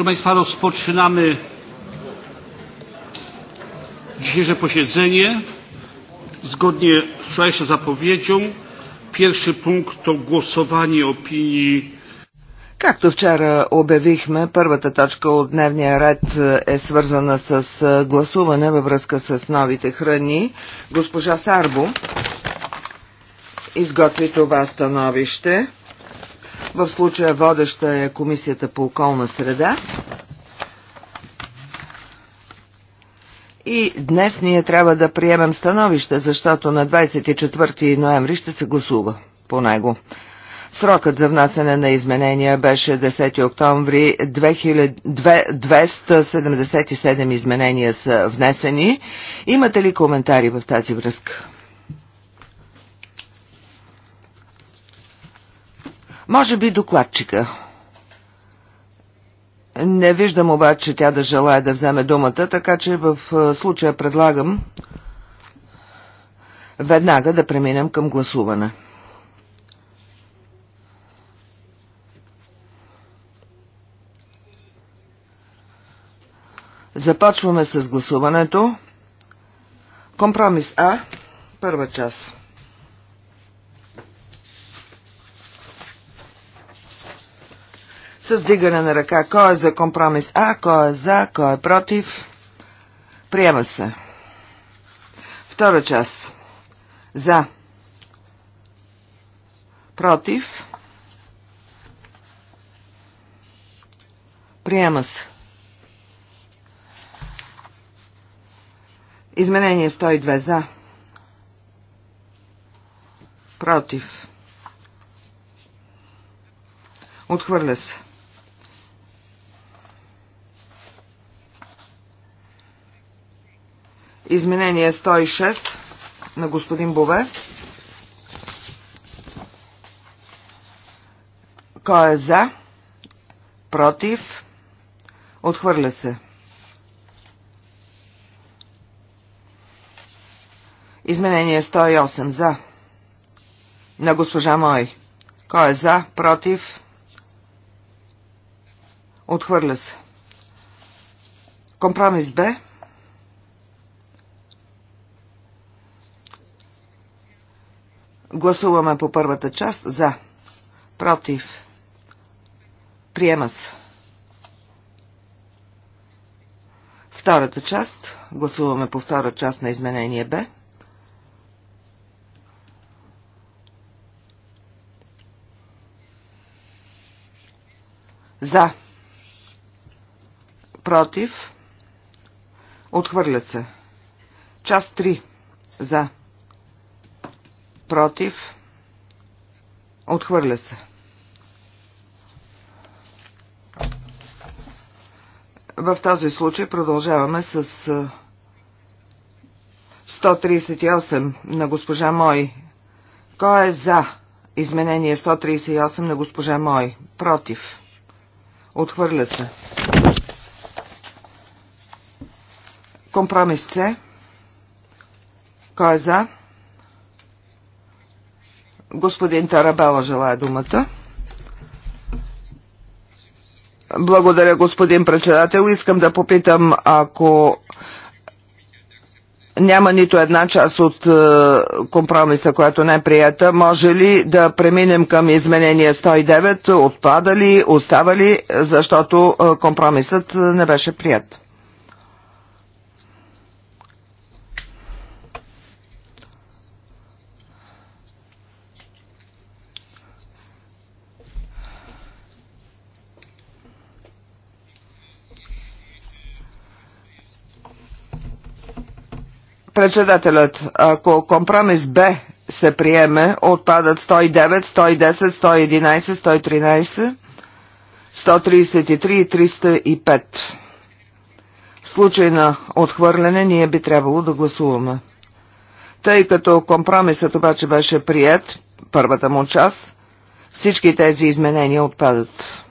Proszę Państwa, rozpoczynamy dzisiejsze posiedzenie. Zgodnie z wczorajszą zapowiedzią pierwszy punkt to głosowanie opinii Както вчера обявихме, първата точка от дневния ред е свързана с гласуване във връзка с новите храни. Госпожа Сарбо изготви това становище. В случая водеща е Комисията по околна среда. И днес ние трябва да приемем становище, защото на 24 ноември ще се гласува по него. Срокът за внасене на изменения беше 10 октомври, 277 изменения са внесени. Имате ли коментари в тази връзка? Може би докладчика. Не виждам обаче тя да желая да вземе думата, така че в е, случая предлагам веднага да преминем към гласуване. Започваме с гласуването. Компромис А, първа част. С дигане на ръка. Кой е за компромис А, кой е за, кой е против? Приема се. Втора част. За. Против. Приема се. Изменение 102 за. Против. Отхвърля се. Изменение 106 на господин Бове. Кой е за? Против? Отхвърля се. Изменение 108 за. На госпожа Мой. Кой е за? Против? Отхвърля се. Компромис Б. Гласуваме по първата част за. Против. Приема се. Втората част. Гласуваме по втора част на изменение Б. За. Против. Отхвърля се. Част 3. За против, отхвърля се. В този случай продължаваме с 138 на госпожа Мой. Кой е за изменение 138 на госпожа Мой? Против. Отхвърля се. Компромис С. Кой е за? Господин Тарабела желая думата. Благодаря, господин председател. Искам да попитам, ако няма нито една част от е, компромиса, която не е прията. Може ли да преминем към изменение 109? Отпада ли? Остава ли? Защото е, компромисът не беше прият. Председателят, ако компромис Б се приеме, отпадат 109, 110, 111, 113, 133 и 305. В случай на отхвърляне ние би трябвало да гласуваме. Тъй като компромисът обаче беше прият, първата му част, всички тези изменения отпадат.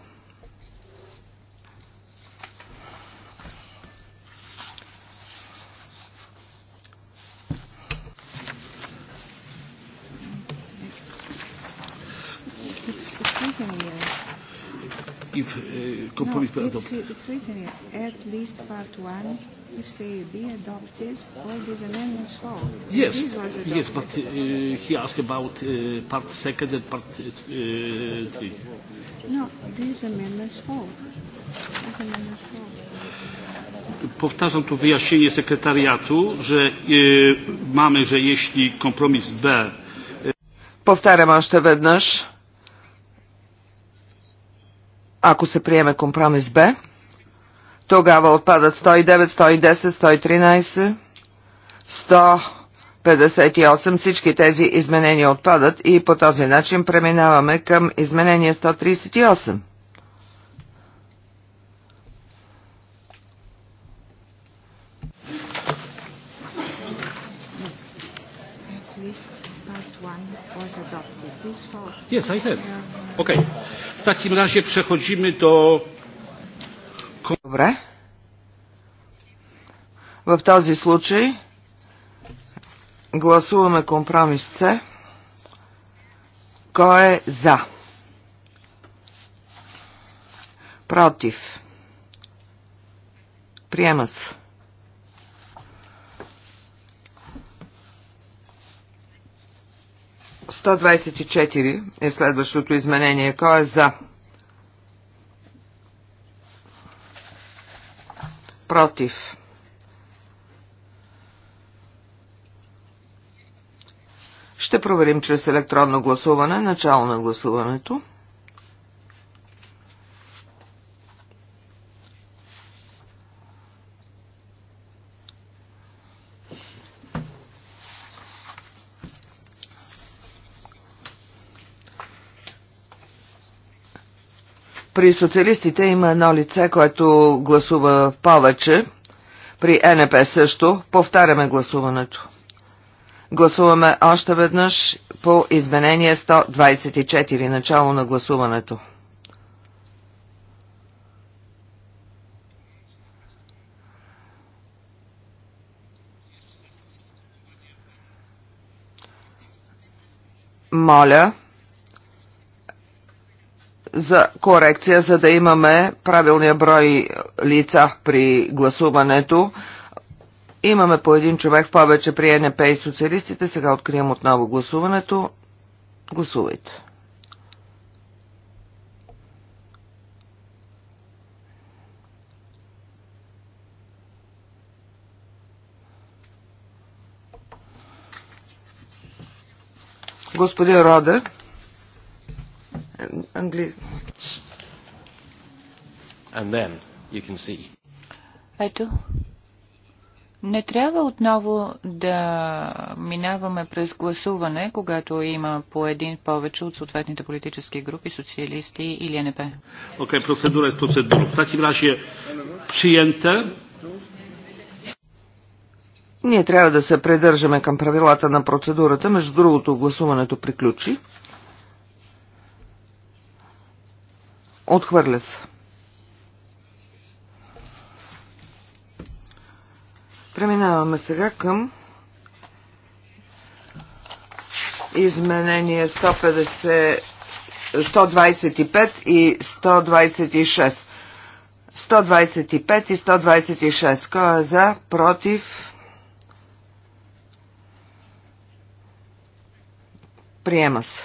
give uh, compromise no, it's, it's written here, at least part one if say be adopted all these amendments fall. Yes, yes, but uh, he asked about uh, part second and part uh, three. No, these amendments fall. These amendments fall. Powtarzam to wyjaśnienie sekretariatu, że y, mamy, że jeśli kompromis B. Y... Powtarzam jeszcze jednaż ако се приеме компромис Б, тогава отпадат 109, 110, 113, 158. Всички тези изменения отпадат и по този начин преминаваме към изменение 138. Yes, I said. Okay. W takim razie przechodzimy do... Добре. В този случай гласуваме компромис С. Кой е за? Против. Приема се. 124 е следващото изменение. Кой е за? Против. Ще проверим чрез електронно гласуване начало на гласуването. При социалистите има едно лице, което гласува повече. При НП също. Повтаряме гласуването. Гласуваме още веднъж по изменение 124, начало на гласуването. Моля, за корекция, за да имаме правилния брой лица при гласуването. Имаме по един човек повече при НП и социалистите. Сега открием отново гласуването. Гласувайте. Господин Родев. Англи... And then you can see. Ето. Не трябва отново да минаваме през гласуване, когато има по един повече от съответните политически групи, социалисти или НП. Окей, okay, процедура е процедура. В таким е приемте. Ние трябва да се придържаме към правилата на процедурата. Между другото, гласуването приключи. Отхвърля се. Преминаваме сега към изменение 150, 125 и 126. 125 и 126. Кой е за? Против? Приема се.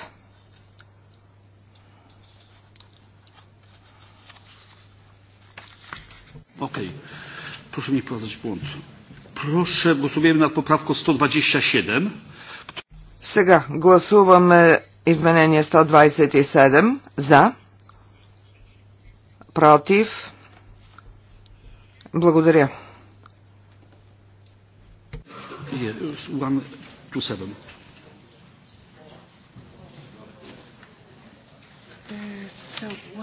Okej. Okay. Proszę mi wprowadzać błąd. Proszę, głosujemy nad poprawką 127. Сега гласуваме изменение 127 за, против, благодаря. Yeah,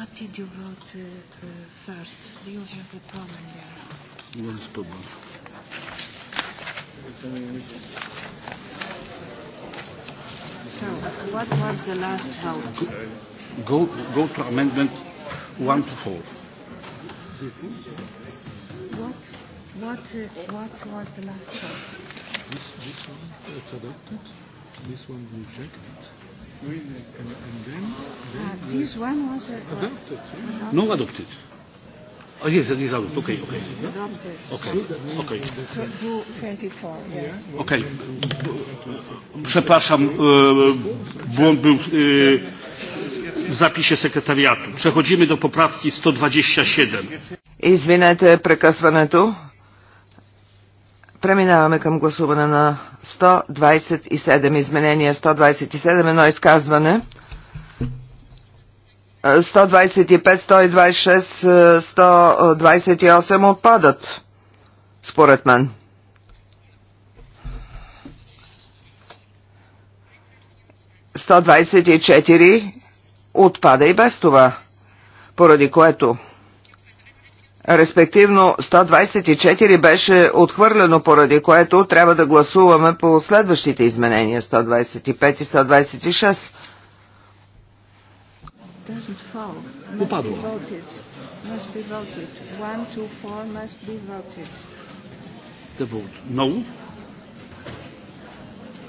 What did you vote uh, uh, first? Do you have a problem there? Yes, problem? So, what was the last vote? Go, go to amendment one to four. What, what, uh, what was the last vote? This, this one, it's adopted. This one rejected. This one was adopted. No, adopted. Oh, yes, it is adopted. Okay, okay. Adopted. Okay, okay. 24, yeah. Okay. Przepraszam, błąd był w zapisie sekretariatu. Przechodzimy do poprawki 127. Извинете прекъсването. Преминаваме към гласуване на 127 изменения, 127 едно изказване. 125, 126, 128 отпадат, според мен. Сто двадесет и четири отпада и без това, поради което респективно 124 беше отхвърлено, поради което трябва да гласуваме по следващите изменения 125 и 126.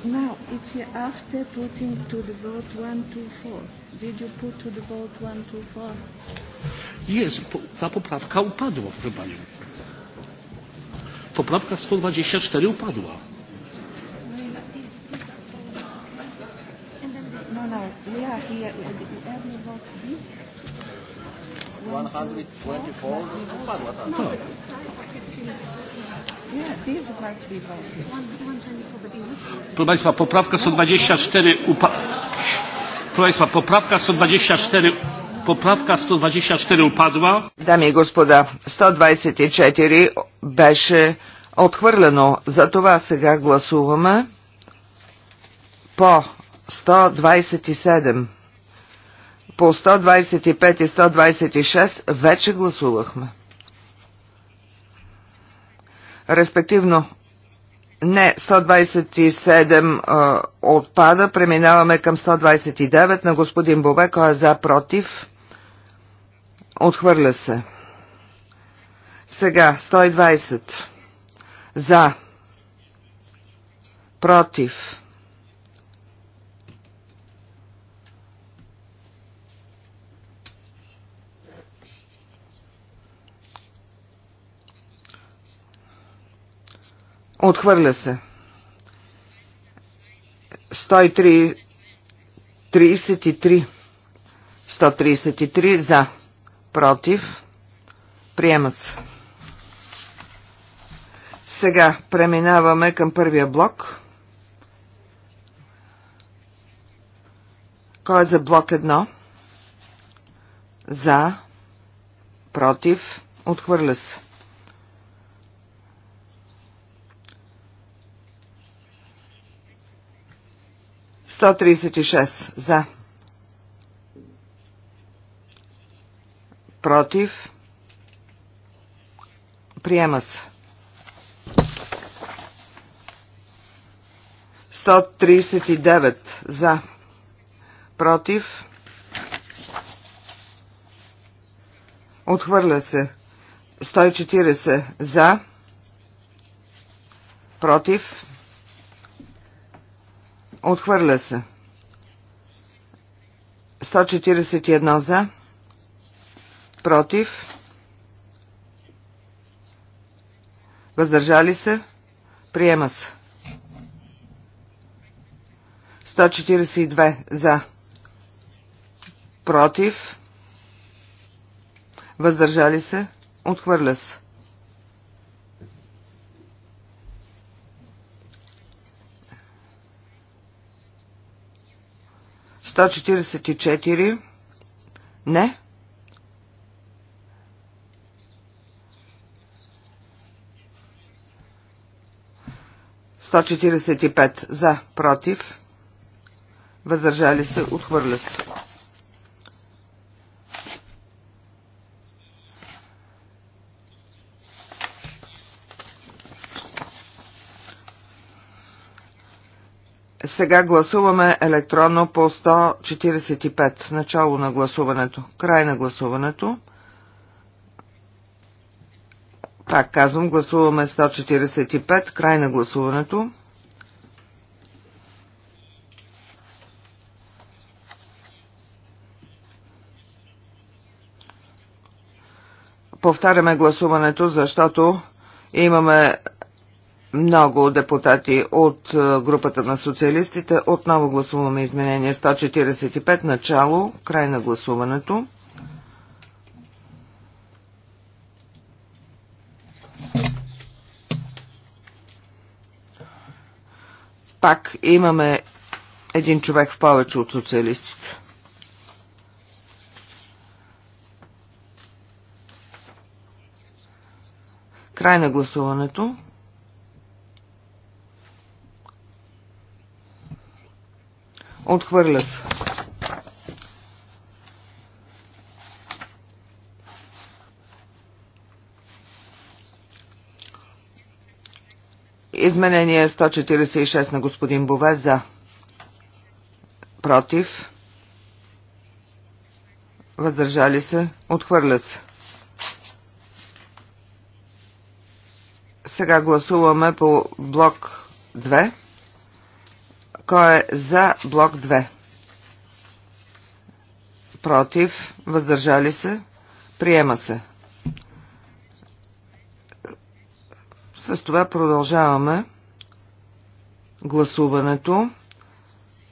Now it's after putting to the vote 124. Did you put to the vote one, two, four? Jest, ta poprawka upadła, proszę Pani. Poprawka 124 upadła. No, No. Proszę Państwa, poprawka 124 upadła. Proszę Państwa, poprawka 124, poprawka 124 upadła. Dami i gospoda, 124 beszy беше отхвърлено. Затова сега głosujemy po 127. По 125 и 126 вече гласувахме. Респективно не, 127 отпада. Преминаваме към 129 на господин Бобе, кой е за, против. Отхвърля се. Сега, 120. За. Против. Отхвърля се. 133. 133 за. Против. Приема се. Сега преминаваме към първия блок. Кой е за блок 1? За. Против. Отхвърля се. 136 за. Против. Приема се. 139 за. Против. Отхвърля се. 140 за. Против. Отхвърля се. 141 за. Против. Въздържали се. Приема се. 142 за. Против. Въздържали се. Отхвърля се. 144. Не. Сто четиридесет и пет за, против, въздържали се, отхвърля се. Сега гласуваме електронно по 145. Начало на гласуването. Край на гласуването. Пак казвам, гласуваме 145. Край на гласуването. Повтаряме гласуването, защото имаме много депутати от е, групата на социалистите. Отново гласуваме изменение 145 начало, край на гласуването. Пак имаме един човек в повече от социалистите. Край на гласуването. Отхвърля се. Изменение 146 на господин Бове за. Против. Въздържали се. Отхвърля се. Сега гласуваме по блок 2. Кой е за блок 2? Против? Въздържали се? Приема се. С това продължаваме гласуването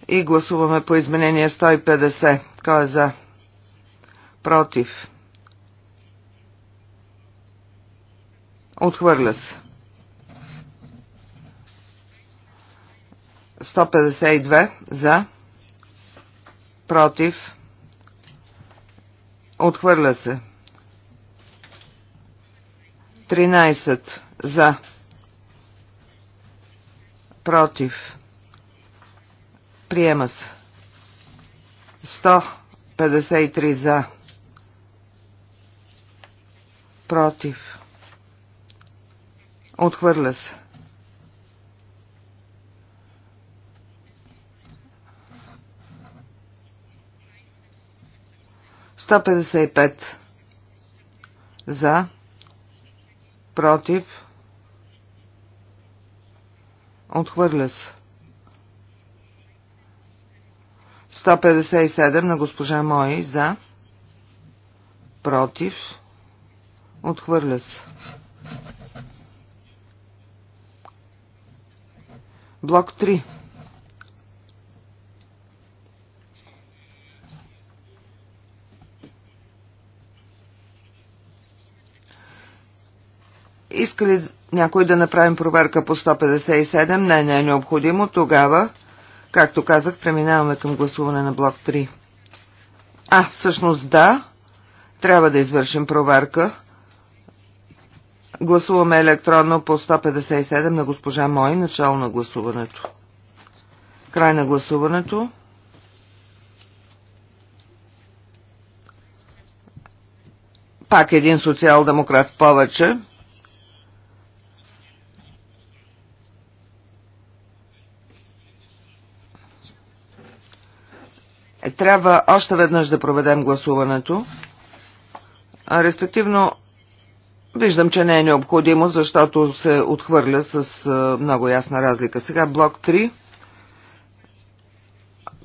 и гласуваме по изменение 150. Кой е за? Против? Отхвърля се. 152 за, против, отхвърля се. 13 за, против, приема се. 153 за, против, отхвърля се. 155 за, против, отхвърля се. 157 на госпожа Мои за, против, отхвърля се. Блок 3 Иска ли някой да направим проверка по 157? Не, не е необходимо. Тогава, както казах, преминаваме към гласуване на блок 3. А, всъщност да, трябва да извършим проверка. Гласуваме електронно по 157 на госпожа Мой, начало на гласуването. Край на гласуването. Пак един социал-демократ повече. трябва още веднъж да проведем гласуването. А респективно, виждам, че не е необходимо, защото се отхвърля с много ясна разлика. Сега блок 3.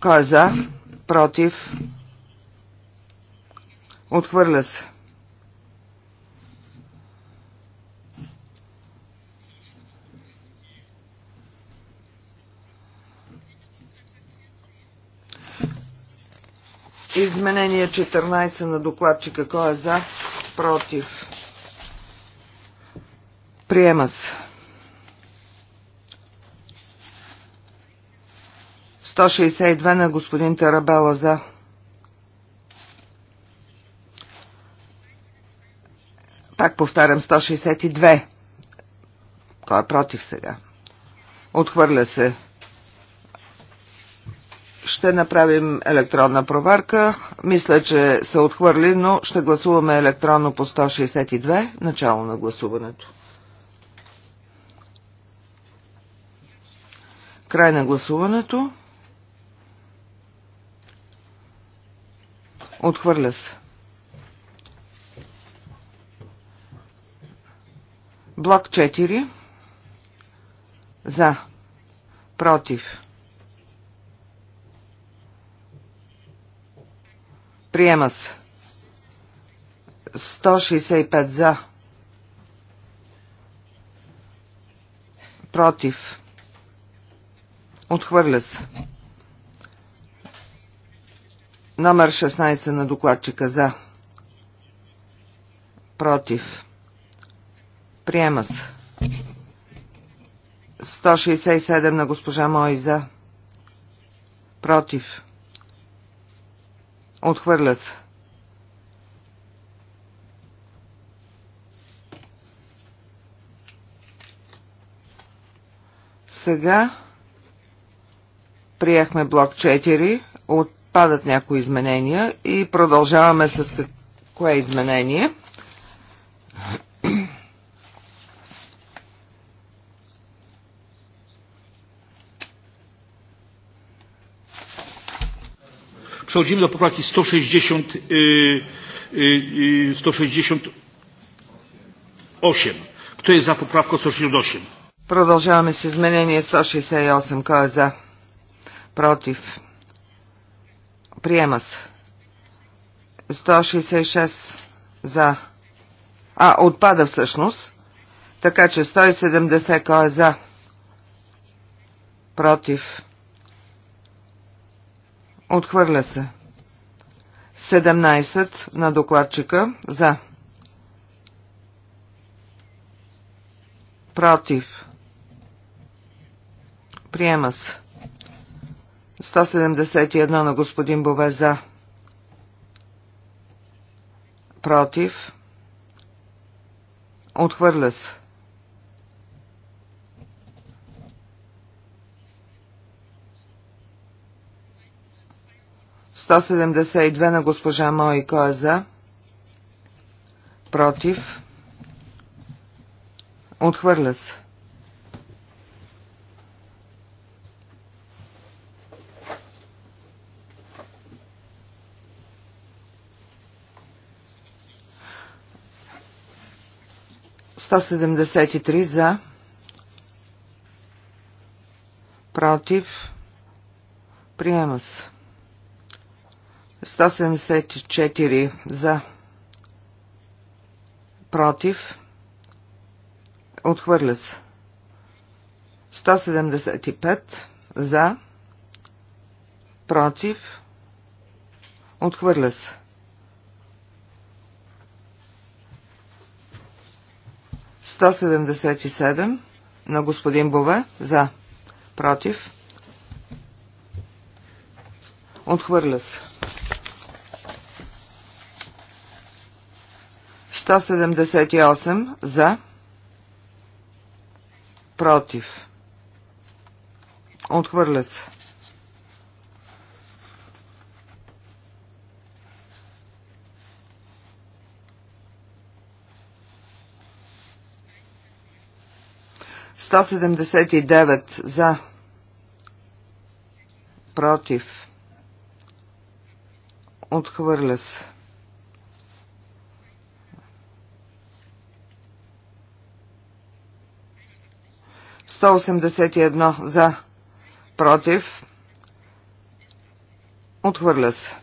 Кой е за? Против? Отхвърля се. Изменение 14 на докладчика. Кой е за? Против. Приема се. 162 на господин Тарабела за. Пак повтарям 162. Кой е против сега? Отхвърля се. Ще направим електронна проверка. Мисля, че се отхвърли, но ще гласуваме електронно по 162, начало на гласуването. Край на гласуването. Отхвърля се. Блок 4. За. Против. Приема се. 165 за. Против. Отхвърля се. Номер 16 на докладчика за. Против. Приема се. 167 на госпожа Мой за. Против. Отхвърлят се. Сега приехме блок 4, отпадат някои изменения и продължаваме с кое изменение. Przechodzimy do poprawki 160, yy, 168. Kto jest za poprawką 168? Продължаваме с изменение 168. Кой е за? Против. Приема се. 166 за. А, отпада всъщност. Така че 170 кой е за? Против. Отхвърля се. 17 на докладчика. За. Против. Приема се. 171 на господин Бове за. Против. Отхвърля се. 172 на госпожа Мой. Кой е за? Против. Отхвърля се. Сто седемдесет и три за против приема се. 174 за против отхвърля се 175 за против отхвърля се 177 на господин Бове за против отхвърля се 178 за, против, отхвърля се. Сто седемдесет и девет за против отхвърля се. 181 за, против, отхвърля се.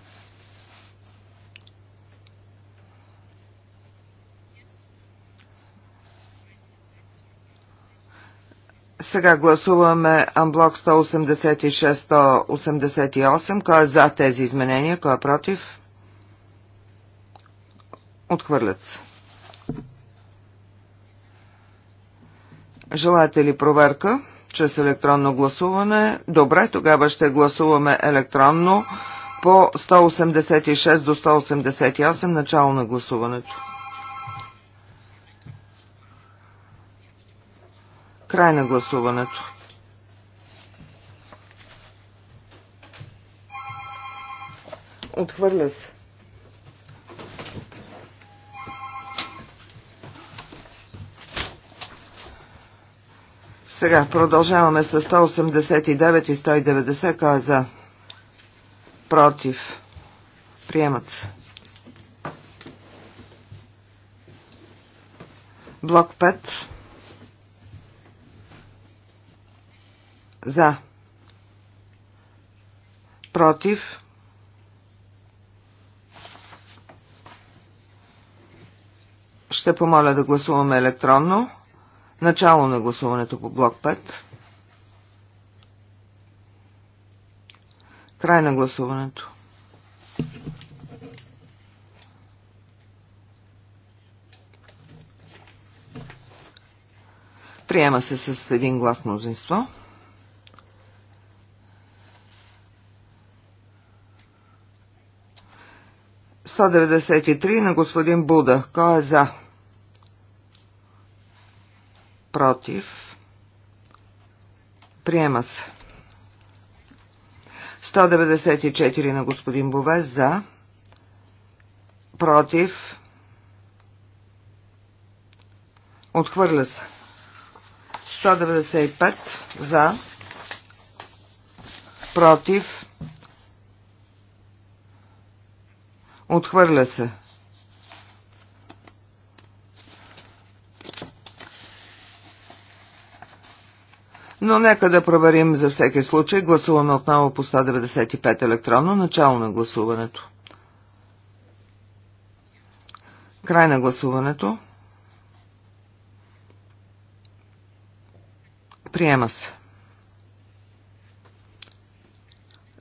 Сега гласуваме Амблок 186-188. Кой е за тези изменения? Кой е против? Отхвърлят се. Желаете ли проверка чрез електронно гласуване? Добре, тогава ще гласуваме електронно по 186 до 188 начало на гласуването. Край на гласуването. Отхвърля се. Сега продължаваме с 189 и 190. Кой е за? Против. Приемат се. Блок 5. За. Против. Ще помоля да гласуваме електронно. Начало на гласуването по блок 5. Край на гласуването. Приема се с един глас мнозинство. Сто на господин Буда. Кой е за? против, приема се. 194 на господин Бове за, против, отхвърля се. 195 за, против, отхвърля се. но нека да проверим за всеки случай. Гласуваме отново по 195 електронно, начало на гласуването. Край на гласуването. Приема се.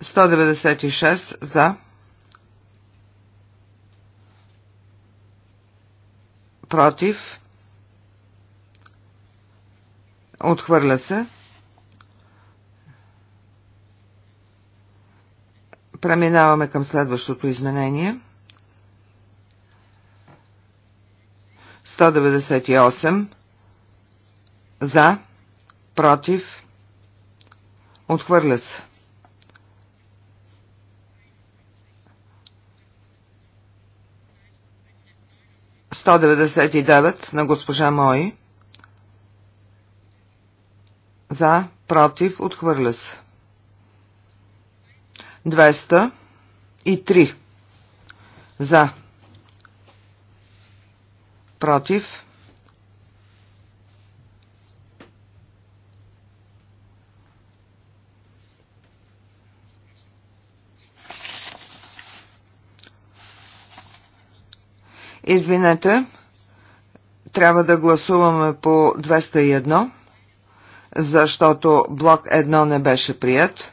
196 за. Против. Отхвърля се. Преминаваме към следващото изменение. 198 за, против, отхвърля се. Сто деветдесет и девет на госпожа Мои. За, против, отхвърля се. 203 за против Извинете, трябва да гласуваме по 201, защото блок 1 не беше прият.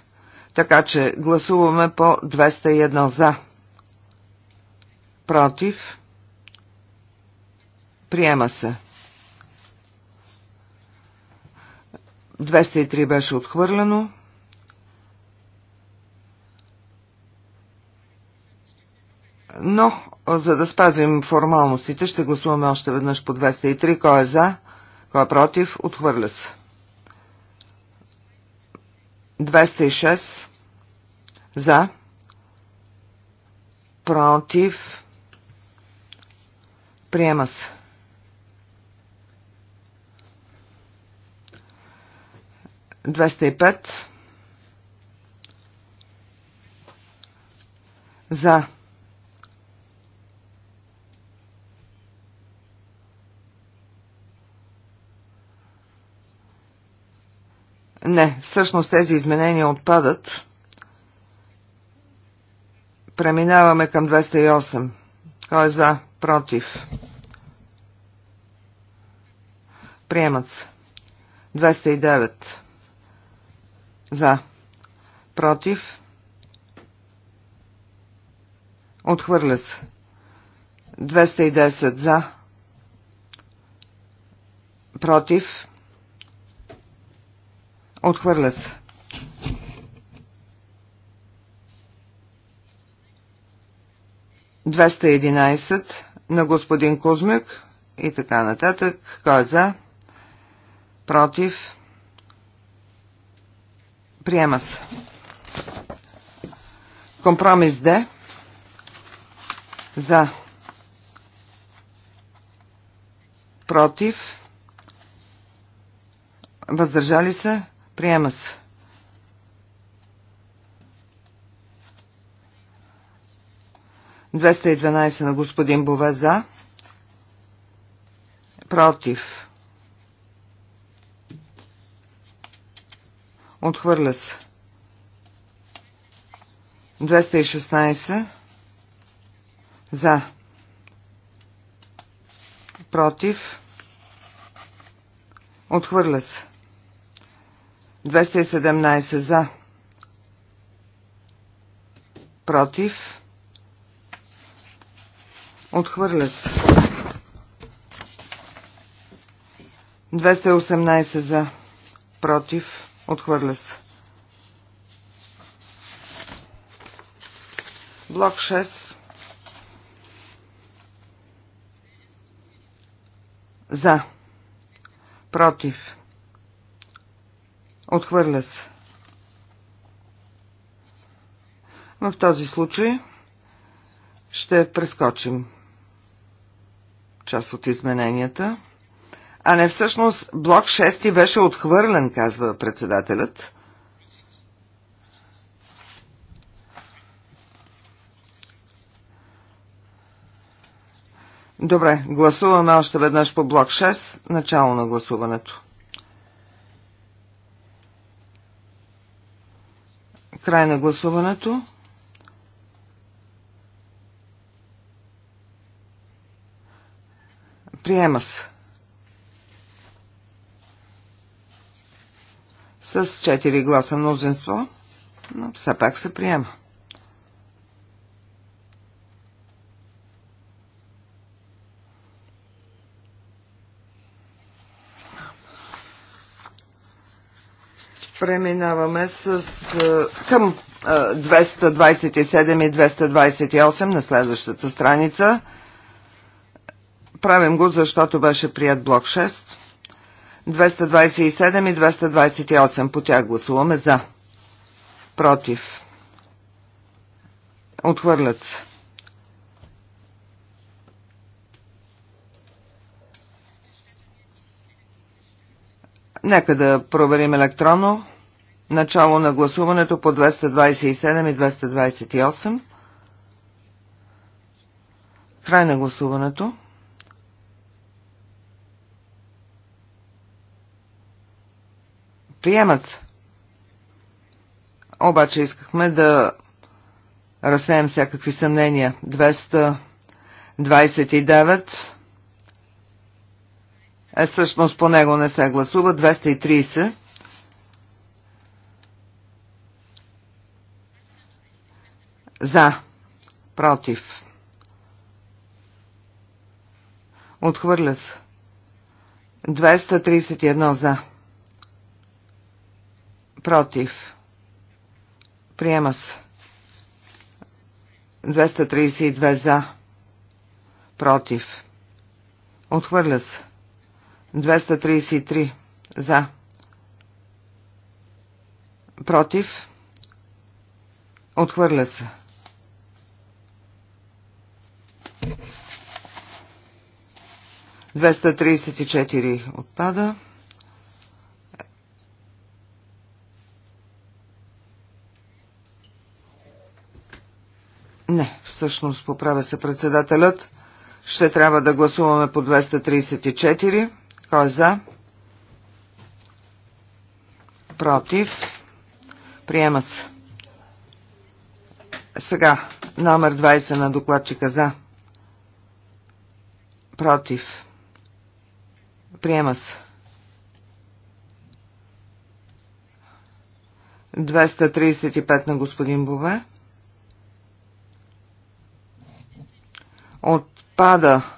Така че гласуваме по 201 за. Против. Приема се. 203 беше отхвърлено. Но, за да спазим формалностите, ще гласуваме още веднъж по 203. Кой е за? Кой е против? Отхвърля се. 206 за, против, приема се. Двеста и пет за Не, всъщност тези изменения отпадат. Преминаваме към 208. Кой е за? Против. Приемат се. 209. За. Против. Отхвърля се. 210 за. Против. Отхвърля се. на господин Кузмик и така нататък. Кой е за? Против? Приема се. Компромис Д. За. Против. Въздържали се. Приема се. Двеста и на господин Боваза. за. Против. Отхвърля се. 216 за против отхвърля се 217 за. Против. Отхвърля се. 218 за. Против. Отхвърля се. Блок 6. За. Против. 218. Отхвърля се. В този случай ще прескочим част от измененията. А не всъщност блок 6 беше отхвърлен, казва председателят. Добре, гласуваме още веднъж по блок 6, начало на гласуването. Край на гласуването. Приема се. С 4 гласа мнозинство, но все пак се приема. Преминаваме с, към 227 и 228 на следващата страница. Правим го, защото беше прият блок 6. 227 и 228. По тях гласуваме за. Против. Отхвърлят се. Нека да проверим електронно. Начало на гласуването по 227 и 228. Край на гласуването. Приемат се. Обаче искахме да разсеем всякакви съмнения. 229 е, всъщност по него не се гласува. 230. За. Против. Отхвърля се. 231 за. Против. Приема се. 232 за. Против. Отхвърля се. 233 за. Против. Отхвърля се. Двеста тридесет и четири отпада. Не, всъщност поправя се председателят. Ще трябва да гласуваме по 234. Кой е за? Против. Приема се. Сега, номер 20 на докладчика за. Против. Приема се. 235 на господин Бове. Отпада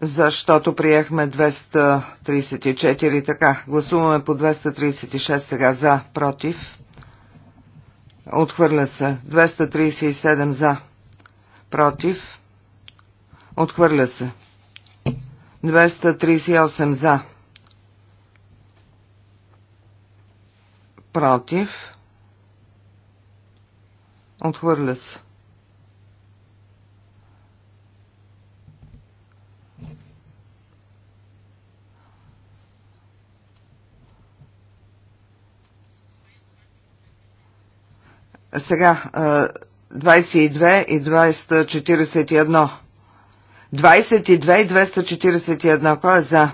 защото приехме 234 така. Гласуваме по 236 сега за, против. Отхвърля се. 237 за, против. Отхвърля се. 238 за. Против. Отхвърля се. Сега 22 и 241. 22 и 241. Кой е за?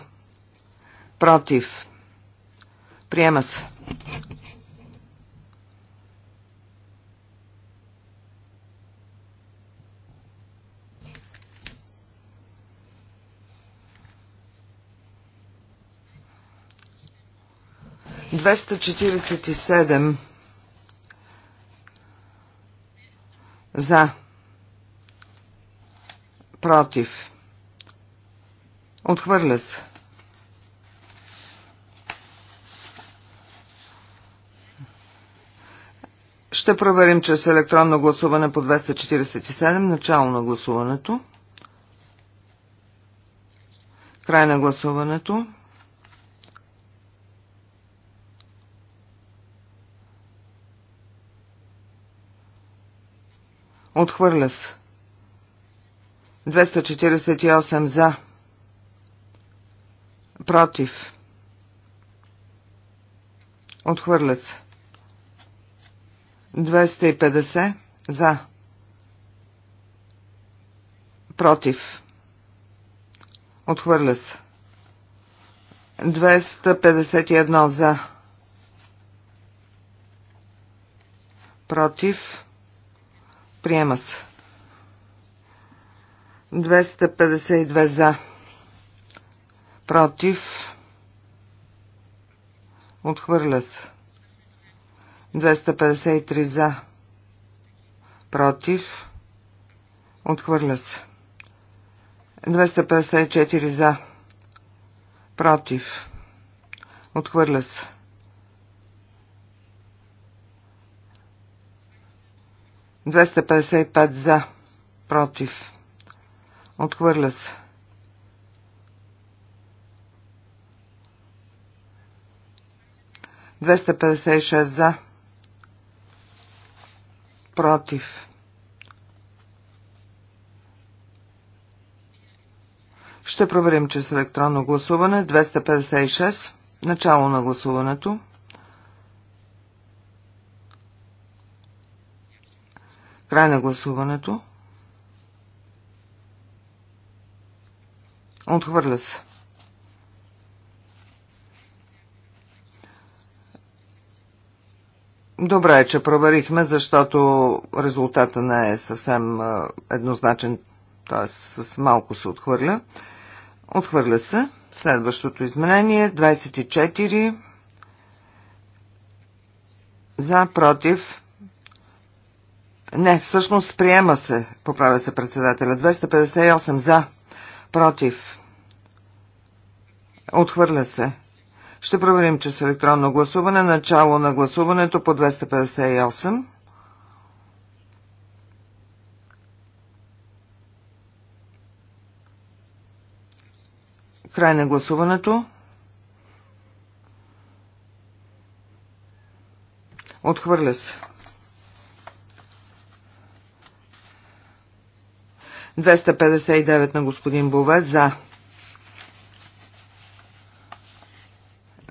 Против. Приема се. Двеста четиридесет и седем. За. Против. Отхвърля се. Ще проверим чрез електронно гласуване по 247, начало на гласуването. Край на гласуването. Отхвърля се. 248 за. Против. Отхвърля се. 250 за. Против. Отхвърля се. 251 за. Против приема се. 252 за, против, отхвърля се. 253 за, против, отхвърля се. 254 за, против, отхвърля се. 255 за. Против. Отхвърля се. Двеста петдесет шест за. Против. Ще проверим че с електронно гласуване. 256. Начало на гласуването. Край на гласуването. Отхвърля се. Добре е, че проверихме, защото резултата не е съвсем еднозначен, т.е. с малко се отхвърля. Отхвърля се. Следващото изменение 24 за, против, не, всъщност приема се, поправя се председателя. 258 за, против. Отхвърля се. Ще проверим, че с електронно гласуване. Начало на гласуването по 258. Край на гласуването. Отхвърля се. 259 на господин Бове за.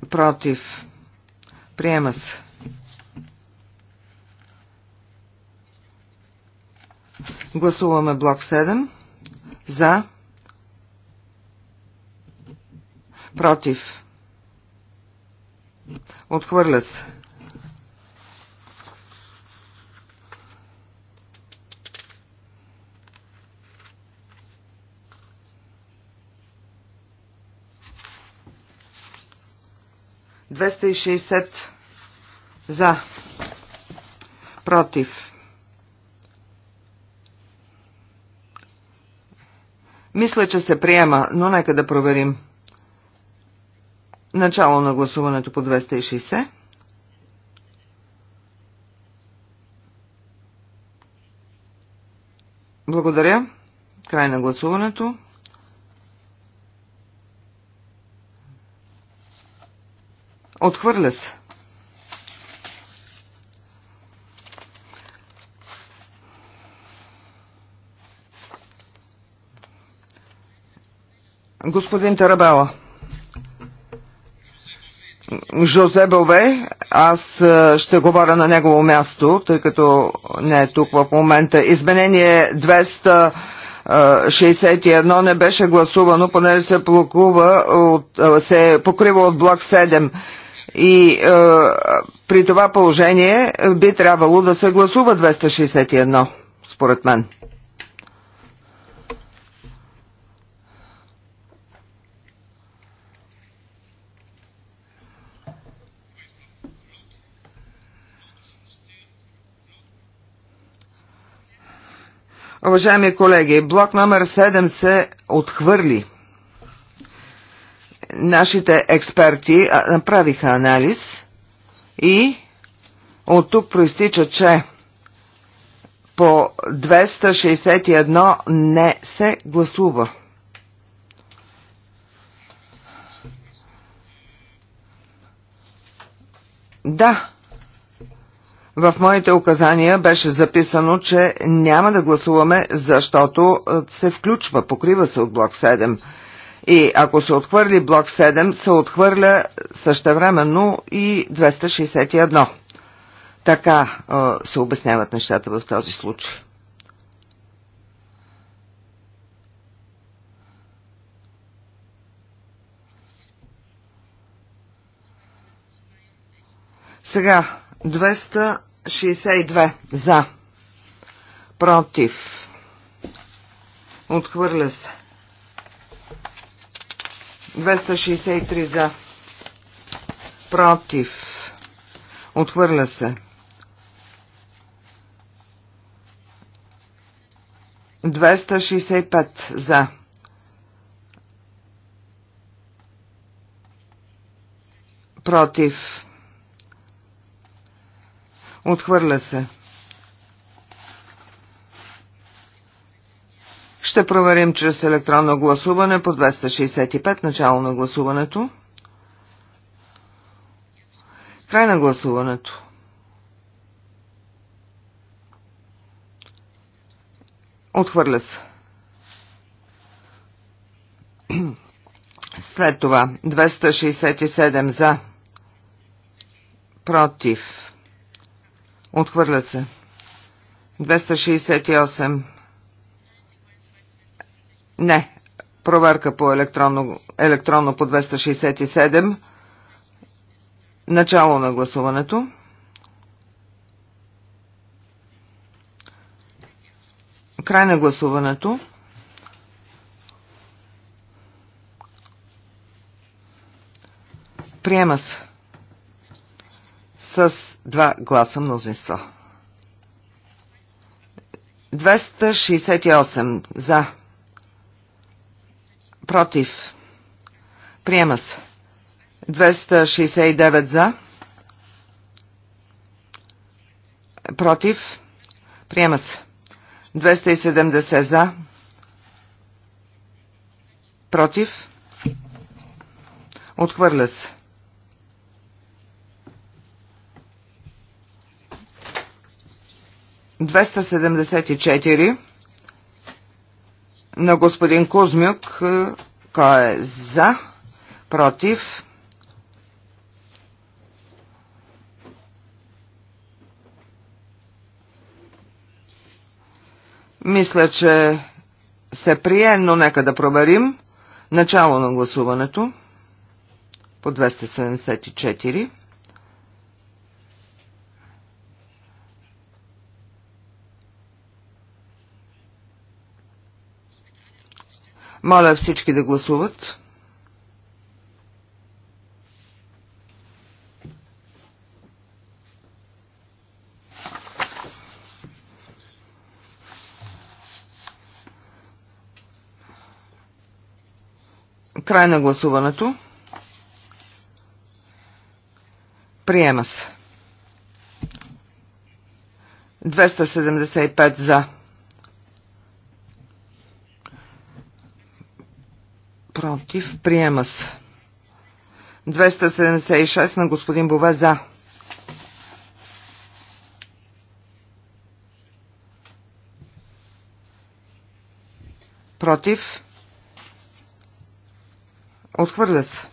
Против. Приема се. Гласуваме блок 7. За. Против. Отхвърля се. 260 за, против. Мисля, че се приема, но нека да проверим. Начало на гласуването по 260. Благодаря. Край на гласуването. Отхвърля се. Господин Тарабела. Жозе Белве, аз ще говоря на негово място, тъй като не е тук в момента. Изменение 261 не беше гласувано, понеже се, от, се покрива от блок 7. И е, при това положение би трябвало да се гласува 261, според мен. Уважаеми колеги, блок номер 7 се отхвърли нашите експерти направиха анализ и от тук проистича, че по 261 не се гласува. Да, в моите указания беше записано, че няма да гласуваме, защото се включва, покрива се от блок 7. И ако се отхвърли блок 7, се отхвърля същевременно и 261. Така се обясняват нещата в този случай. Сега 262 за. Против. Отхвърля се. 263 за. Против. Отхвърля се. 265 за. Против. Отхвърля се. Ще проверим чрез електронно гласуване по 265 начало на гласуването. Край на гласуването. Отхвърля се. След това 267 за. Против. Отхвърля се. 268 не. Проверка по електронно, електронно по 267. Начало на гласуването. Край на гласуването. Приема се с два гласа мнозинство. 268 за Против. Приема се. 269 за. Против. Приема се. 270 за. Против. Отхвърля се. Двеста седемдесет и четири на господин Кузмюк. Е, кой е за? Против? Мисля, че се прие, но нека да проверим. Начало на гласуването по 274. Моля всички да гласуват. Край на гласуването. Приема се. 275 за. против, приема се. 276 на господин Бове за. Против. Отхвърля се.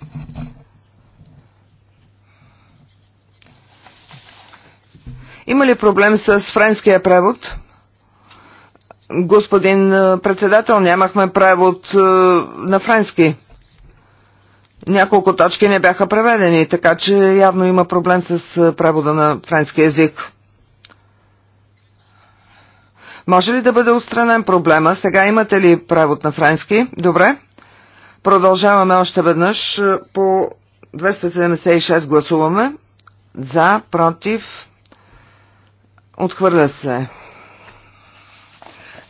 Има ли проблем с френския превод? Господин председател, нямахме превод на френски. Няколко точки не бяха преведени, така че явно има проблем с превода на френски язик. Може ли да бъде отстранен проблема? Сега имате ли превод на френски? Добре. Продължаваме още веднъж. По 276 гласуваме. За, против. Отхвърля се.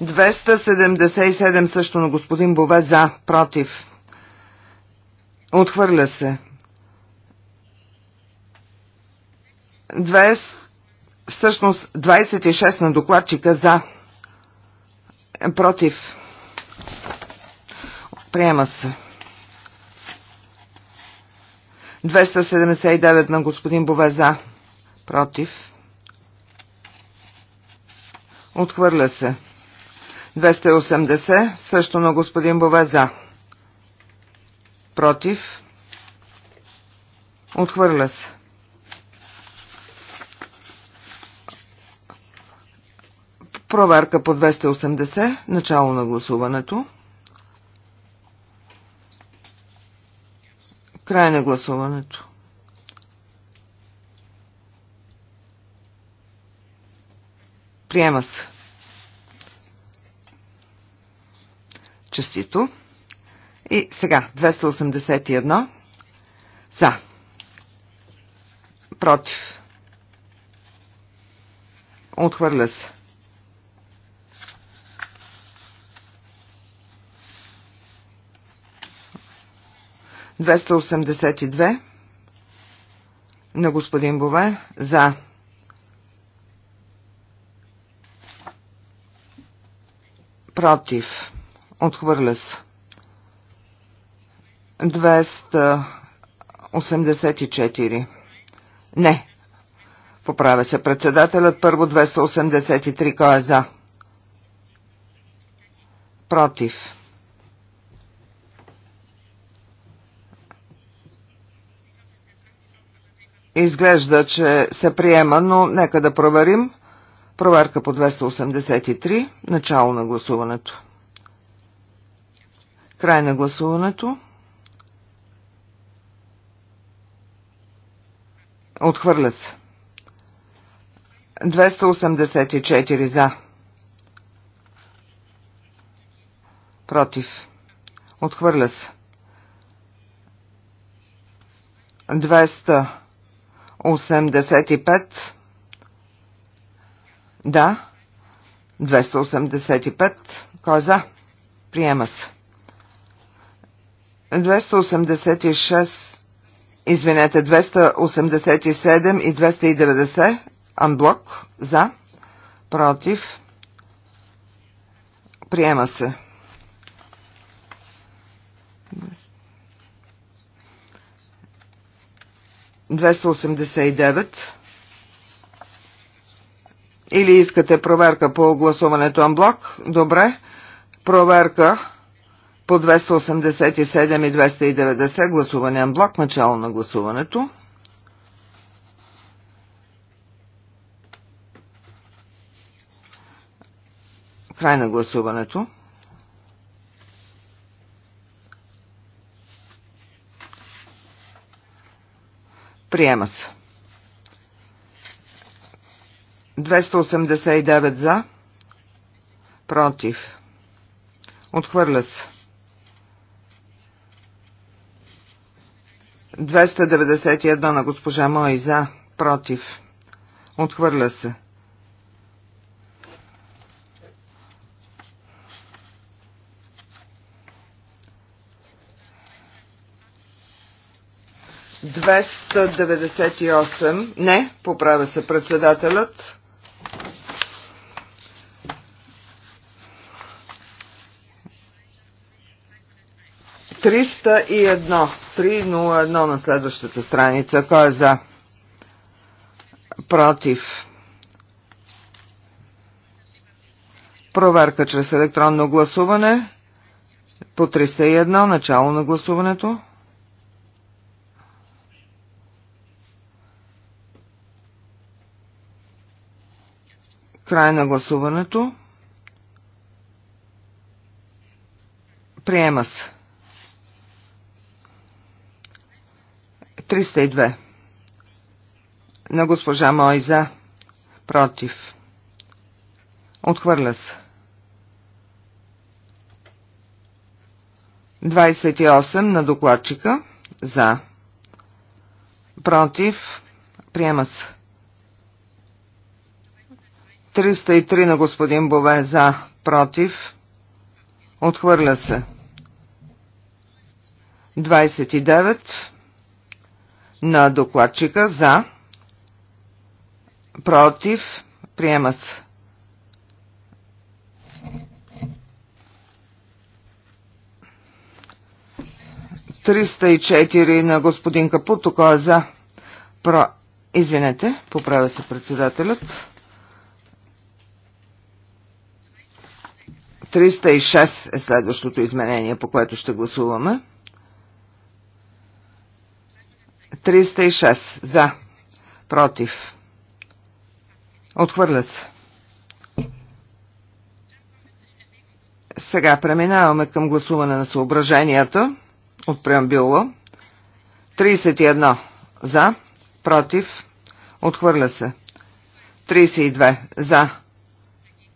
277 също на господин Бове за, против. Отхвърля се. 20, всъщност 26 на докладчика за, против. Приема се. 279 на господин Бове за, против. Отхвърля се. 280, също на господин Бове за. Против. Отхвърля се. Проверка по 280, начало на гласуването. Край на гласуването. Приема се. честито. И сега 281 за. Против. Отхвърля се. на господин Бове за против. Отхвърля се. 284. Не. Поправя се председателят. Първо 283. Кой е за? Против. Изглежда, че се приема, но нека да проверим. Проверка по 283. Начало на гласуването. Край на гласуването. Отхвърля се. 284 за. Против. Отхвърля се. 285. Да. 285. Кой е за? Приема се. 286, извинете, 287 и 290, анблок, за, против, приема се. Или искате проверка по гласуването Амблок? Добре. Проверка по 287 и 290 гласуване на блок начало на гласуването. Край на гласуването. Приема се. 289 за. Против. Отхвърля се. 291 на госпожа Мой за, против. Отхвърля се. Двеста Не, поправя се председателят. Триста и едно. 301 на следващата страница. Кой е за? Против. Проверка чрез електронно гласуване по 301 начало на гласуването. Край на гласуването. Приема се. 302 на госпожа Мой за, против. Отхвърля се. 28 на докладчика за, против. Приема се. 303 на господин Бове за, против. Отхвърля се. 29 на докладчика за, против, приема се. Триста и четири на господин Капуто, кой е за? Про... Извинете, поправя се председателят. 306 е следващото изменение, по което ще гласуваме. 306 за. Против. Отхвърлят се. Сега преминаваме към гласуване на съображенията от преамбюла. 31 за, против, отхвърля се. 32 за,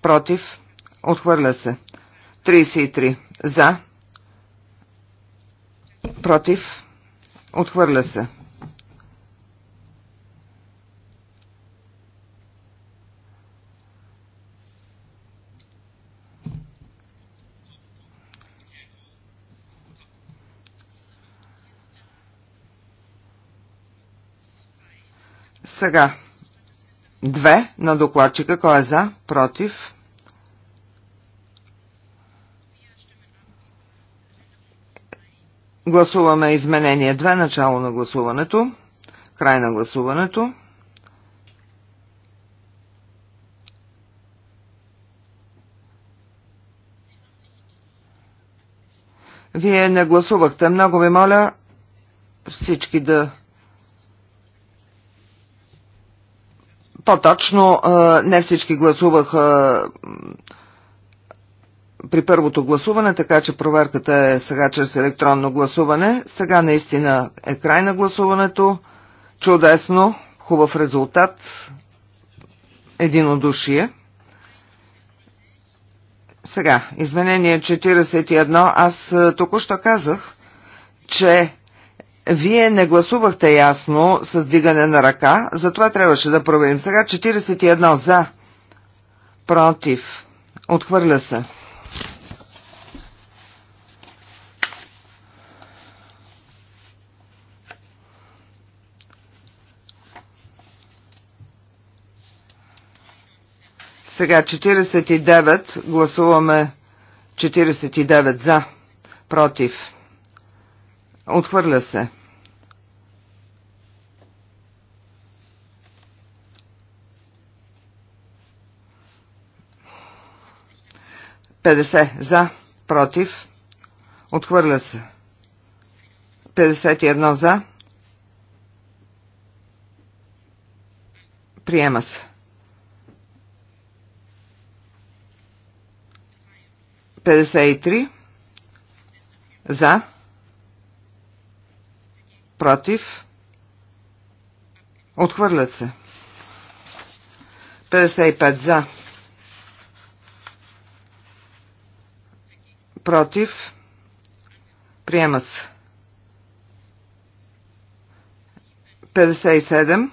против, отхвърля се. 33 за, против, отхвърля се. Сега, две на докладчика. Кой е за? Против? Гласуваме изменение 2, начало на гласуването, край на гласуването. Вие не гласувахте. Много ви моля всички да По-точно, не всички гласуваха при първото гласуване, така че проверката е сега чрез електронно гласуване. Сега наистина е край на гласуването. Чудесно, хубав резултат, единодушие. Сега, изменение 41, аз току-що казах, че вие не гласувахте ясно с дигане на ръка, затова трябваше да проверим. Сега 41 за. Против. Отхвърля се. Сега 49, гласуваме 49 за, против. Отхвърля се. Петдесет за, против, отхвърля се. 51 за, приема се. 53 за, против, отхвърлят се. 55 за, против, приема се. 57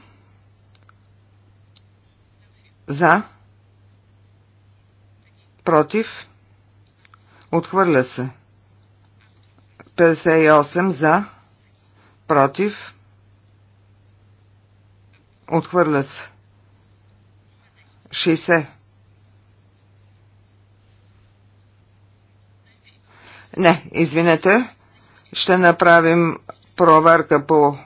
за, против, отхвърля се. 58 за, против, отхвърля се. 60. Не, извинете, ще направим проверка по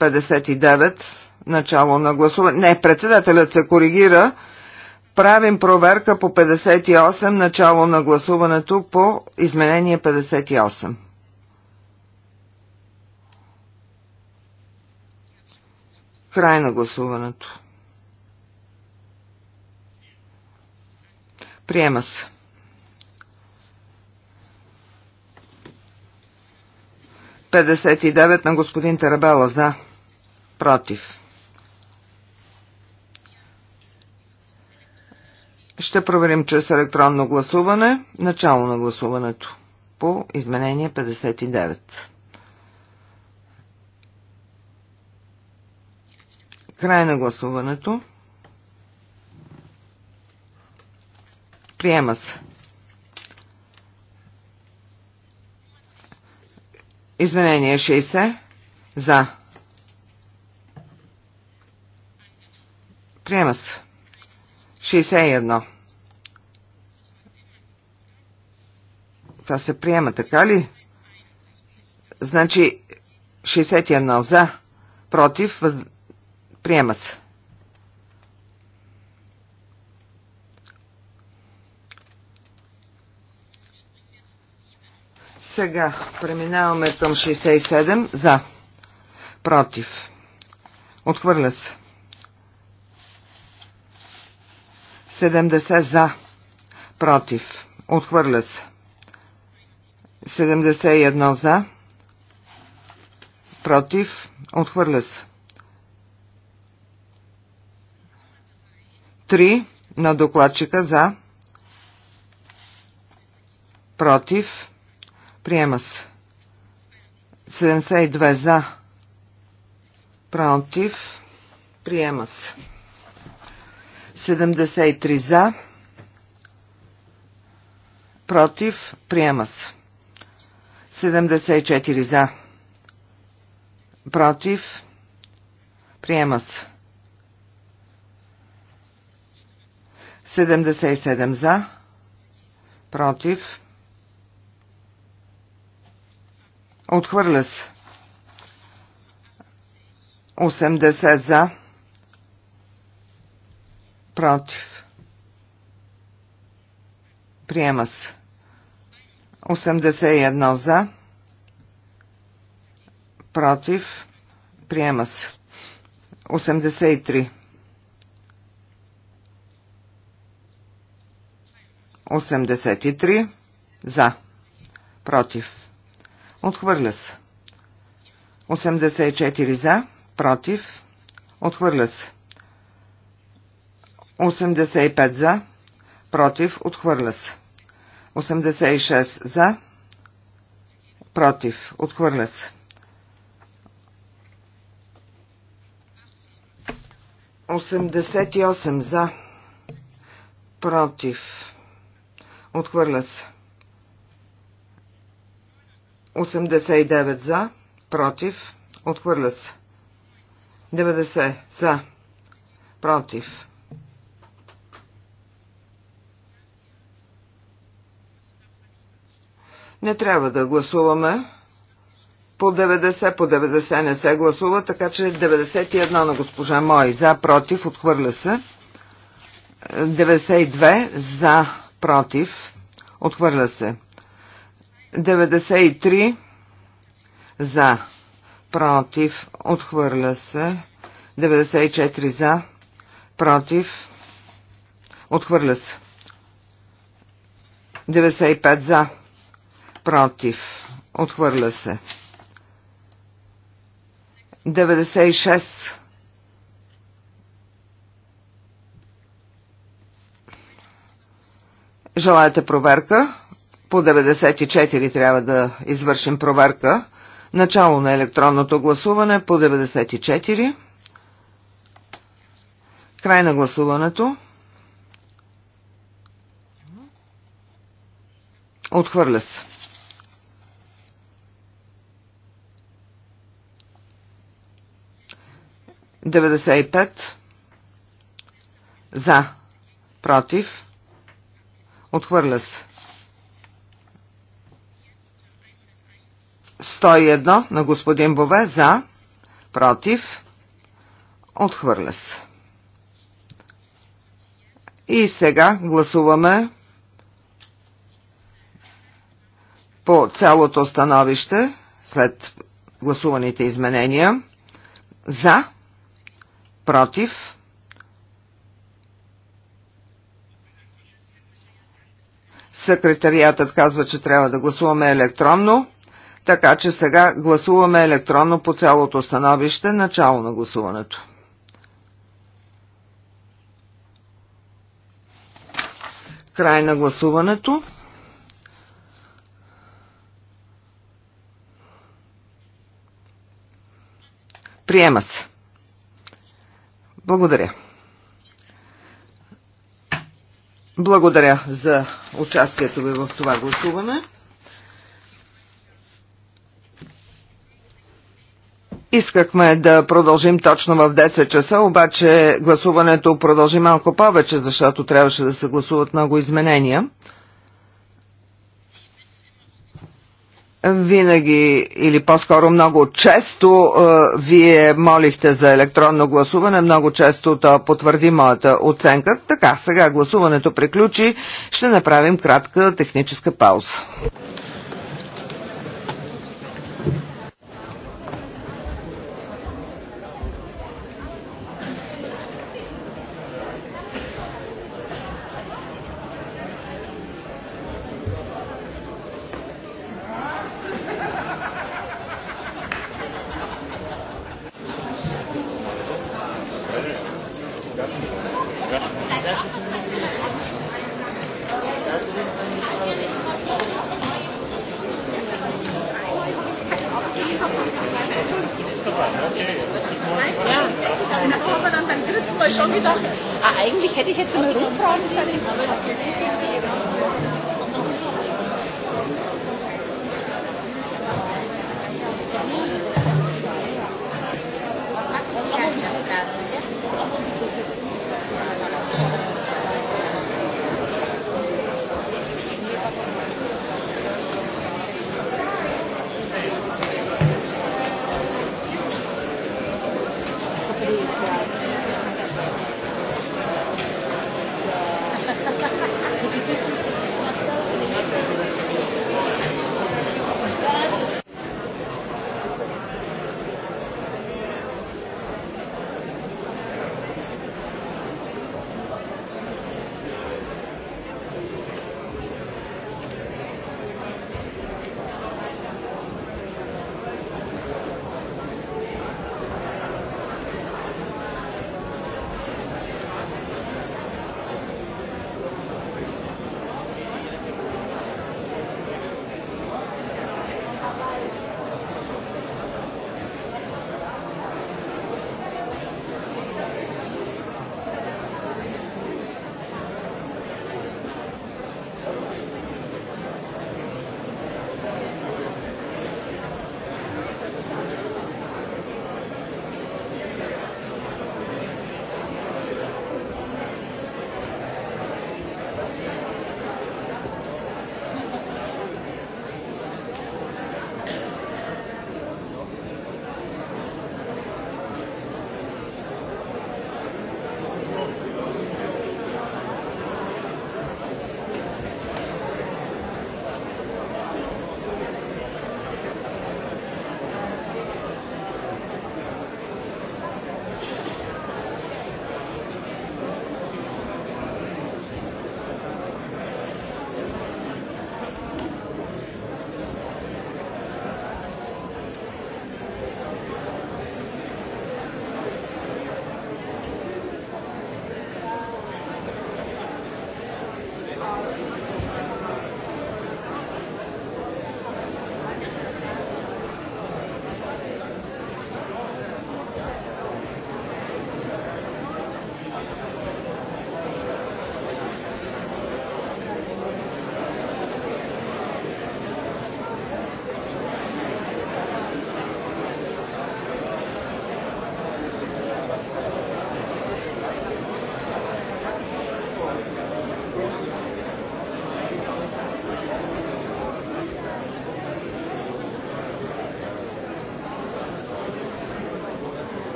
59, начало на гласуване. Не, председателят се коригира. Правим проверка по 58, начало на гласуването по изменение 58. Край на гласуването. Приема се. Петдесет и девет на господин Тарабела за. Против. Ще проверим чрез електронно гласуване начало на гласуването по изменение 59. Край на гласуването. Приема се. Изменение 60. За. Приема се. 61. Това се приема, така ли? Значи 61 за, против, въз... Приема се. Сега преминаваме към 67 за. Против. Отхвърля се. 70 за. Против. Отхвърля се. 71 за. Против. Отхвърля се. 3 на докладчика за. Против. Приема се. 72 за. Против. Приема се. 73 за. Против. Приема се. 74 за. Против. Приема се. 77 за, против, отхвърля се. 80 за, против, приема се. 81 за, против, приема се. 83 83 за. Против. Отхвърля се. 84 за. Против. Отхвърля се. 85 за. Против. Отхвърля се. 86 за. Против. Отхвърля се. 88 за. Против. Отхвърля се. 89 за, против, отхвърля се. 90 за, против. Не трябва да гласуваме. По 90, по 90 не се гласува, така че 91 на госпожа Мой за, против, отхвърля се. 92 за, против, отхвърля се. 93 за, против, отхвърля се. 94 за, против, отхвърля се. 95 за, против, отхвърля се. 96 Желаете проверка? По 94 трябва да извършим проверка. Начало на електронното гласуване по 94. Край на гласуването. Отхвърля се. пет. за, против, Отхвърля се. 101 на господин Бове за, против, отхвърля се. И сега гласуваме по цялото становище, след гласуваните изменения, за, против, Секретариатът казва, че трябва да гласуваме електронно, така че сега гласуваме електронно по цялото становище, начало на гласуването. Край на гласуването. Приема се. Благодаря. Благодаря за участието ви в това гласуване. Искахме да продължим точно в 10 часа, обаче гласуването продължи малко повече, защото трябваше да се гласуват много изменения. винаги или по-скоро много често е, вие молихте за електронно гласуване, много често то потвърди моята оценка. Така, сега гласуването приключи, ще направим кратка техническа пауза.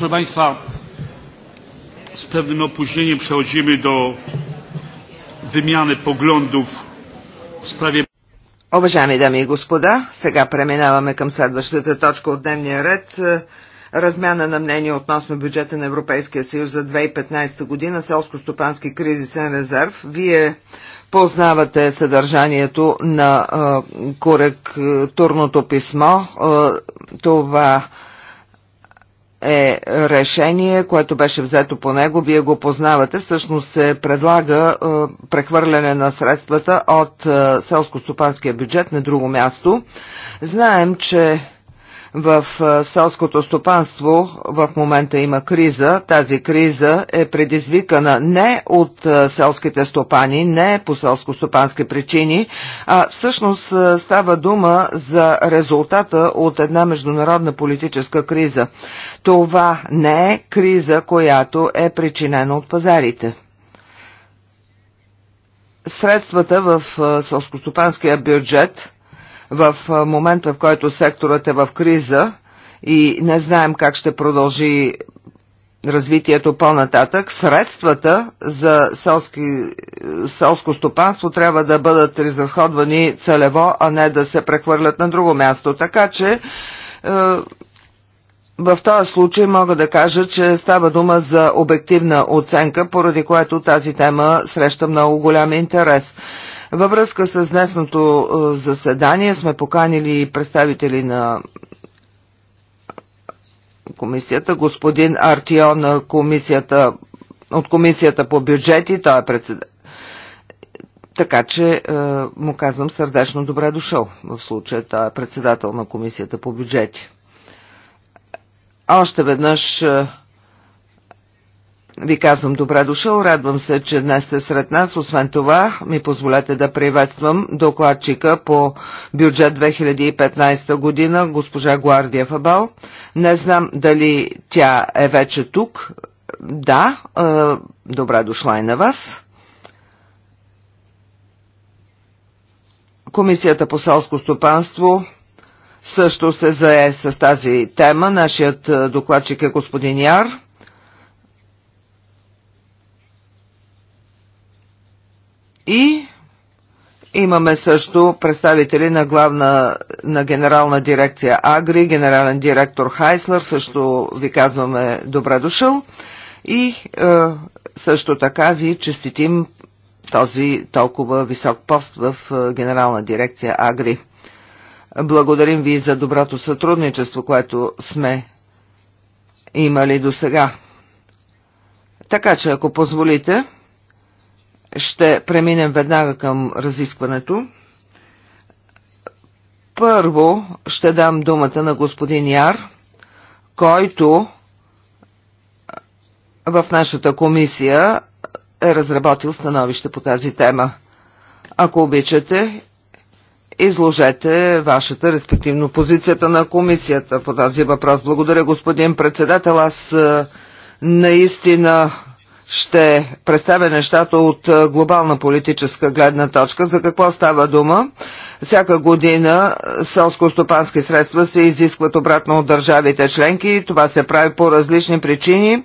Proszę Państwa, z pewnym opóźnieniem przechodzimy do wymiany poglądów w sprawie. Уважаеми дами и господа, сега преминаваме към следващата точка от дневния ред. Размяна на мнение относно бюджета на Европейския съюз за 2015 година, селско-стопански кризисен резерв. Вие познавате съдържанието на коректурното писмо. Това е е решение, което беше взето по него, вие го познавате, всъщност се предлага е, прехвърляне на средствата от е, селско-стопанския бюджет на друго място. Знаем, че в селското стопанство в момента има криза. Тази криза е предизвикана не от селските стопани, не по селско-стопански причини, а всъщност става дума за резултата от една международна политическа криза. Това не е криза, която е причинена от пазарите средствата в селско-стопанския бюджет в момент, в който секторът е в криза и не знаем как ще продължи развитието по-нататък, средствата за селски, селско стопанство трябва да бъдат изразходвани целево, а не да се прехвърлят на друго място. Така че е, в този случай мога да кажа, че става дума за обективна оценка, поради което тази тема среща много голям интерес. Във връзка с днесното е, заседание сме поканили представители на комисията, господин Артион комисията, от комисията по бюджети, той е председател. Така че е, му казвам сърдечно добре дошъл. В случая той е председател на комисията по бюджети. Още веднъж е, ви казвам добре дошъл. Радвам се, че днес сте сред нас. Освен това, ми позволете да приветствам докладчика по бюджет 2015 година, госпожа Гвардия Фабал. Не знам дали тя е вече тук. Да, е, добре дошла и на вас. Комисията по селско стопанство също се зае с тази тема. Нашият е, докладчик е господин Яр. И Имаме също представители на главна на генерална дирекция Агри, генерален директор Хайслер, също ви казваме добре дошъл и е, също така ви честитим този толкова висок пост в е, генерална дирекция Агри. Благодарим ви за доброто сътрудничество, което сме имали до сега. Така че, ако позволите, ще преминем веднага към разискването. Първо ще дам думата на господин Яр, който в нашата комисия е разработил становище по тази тема. Ако обичате, изложете вашата, респективно позицията на комисията по тази въпрос. Благодаря, господин председател. Аз е, наистина ще представя нещата от глобална политическа гледна точка. За какво става дума? Всяка година селско-стопански средства се изискват обратно от държавите членки. Това се прави по различни причини.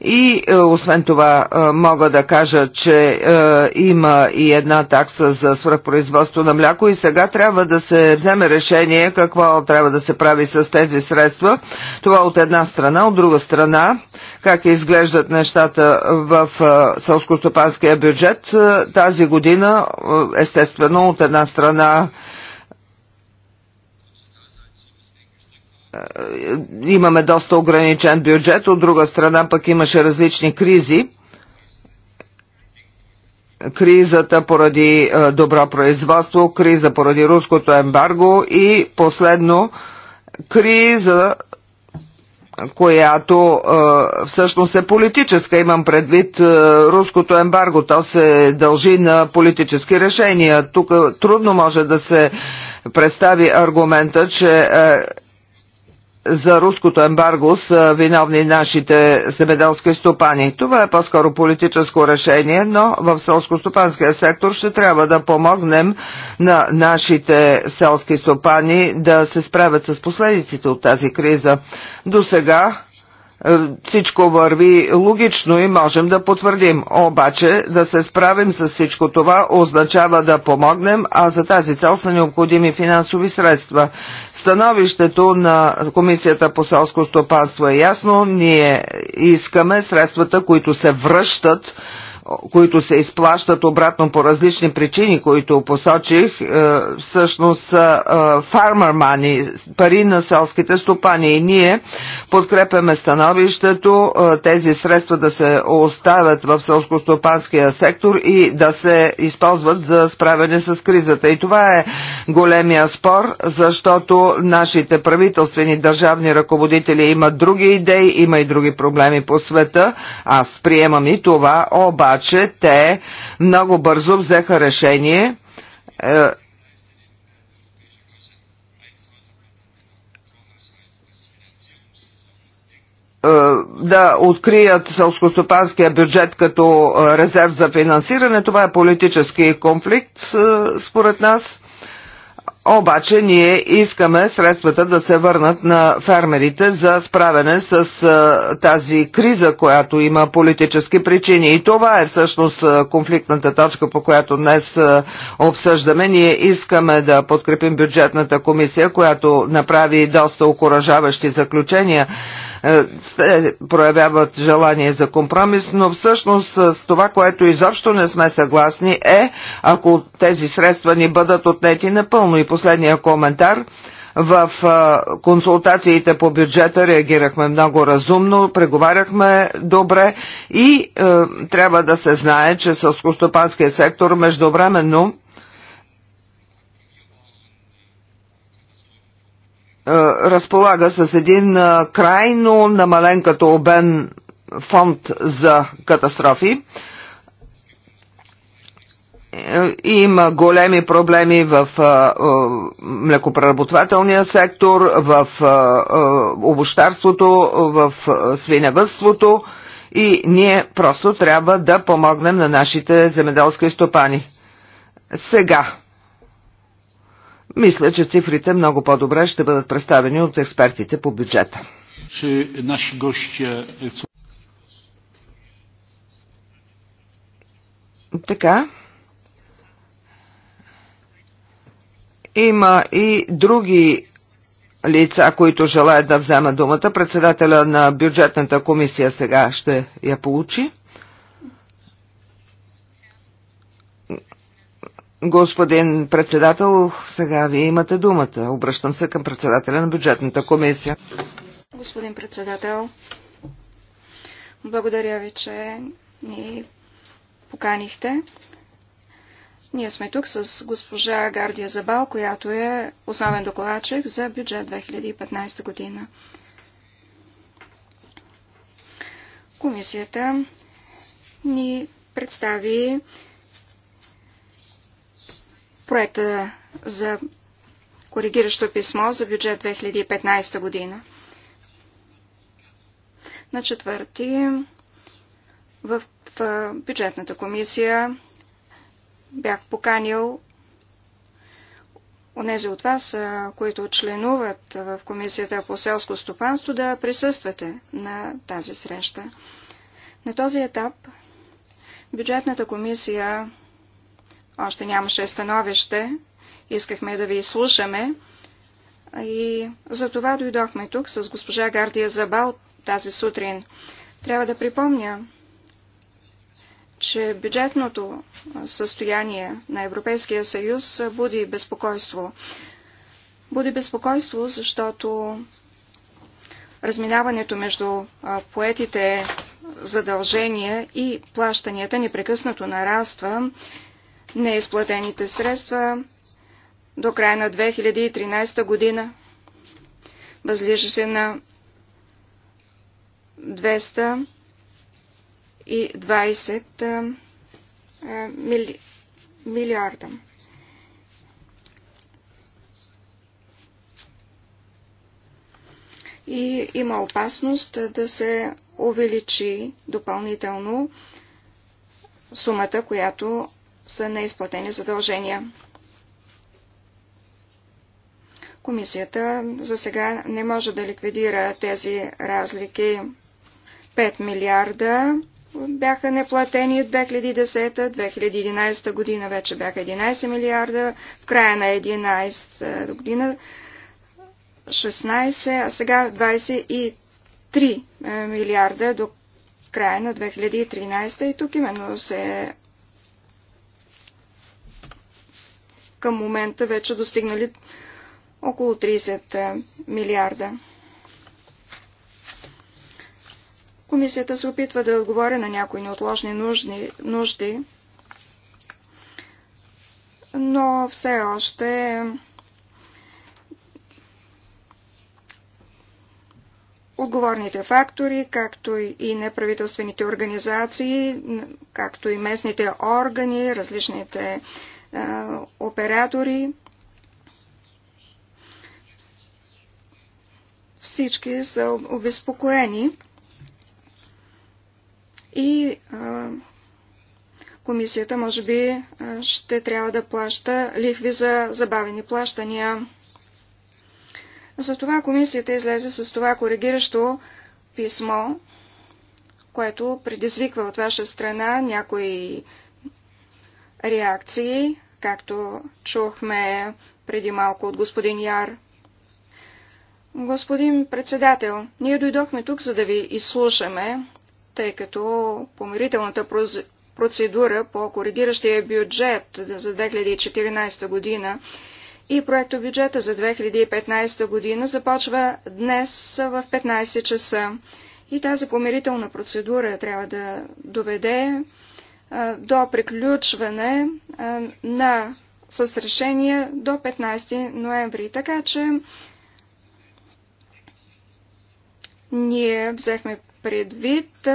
И е, освен това е, мога да кажа, че е, има и една такса за свръхпроизводство на мляко и сега трябва да се вземе решение какво трябва да се прави с тези средства. Това от една страна, от друга страна как изглеждат нещата в е, селско-стопанския бюджет. Е, тази година, е, естествено, от една страна имаме доста ограничен бюджет, от друга страна пък имаше различни кризи. Кризата поради е, добро производство, криза поради руското ембарго и последно криза която е, всъщност е политическа. Имам предвид е, руското ембарго. То се дължи на политически решения. Тук трудно може да се представи аргумента, че за руското ембарго са виновни нашите земеделски стопани. Това е по-скоро политическо решение, но в селско-стопанския сектор ще трябва да помогнем на нашите селски стопани да се справят с последиците от тази криза. До сега е, всичко върви логично и можем да потвърдим. Обаче да се справим с всичко това означава да помогнем, а за тази цел са необходими финансови средства. Становището на Комисията по селско стопанство е ясно. Ние искаме средствата, които се връщат които се изплащат обратно по различни причини, които посочих, е, всъщност са е, farmer money, пари на селските стопани. И ние подкрепяме становището е, тези средства да се оставят в селско-стопанския сектор и да се използват за справяне с кризата. И това е големия спор, защото нашите правителствени държавни ръководители имат други идеи, има и други проблеми по света. Аз приемам и това, обаче обаче те много бързо взеха решение е, е, да открият селскостопанския бюджет като резерв за финансиране. Това е политически конфликт, е, според нас обаче ние искаме средствата да се върнат на фермерите за справяне с тази криза, която има политически причини. И това е всъщност конфликтната точка, по която днес обсъждаме. Ние искаме да подкрепим бюджетната комисия, която направи доста окоръжаващи заключения е, се проявяват желание за компромис, но всъщност е, с това, което изобщо не сме съгласни е, ако тези средства ни бъдат отнети напълно. И последния коментар в е, консултациите по бюджета реагирахме много разумно, преговаряхме добре и трябва да се знае, че сълскостопанския сектор междувременно Е, разполага с един е, крайно намален като обен фонд за катастрофи. Е, има големи проблеми в млекопреработвателния сектор, в обощарството, в свиневътството и ние просто трябва да помогнем на нашите земеделски стопани. Сега мисля, че цифрите много по-добре ще бъдат представени от експертите по бюджета. Е, така. Има и други лица, които желаят да вземат думата. Председателя на бюджетната комисия сега ще я получи. Господин председател, сега вие имате думата. Обръщам се към председателя на бюджетната комисия. Господин председател, благодаря ви, че ни поканихте. Ние сме тук с госпожа Гардия Забал, която е основен докладчик за бюджет 2015 година. Комисията ни представи проекта за коригиращо писмо за бюджет 2015 година. На четвърти в бюджетната комисия бях поканил онези от вас, които членуват в Комисията по селско стопанство, да присъствате на тази среща. На този етап бюджетната комисия още нямаше становище. Искахме да ви изслушаме. И за това дойдохме тук с госпожа Гардия Забал тази сутрин. Трябва да припомня, че бюджетното състояние на Европейския съюз буди безпокойство. Буди безпокойство, защото разминаването между поетите задължения и плащанията непрекъснато нараства неизплатените средства до края на 2013 година възлижаше на 220 мили... милиарда. И има опасност да се увеличи допълнително сумата, която са неизплатени задължения. Комисията за сега не може да ликвидира тези разлики. 5 милиарда бяха неплатени 2010-2011 година, вече бяха 11 милиарда, в края на 11 година 16, а сега 23 милиарда до края на 2013 и тук именно се към момента вече достигнали около 30 е, милиарда. Комисията се опитва да отговори на някои неотложни нужди, нужди но все още е, отговорните фактори, както и неправителствените организации, както и местните органи, различните оператори. Всички са обезпокоени и а, комисията може би ще трябва да плаща лихви за забавени плащания. Затова комисията излезе с това коригиращо писмо, което предизвиква от ваша страна някои реакции, както чухме преди малко от господин Яр. Господин председател, ние дойдохме тук, за да ви изслушаме, тъй като помирителната процедура по коригиращия бюджет за 2014 година и проекто бюджета за 2015 година започва днес в 15 часа. И тази помирителна процедура трябва да доведе до приключване на с решение до 15 ноември. Така че ние взехме предвид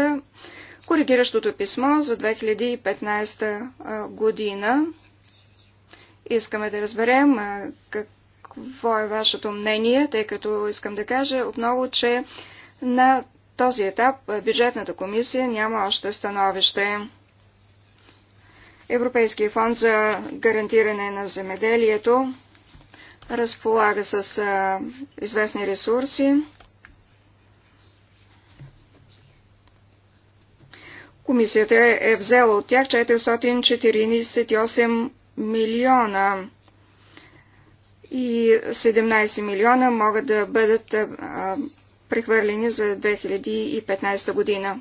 коригиращото писмо за 2015 година. Искаме да разберем какво е вашето мнение, тъй като искам да кажа отново, че на този етап бюджетната комисия няма още становище. Европейския фонд за гарантиране на земеделието разполага с а, известни ресурси. Комисията е взела от тях 448 милиона и 17 милиона могат да бъдат прехвърлени за 2015 година.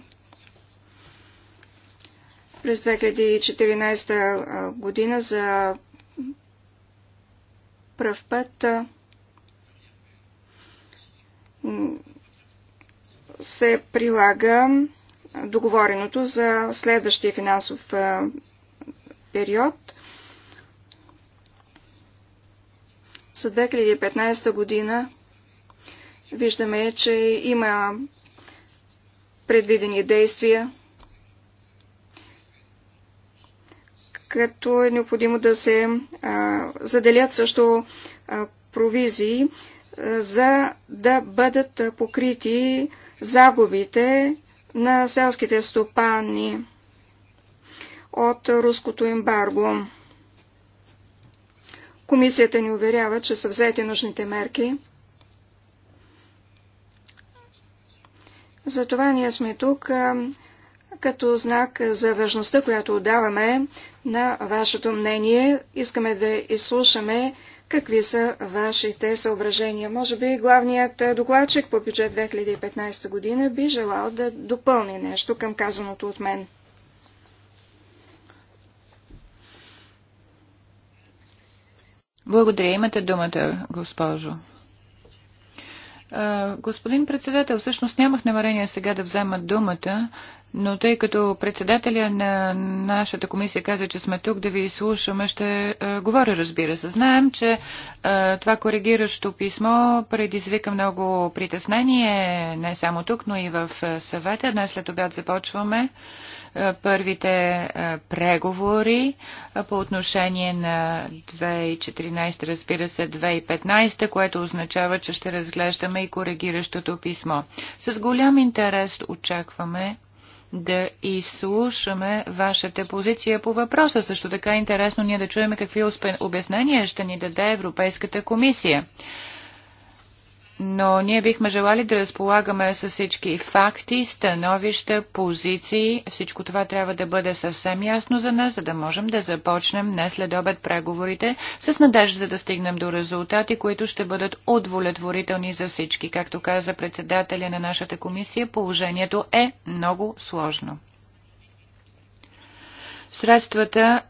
През 2014 година за пръв път се прилага договореното за следващия финансов период. За 2015 година виждаме, че има предвидени действия като е необходимо да се а, заделят също а, провизии, а, за да бъдат покрити загубите на селските стопани от руското ембарго. Комисията ни уверява, че са взети нужните мерки. Затова ние сме тук като знак за важността, която отдаваме на вашето мнение. Искаме да изслушаме какви са вашите съображения. Може би главният докладчик по бюджет 2015 година би желал да допълни нещо към казаното от мен. Благодаря. Имате думата, госпожо. Е, господин председател, всъщност нямах намерение сега да взема думата, но тъй като председателя на нашата комисия каза, че сме тук да ви слушаме, ще а, е, говоря, разбира се. Знаем, че а, е, това коригиращо писмо предизвика много притеснение, не само тук, но и в е, съвета. Днес след обяд започваме а, първите а, преговори а, по отношение на 2014, разбира се, 2015, което означава, че ще разглеждаме и коригиращото писмо. С голям интерес очакваме да изслушаме вашата позиция по въпроса. Също така е интересно ние да чуем какви обяснения ще ни даде Европейската комисия но ние бихме желали да разполагаме с всички факти, становища, позиции. Всичко това трябва да бъде съвсем ясно за нас, за да можем да започнем днес след обед преговорите с надежда да стигнем до резултати, които ще бъдат удовлетворителни за всички. Както каза председателя на нашата комисия, положението е много сложно. Средствата,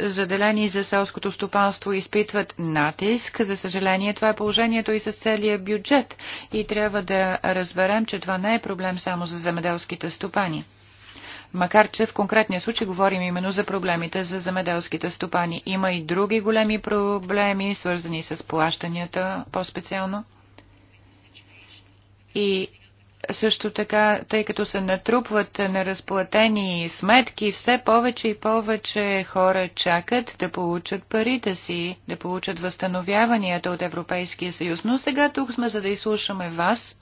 е, заделени за селското стопанство, изпитват натиск. За съжаление, това е положението и с целия бюджет. И трябва да разберем, че това не е проблем само за земеделските стопани. Макар, че в конкретния случай говорим именно за проблемите за земеделските стопани. Има и други големи проблеми, свързани с плащанията по-специално. И също така, тъй като се натрупват неразплатени сметки, все повече и повече хора чакат да получат парите си, да получат възстановяванията от Европейския съюз. Но сега тук сме, за да изслушаме вас,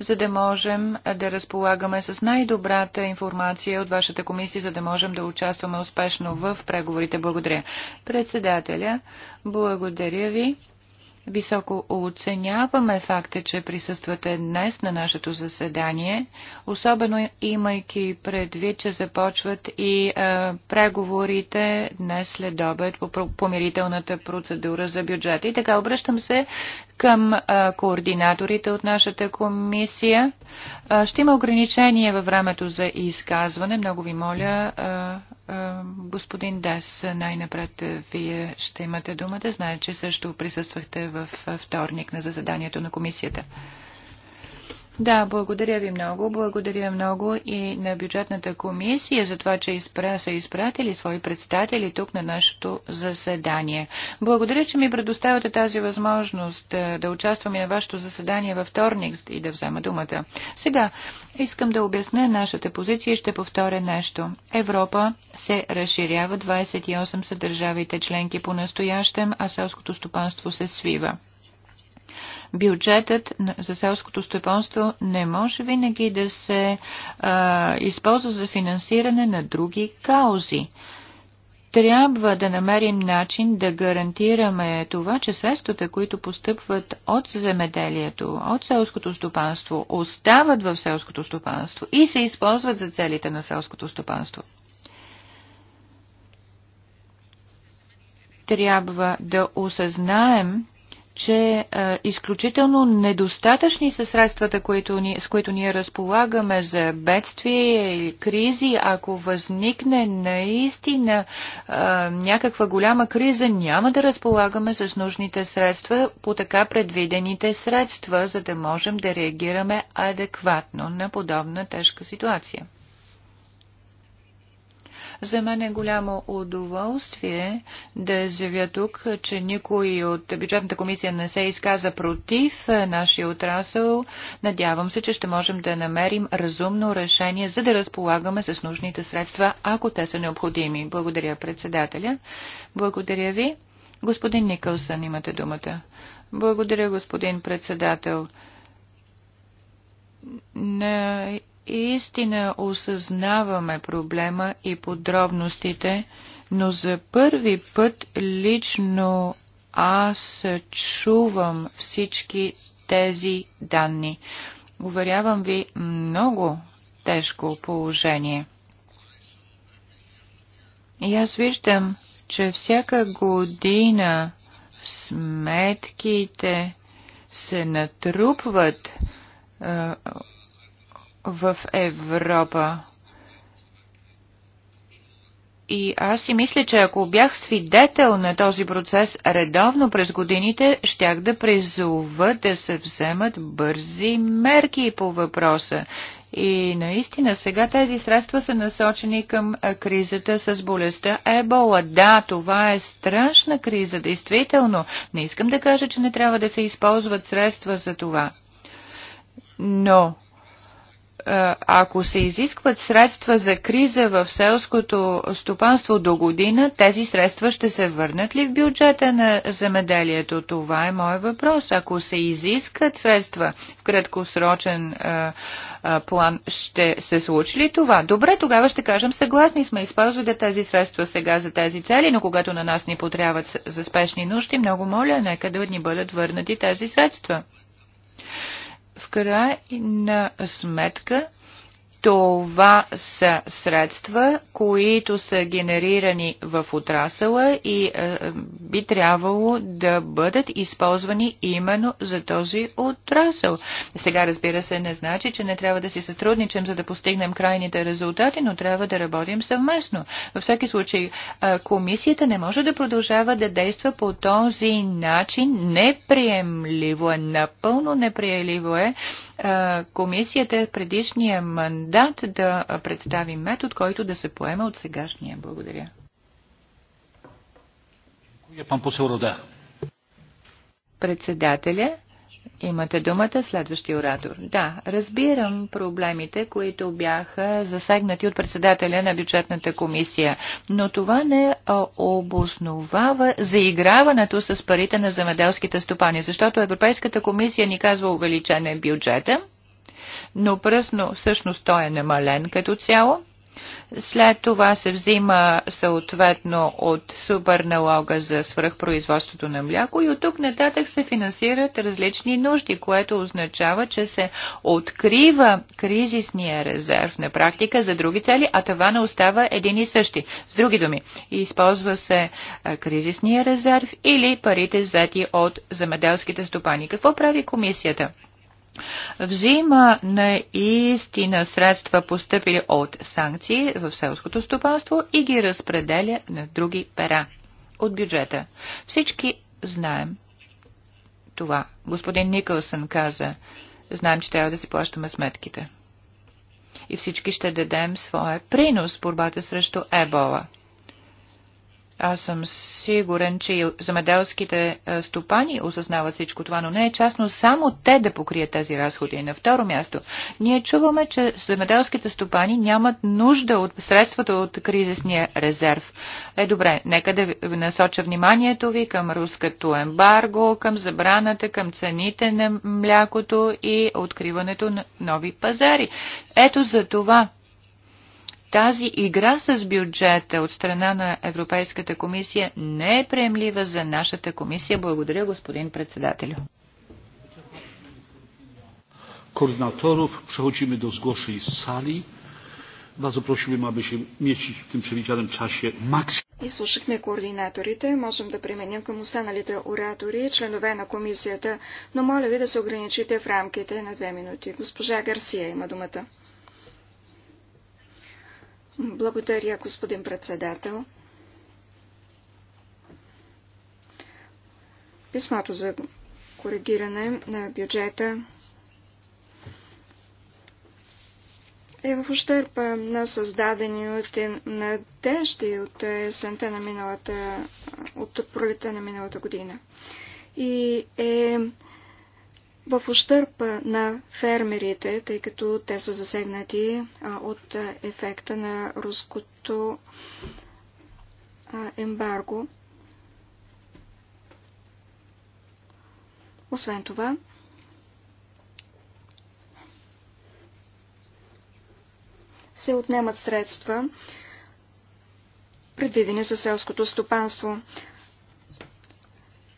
за да можем да разполагаме с най-добрата информация от вашата комисия, за да можем да участваме успешно в преговорите. Благодаря. Председателя, благодаря ви. Високо оценяваме факта, че присъствате днес на нашето заседание, особено имайки предвид, че започват и е, преговорите днес след обед по помирителната процедура за бюджета. И така обръщам се към а, координаторите от нашата комисия. А, ще има ограничение във времето за изказване. Много ви моля, а, господин Дес, най-напред вие ще имате думата. Знае, че също присъствахте в вторник на заседанието на комисията. Да, благодаря ви много. Благодаря много и на бюджетната комисия за това, че изпра, са изпратили свои представители тук на нашето заседание. Благодаря, че ми предоставяте тази възможност е, да участвам и на вашето заседание във вторник и да взема думата. Сега искам да обясня нашата позиция и ще повторя нещо. Европа се разширява, 28 са държавите членки по настоящем, а селското стопанство се свива бюджетът за селското стопанство не може винаги да се а, използва за финансиране на други каузи трябва да намерим начин да гарантираме това, че средствата, които постъпват от земеделието, от селското стопанство, остават в селското стопанство и се използват за целите на селското стопанство. Трябва да осъзнаем, че а, е, изключително недостатъчни са средствата, които ни, с които ние разполагаме за бедствие или кризи. Ако възникне наистина а, е, някаква голяма криза, няма да разполагаме с нужните средства по така предвидените средства, за да можем да реагираме адекватно на подобна тежка ситуация. За мен е голямо удоволствие да заявя тук, че никой от бюджетната комисия не се изказа против е, нашия отрасъл. Надявам се, че ще можем да намерим разумно решение, за да разполагаме с нужните средства, ако те са необходими. Благодаря председателя. Благодаря ви. Господин Никълсън, имате думата. Благодаря, господин председател. Не Истина осъзнаваме проблема и подробностите, но за първи път лично аз чувам всички тези данни. Уверявам ви, много тежко положение. И аз виждам, че всяка година сметките се натрупват в Европа. И аз си мисля, че ако бях свидетел на този процес редовно през годините, щях да призова да се вземат бързи мерки по въпроса. И наистина сега тези средства са насочени към кризата с болестта Ебола. Да, това е страшна криза, действително. Не искам да кажа, че не трябва да се използват средства за това. Но е, ако се изискват средства за криза в селското стопанство до година, тези средства ще се върнат ли в бюджета на земеделието? Това е мой въпрос. Ако се изискат средства в краткосрочен а, е, а, е, план, ще се случи ли това? Добре, тогава ще кажем съгласни сме, използвате тези средства сега за тези цели, но когато на нас ни потрябват за спешни нужди, много моля, нека да ни бъдат върнати тези средства в на сметка това са средства, които са генерирани в отрасъла и е, е, би трябвало да бъдат използвани именно за този отрасъл. Сега, разбира се, не значи, че не трябва да си сътрудничим, за да постигнем крайните резултати, но трябва да работим съвместно. Във всеки случай, е, комисията не може да продължава да действа по този начин. Неприемливо е, напълно неприемливо е комисията е предишния мандат да представи метод, който да се поема от сегашния. Благодаря. Председателя Имате думата, следващия оратор. Да, разбирам проблемите, които бяха засегнати от председателя на бюджетната комисия, но това не обосновава заиграването с парите на замеделските стопани, защото Европейската комисия ни казва увеличение бюджета, но пръсно всъщност той е намален като цяло след това се взима съответно от суперналога за свръхпроизводството на мляко и от тук нататък се финансират различни нужди, което означава, че се открива кризисния резерв на практика за други цели, а това не остава един и същи. С други думи, използва се кризисния резерв или парите взети от замеделските стопани. Какво прави комисията? взима наистина средства поступили от санкции в селското стопанство и ги разпределя на други пера от бюджета. Всички знаем това. Господин Никълсън каза, знаем, че трябва да си плащаме сметките. И всички ще дадем своя принос в борбата срещу ебола. Аз съм сигурен, че замеделските е, стопани осъзнават всичко това, но не е частно само те да покрият тези разходи. И на второ място, ние чуваме, че замеделските стопани нямат нужда от средствата от кризисния резерв. Е, добре, нека да насоча вниманието ви към руското ембарго, към забраната, към цените на млякото и откриването на нови пазари. Ето за това тази игра с бюджета от страна на Европейската комисия не е приемлива за нашата комисия. Благодаря, господин председателю. Координаторов, przechodzimy do zgłoszeń z sali. Bardzo prosimy, aby się mieścić w tym przewidzianym czasie maksimum. слушахме координаторите, можем да применим към останалите оратори, членове на комисията, но моля ви да се ограничите в рамките на две минути. Госпожа Гарсия има думата. Благодаря, господин председател. Писмото за коригиране на бюджета е в ущърпа на създадени от е, надежди от есента на миналата, от пролета на миналата година. И е в ущърп на фермерите, тъй като те са засегнати от ефекта на руското ембарго. Освен това, се отнемат средства, предвидени за селското стопанство.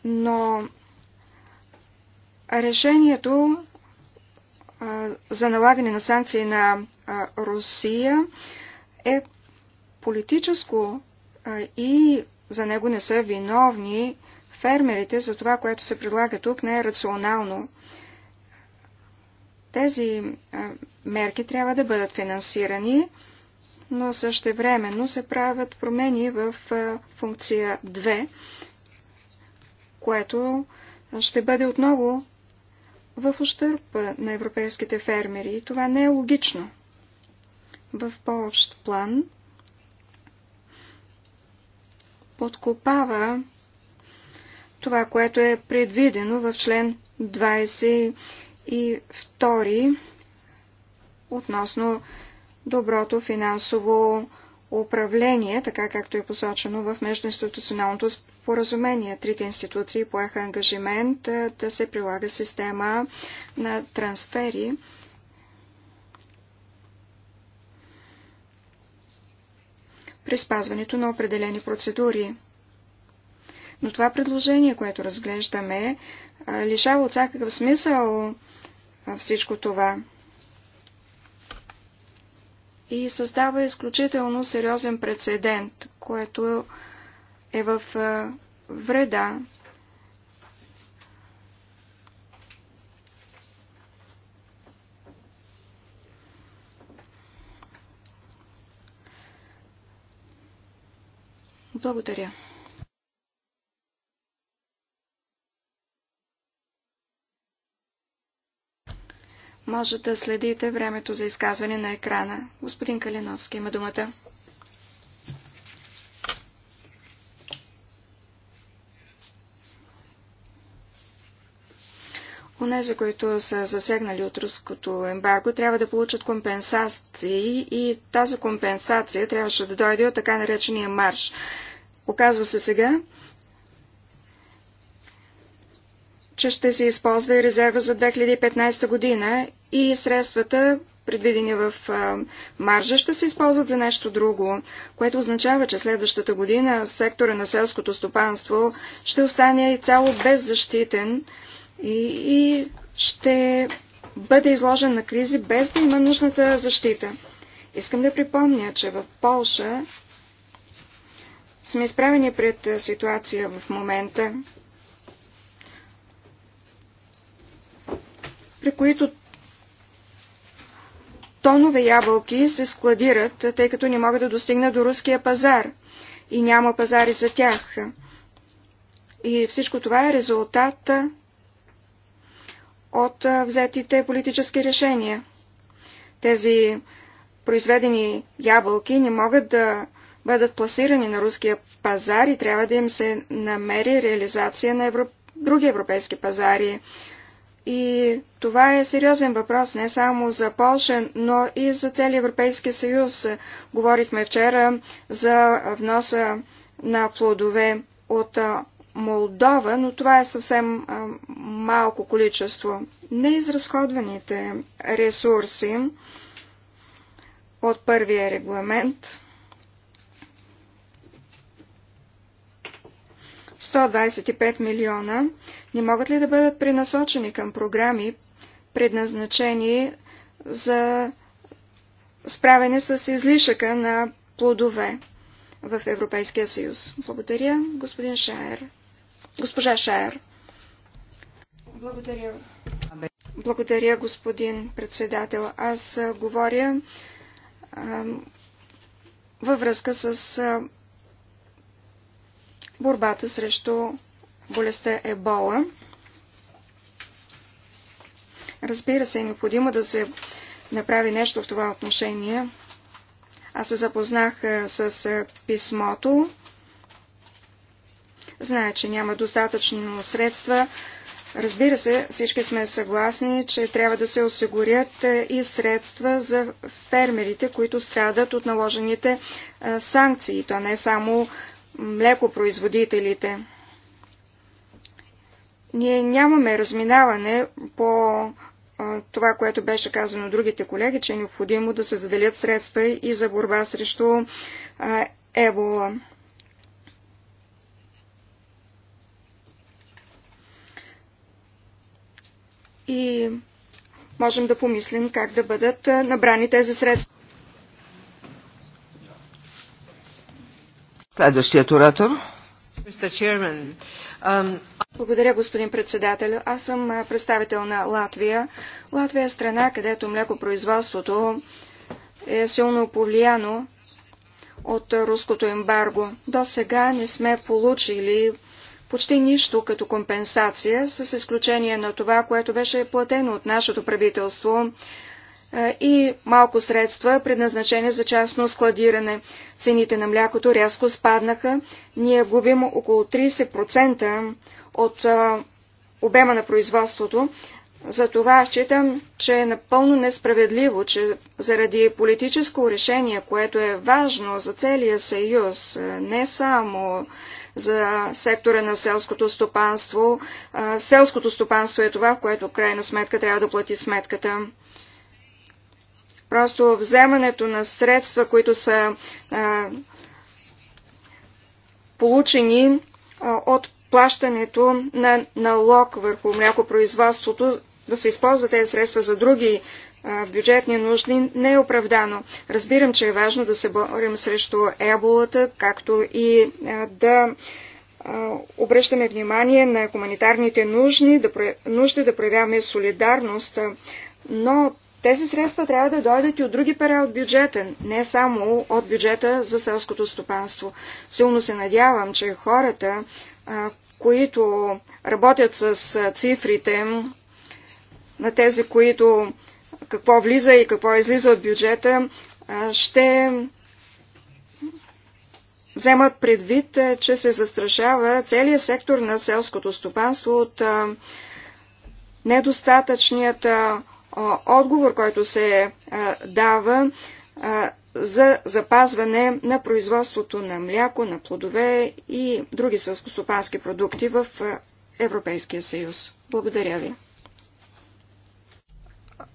Но Решението за налагане на санкции на Русия е политическо и за него не са виновни фермерите за това, което се предлага тук, не е рационално. Тези мерки трябва да бъдат финансирани, но същевременно се правят промени в функция 2, което ще бъде отново в ущърп на европейските фермери. това не е логично. В по-общ план подкопава това, което е предвидено в член 22 относно доброто финансово управление, така както е посочено в междуинституционалното споразумение. Трите институции поеха ангажимент да се прилага система на трансфери. при спазването на определени процедури. Но това предложение, което разглеждаме, лишава от всякакъв смисъл всичко това и създава изключително сериозен прецедент, което е в е, вреда Благодаря. Може да следите времето за изказване на екрана. Господин Калиновски има думата. Онези, които са засегнали от руското ембарго, трябва да получат компенсации и тази компенсация трябваше да дойде от така наречения марш. Оказва се сега, че ще се използва и резерва за 2015 година и средствата, предвидени в маржа, ще се използват за нещо друго, което означава, че следващата година сектора на селското стопанство ще остане цяло беззащитен, защитен и, и ще бъде изложен на кризи без да има нужната защита. Искам да припомня, че в Полша сме изправени пред ситуация в момента, при които тонове ябълки се складират, тъй като не могат да достигнат до руския пазар и няма пазари за тях. И всичко това е резултат от взетите политически решения. Тези произведени ябълки не могат да бъдат пласирани на руския пазар и трябва да им се намери реализация на европ... други европейски пазари. И това е сериозен въпрос не само за Польша, но и за целия Европейски съюз. Говорихме вчера за вноса на плодове от Молдова, но това е съвсем малко количество. Неизразходваните ресурси от първия регламент 125 милиона не могат ли да бъдат пренасочени към програми, предназначени за справяне с излишъка на плодове в Европейския съюз? Благодаря, господин Шаер. Госпожа Шаер. Благодаря. Благодаря, господин председател. Аз говоря а, във връзка с а, борбата срещу болестта Ебола. Разбира се, е необходимо да се направи нещо в това отношение. Аз се запознах а, с писмото знае, че няма достатъчно средства. Разбира се, всички сме съгласни, че трябва да се осигурят е, и средства за фермерите, които страдат от наложените е, санкции, то не само млекопроизводителите. Ние нямаме разминаване по е, това, което беше казано от другите колеги, че е необходимо да се заделят средства и за борба срещу ебола. и можем да помислим как да бъдат набрани тези средства. Следващият оратор. Um, Благодаря, господин председател. Аз съм представител на Латвия. Латвия е страна, където млекопроизводството е силно повлияно от руското ембарго. До сега не сме получили почти нищо като компенсация, с изключение на това, което беше платено от нашето правителство е, и малко средства, предназначени за частно складиране. Цените на млякото рязко спаднаха. Ние губим около 30% от е, обема на производството. Затова считам, че е напълно несправедливо, че заради политическо решение, което е важно за целия съюз, е, не само за сектора на селското стопанство. Селското стопанство е това, в което в крайна сметка трябва да плати сметката. Просто вземането на средства, които са получени от плащането на налог върху млякопроизводството, да се използват тези средства за други бюджетни нужди не е оправдано. Разбирам, че е важно да се борим срещу еболата, както и да обръщаме внимание на хуманитарните нужди, да, нужди да проявяваме солидарност, но тези средства трябва да дойдат и от други пера от бюджета, не само от бюджета за селското стопанство. Силно се надявам, че хората, които работят с цифрите, на тези, които какво влиза и какво излиза от бюджета, ще вземат предвид, че се застрашава целият сектор на селското стопанство от недостатъчният отговор, който се дава за запазване на производството на мляко, на плодове и други селскостопански продукти в Европейския съюз. Благодаря ви.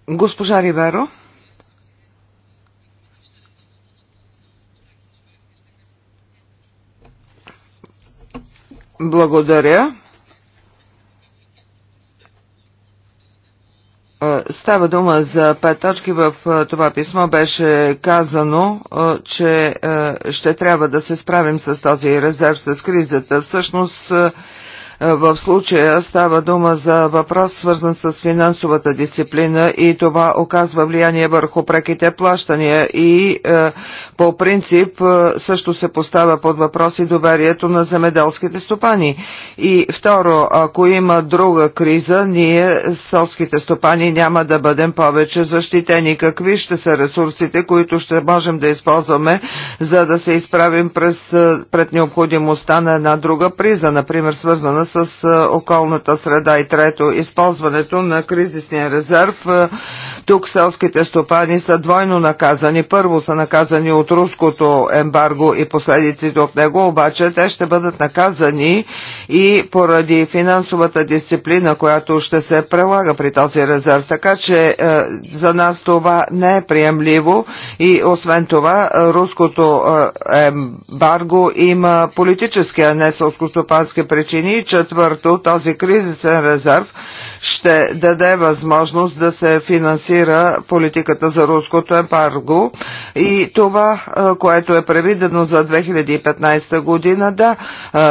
Госпожа Риверо. Благодаря. Става дума за пет точки. В това писмо беше казано, че ще трябва да се справим с този резерв с кризата. Всъщност, е, в случая става дума за въпрос свързан с финансовата дисциплина и това оказва влияние върху преките плащания и е, по принцип е, също се поставя под въпрос и доверието на земеделските стопани. И второ, ако има друга криза, ние селските стопани няма да бъдем повече защитени. Какви ще са ресурсите, които ще можем да използваме, за да се изправим през, пред необходимостта на една друга приза, например свързана с околната среда и трето използването на кризисния резерв. Тук селските стопани са двойно наказани. Първо са наказани от руското ембарго и последиците от него, обаче те ще бъдат наказани и поради финансовата дисциплина, която ще се прелага при този резерв. Така че е, за нас това не е приемливо и освен това руското ембарго има политически, а не селскостопански причини, че Четвърто, този кризисен резерв ще даде възможност да се финансира политиката за руското ембарго и това, което е предвидено за 2015 година, да,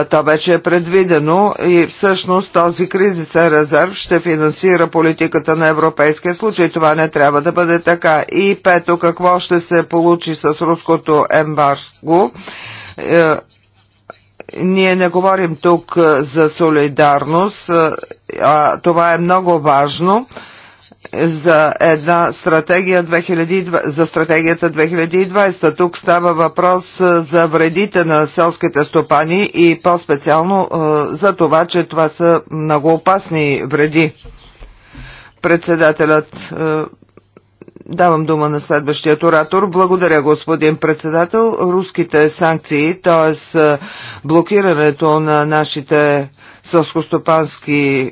то вече е предвидено и всъщност този кризисен резерв ще финансира политиката на европейския случай. Това не трябва да бъде така. И пето, какво ще се получи с руското ембарго? Е, ние не говорим тук за солидарност, а това е много важно за една стратегия 2020, за стратегията 2020. Тук става въпрос за вредите на селските стопани и по-специално за това, че това са много опасни вреди. Председателят Давам дума на следващия оратор. Благодаря, господин председател. Руските санкции, т.е. блокирането на нашите сълскостопански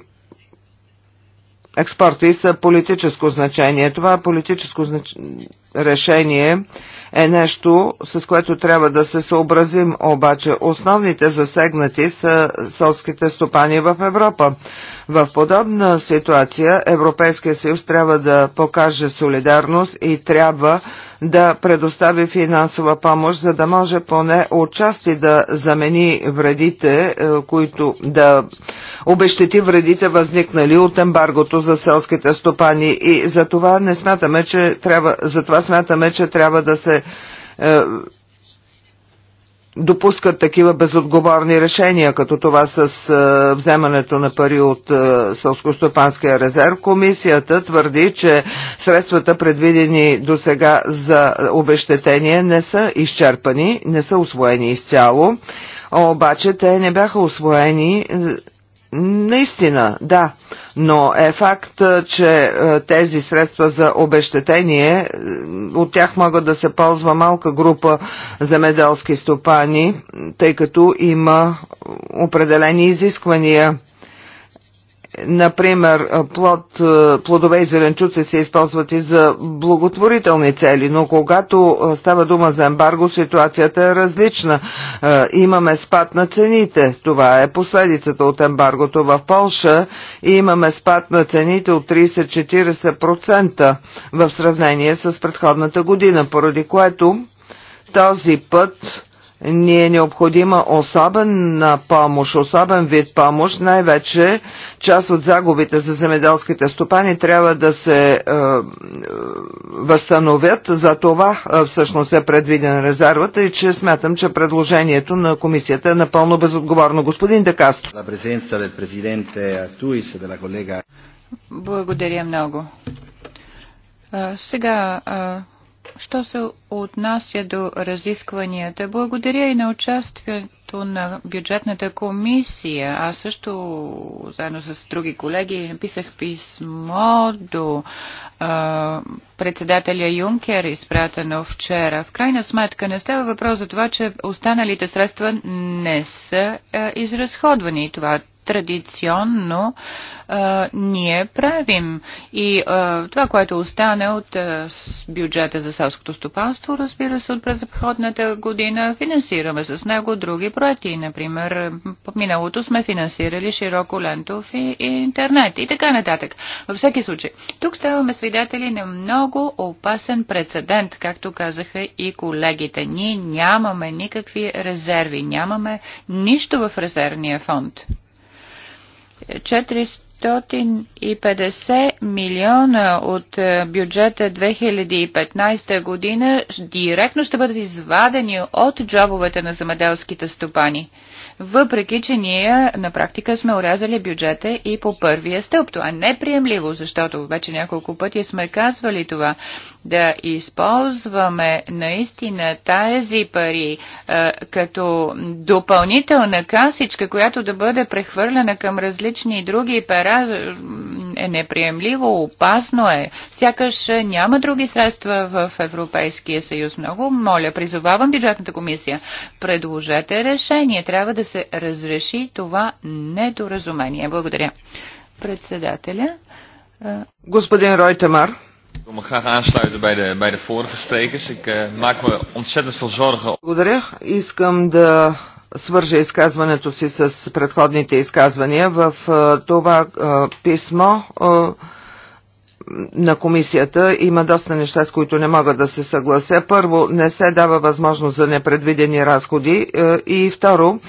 експорти са политическо значение. Това политическо знач... решение е нещо, с което трябва да се съобразим, обаче основните засегнати са селските стопани в Европа. В подобна ситуация Европейския съюз трябва да покаже солидарност и трябва да предостави финансова помощ, за да може поне отчасти да замени вредите, е, които да обещети вредите възникнали от ембаргото за селските стопани и за това не смятаме, че трябва, за това смятаме, че трябва да се е, допускат такива безотговорни решения, като това с а, е, вземането на пари от сълско е, Сълскостопанския резерв. Комисията твърди, че средствата предвидени до сега за обещетение не са изчерпани, не са освоени изцяло, обаче те не бяха освоени е, наистина, да но е факт, че тези средства за обещетение, от тях могат да се ползва малка група земеделски стопани, тъй като има определени изисквания например, плод, е, плодове и зеленчуци се използват и за благотворителни цели, но когато е, става дума за ембарго, ситуацията е различна. Е, имаме спад на цените. Това е последицата от ембаргото в Полша и имаме спад на цените от 30-40% в сравнение с предходната година, поради което този път ни е необходима особена помощ, особен вид помощ, най-вече част от загубите за земеделските стопани трябва да се е, е, възстановят. За това е, всъщност е предвиден резервата и че смятам, че предложението на комисията е напълно безотговорно. Господин Декастро. E Благодаря много. Сега Що се отнася до разискванията, благодаря и на участието на бюджетната комисия. Аз също, заедно с други колеги, написах писмо до а, председателя Юнкер, изпратено вчера. В крайна сметка не става въпрос за това, че останалите средства не са а, изразходвани. Това традиционно а, ние правим. И а, това, което остане от а, бюджета за селското стопанство, разбира се, от предходната година, финансираме с него други проекти. Например, по миналото сме финансирали широко лентов и, и интернет и така нататък. Във всеки случай, тук ставаме свидетели на много опасен прецедент, както казаха и колегите. Ние нямаме никакви резерви, нямаме нищо в резервния фонд. 450 милиона от е, бюджета 2015 година директно ще бъдат извадени от джобовете на земеделските стопани въпреки че ние на практика сме урязали бюджета и по първия стълб. Това е неприемливо, защото вече няколко пъти сме казвали това. Да използваме наистина тази пари а, е, като допълнителна касичка, която да бъде прехвърлена към различни други пера, е неприемливо, опасно е. Сякаш е, няма други средства в Европейския съюз. Много моля, призовавам бюджетната комисия, предложете решение. Трябва да се разреши това недоразумение. Благодаря. Председателя. Е, Господин Ройтемар. Ik wil me graag aansluiten bij de, bij de vorige sprekers. Ik uh, maak me ontzettend veel zorgen. Благодаря. Искам да свържа изказването си с предходните изказвания. В това писмо на комисията има доста неща, с които не мога да се съглася. Първо, не се дава възможност за непредвидени разходи и второ,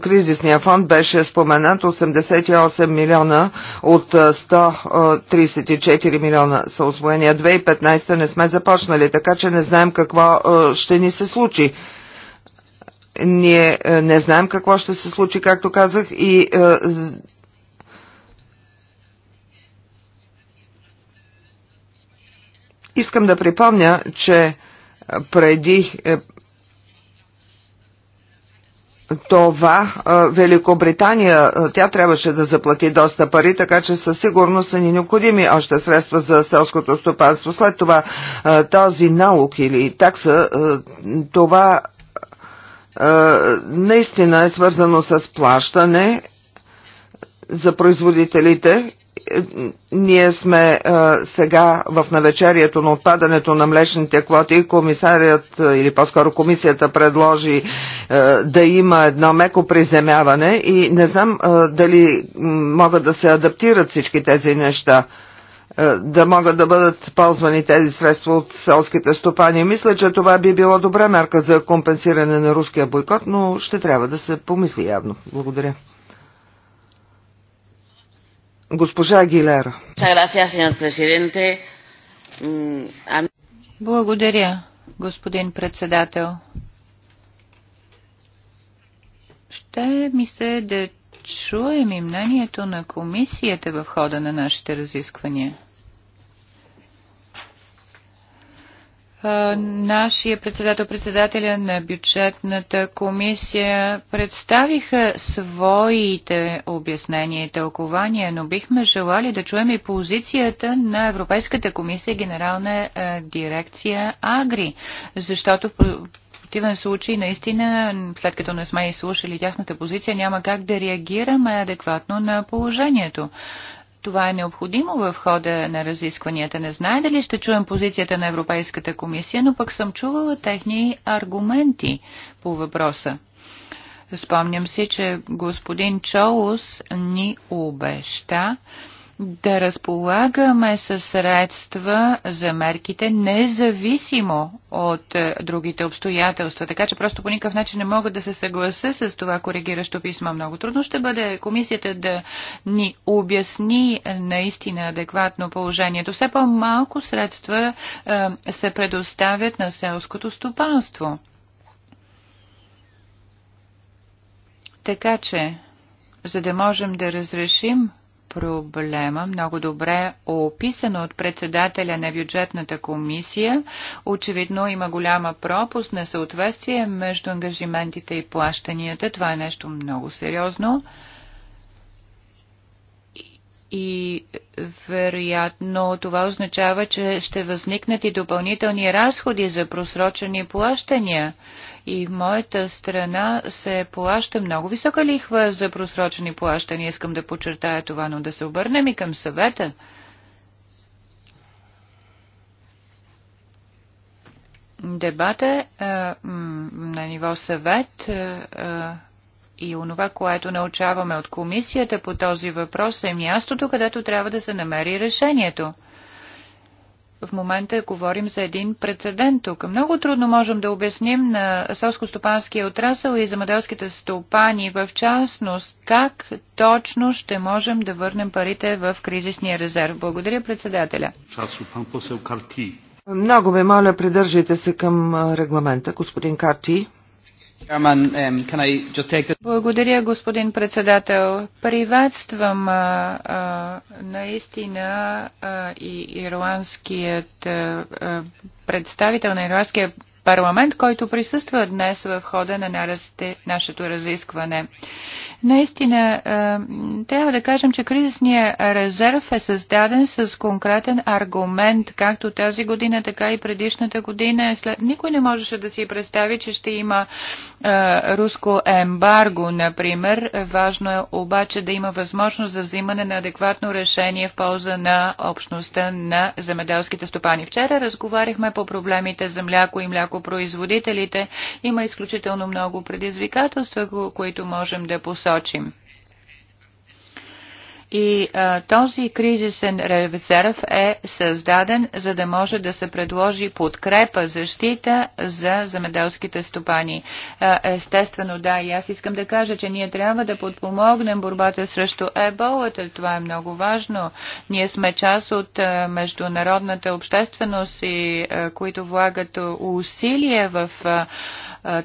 кризисния фонд беше споменат 88 милиона от 134 милиона са освоения. 2015 не сме започнали, така че не знаем какво ще ни се случи. Ние е, не знаем какво ще се случи, както казах, и е, Искам да припомня, че е, преди това Великобритания, тя трябваше да заплати доста пари, така че със сигурност са ни необходими още средства за селското стопанство. След това този налог или такса, това наистина е свързано с плащане за производителите. Ние сме сега в навечерието на отпадането на млечните квоти. Комисарият или по-скоро комисията предложи да има едно меко приземяване и не знам дали могат да се адаптират всички тези неща. Е, да могат да бъдат ползвани тези средства от селските стопани. Мисля, че това би било добра мерка за компенсиране на руския бойкот, но ще трябва да се помисли явно. Благодаря. Госпожа Гилера. Mm, Благодаря, господин председател. Ще ми се да чуем и мнението на комисията в хода на нашите разисквания. нашия председател, председателя на бюджетната комисия представиха своите обяснения и тълкования, но бихме желали да чуем и позицията на Европейската комисия, генерална дирекция Агри, защото в противен случай, наистина, след като не сме изслушали тяхната позиция, няма как да реагираме адекватно на положението това е необходимо в хода на разискванията. Не знае дали ще чуем позицията на Европейската комисия, но пък съм чувала техни аргументи по въпроса. Спомням си, че господин Чоус ни обеща, да разполагаме със средства за мерките, независимо от е, другите обстоятелства. Така че просто по никакъв начин не мога да се съгласа с това коригиращо писмо. Много трудно ще бъде комисията да ни обясни е, наистина адекватно положението. Все по-малко средства е, се предоставят на селското стопанство. Така че, за да можем да разрешим проблема, много добре описано от председателя на бюджетната комисия. Очевидно има голяма пропуск на съответствие между ангажиментите и плащанията. Това е нещо много сериозно. И вероятно това означава, че ще възникнат и допълнителни разходи за просрочени плащания – и в моята страна се плаща много висока лихва за просрочени плащания. Искам да подчертая това, но да се обърнем и към съвета. Дебата е, на ниво съвет е, е, и онова, което научаваме от комисията по този въпрос е мястото, където трябва да се намери решението в момента говорим за един прецедент тук. Много трудно можем да обясним на селско-стопанския отрасъл и замеделските стопани в частност как точно ще можем да върнем парите в кризисния резерв. Благодаря председателя. Много ме моля, придържайте се към регламента, господин Карти. Um, Благодаря, господин председател. Приветствам а, а, наистина а, и ирландският представител на ирландския парламент, който присъства днес в хода на нашето разискване. Наистина, е, трябва да кажем, че кризисният резерв е създаден с конкретен аргумент, както тази година, така и предишната година. Никой не можеше да си представи, че ще има е, руско ембарго, например. Важно е обаче да има възможност за взимане на адекватно решение в полза на общността на земеделските стопани. Вчера разговаряхме по проблемите за мляко и мляко млекопроизводителите, има изключително много предизвикателства, които можем да посочим. И а, този кризисен резерв е създаден, за да може да се предложи подкрепа, защита за земеделските стопани. А, естествено, да, и аз искам да кажа, че ние трябва да подпомогнем борбата срещу еболата. Това е много важно. Ние сме част от а, международната общественост, и, а, които влагат усилия в. А,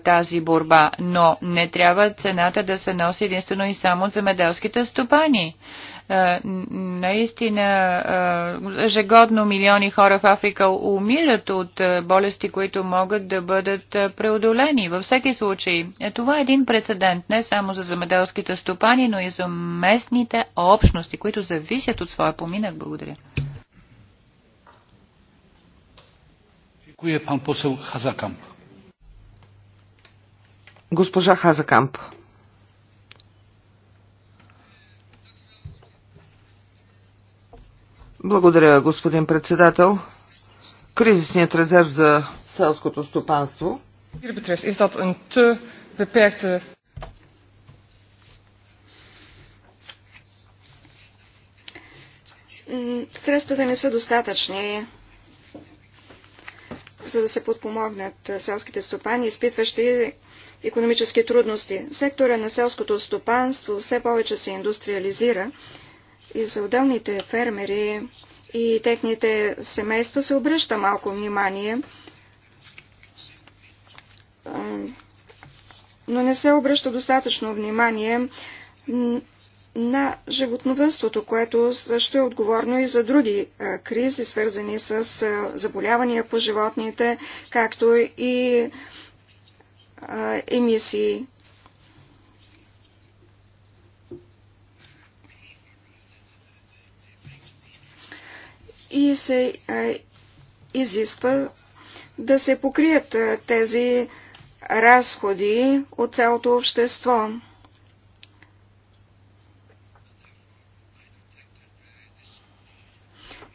тази борба, но не трябва цената да се носи единствено и само от земеделските стопани. Е, наистина, е, ежегодно милиони хора в Африка умират от е, болести, които могат да бъдат преодолени. Във всеки случай, това е един прецедент не само за замеделските стопани, но и за местните общности, които зависят от своя поминък. Благодаря. Госпожа Хазакамп. Благодаря, господин председател. Кризисният резерв за селското стопанство. Средствата не са достатъчни, за да се подпомогнат селските стопани, изпитващи економически трудности. Сектора на селското стопанство все повече се индустриализира и за отделните фермери и техните семейства се обръща малко внимание, но не се обръща достатъчно внимание на животновътството, което също е отговорно и за други кризи, свързани с заболявания по животните, както и емисии. и се изисква да се покрият тези разходи от цялото общество.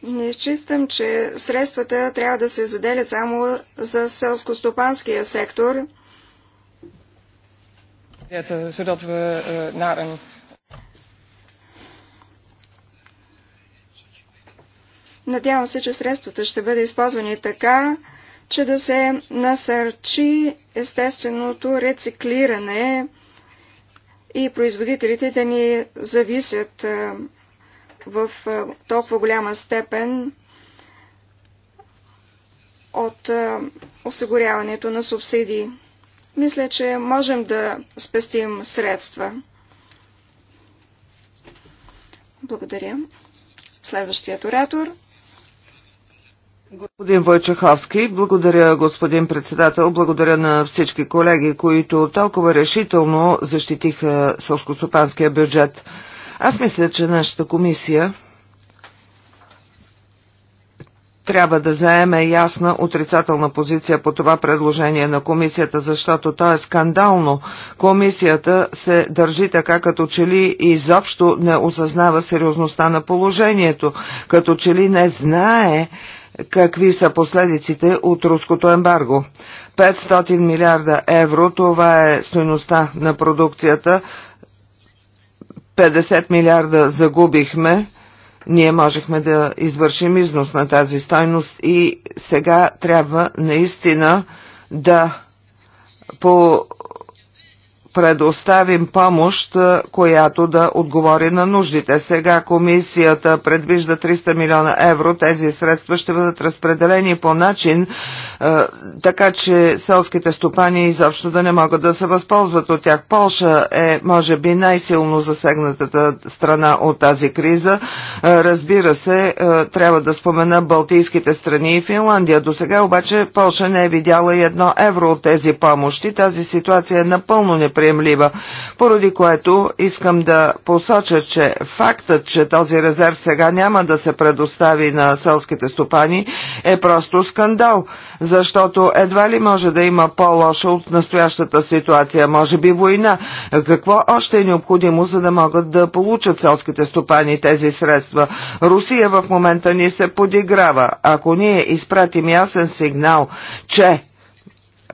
Не считам, че средствата трябва да се заделят само за селско-стопанския сектор. Zodat we eh, naar een Надявам се, че средствата ще бъде използвани така, че да се насърчи естественото рециклиране и производителите да ни зависят в толкова голяма степен от осигуряването на субсидии. Мисля, че можем да спестим средства. Благодаря. Следващият оратор. Господин Войчеховски, благодаря господин председател, благодаря на всички колеги, които толкова решително защитиха сълскосопанския бюджет. Аз мисля, че нашата комисия трябва да заеме ясна отрицателна позиция по това предложение на комисията, защото то е скандално. Комисията се държи така, като че ли изобщо не осъзнава сериозността на положението, като че ли не знае, какви са последиците от руското ембарго. 500 милиарда евро, това е стоеността на продукцията. 50 милиарда загубихме. Ние можехме да извършим износ на тази стойност и сега трябва наистина да по предоставим помощ, която да отговори на нуждите. Сега комисията предвижда 300 милиона евро. Тези средства ще бъдат разпределени по начин, така че селските стопани изобщо да не могат да се възползват от тях. Полша е, може би, най-силно засегнатата страна от тази криза. Разбира се, трябва да спомена Балтийските страни и Финландия. До сега обаче Полша не е видяла и едно евро от тези помощи. Тази ситуация е напълно неприятна неприемлива, поради което искам да посоча, че фактът, че този резерв сега няма да се предостави на селските стопани е просто скандал, защото едва ли може да има по-лоша от настоящата ситуация, може би война. Какво още е необходимо, за да могат да получат селските стопани тези средства? Русия в момента ни се подиграва. Ако ние изпратим ясен сигнал, че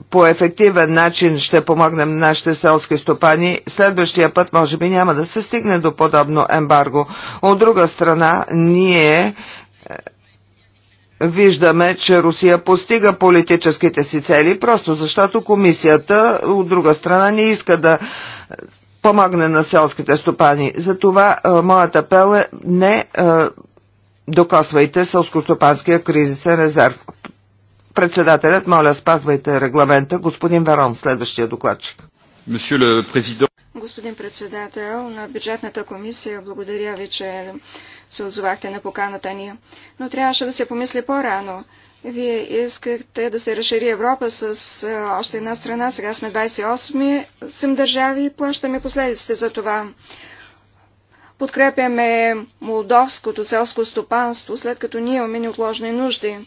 по ефективен начин ще помогнем нашите селски стопани, следващия път може би няма да се стигне до подобно ембарго. От друга страна, ние е, Виждаме, че Русия постига политическите си цели, просто защото комисията от друга страна не иска да е, помогне на селските стопани. Затова е, моята апел е не докосвайте селскостопанския кризисен резерв. Председателят, моля, спазвайте регламента. Господин Верон, следващия докладчик. Господин председател на бюджетната комисия, благодаря ви, че се отзовахте на поканата ни. Но трябваше да се помисли по-рано. Вие искахте да се разшири Европа с още една страна. Сега сме 28 съм държави и плащаме последиците за това. Подкрепяме молдовското селско стопанство, след като ние имаме неотложни нужди.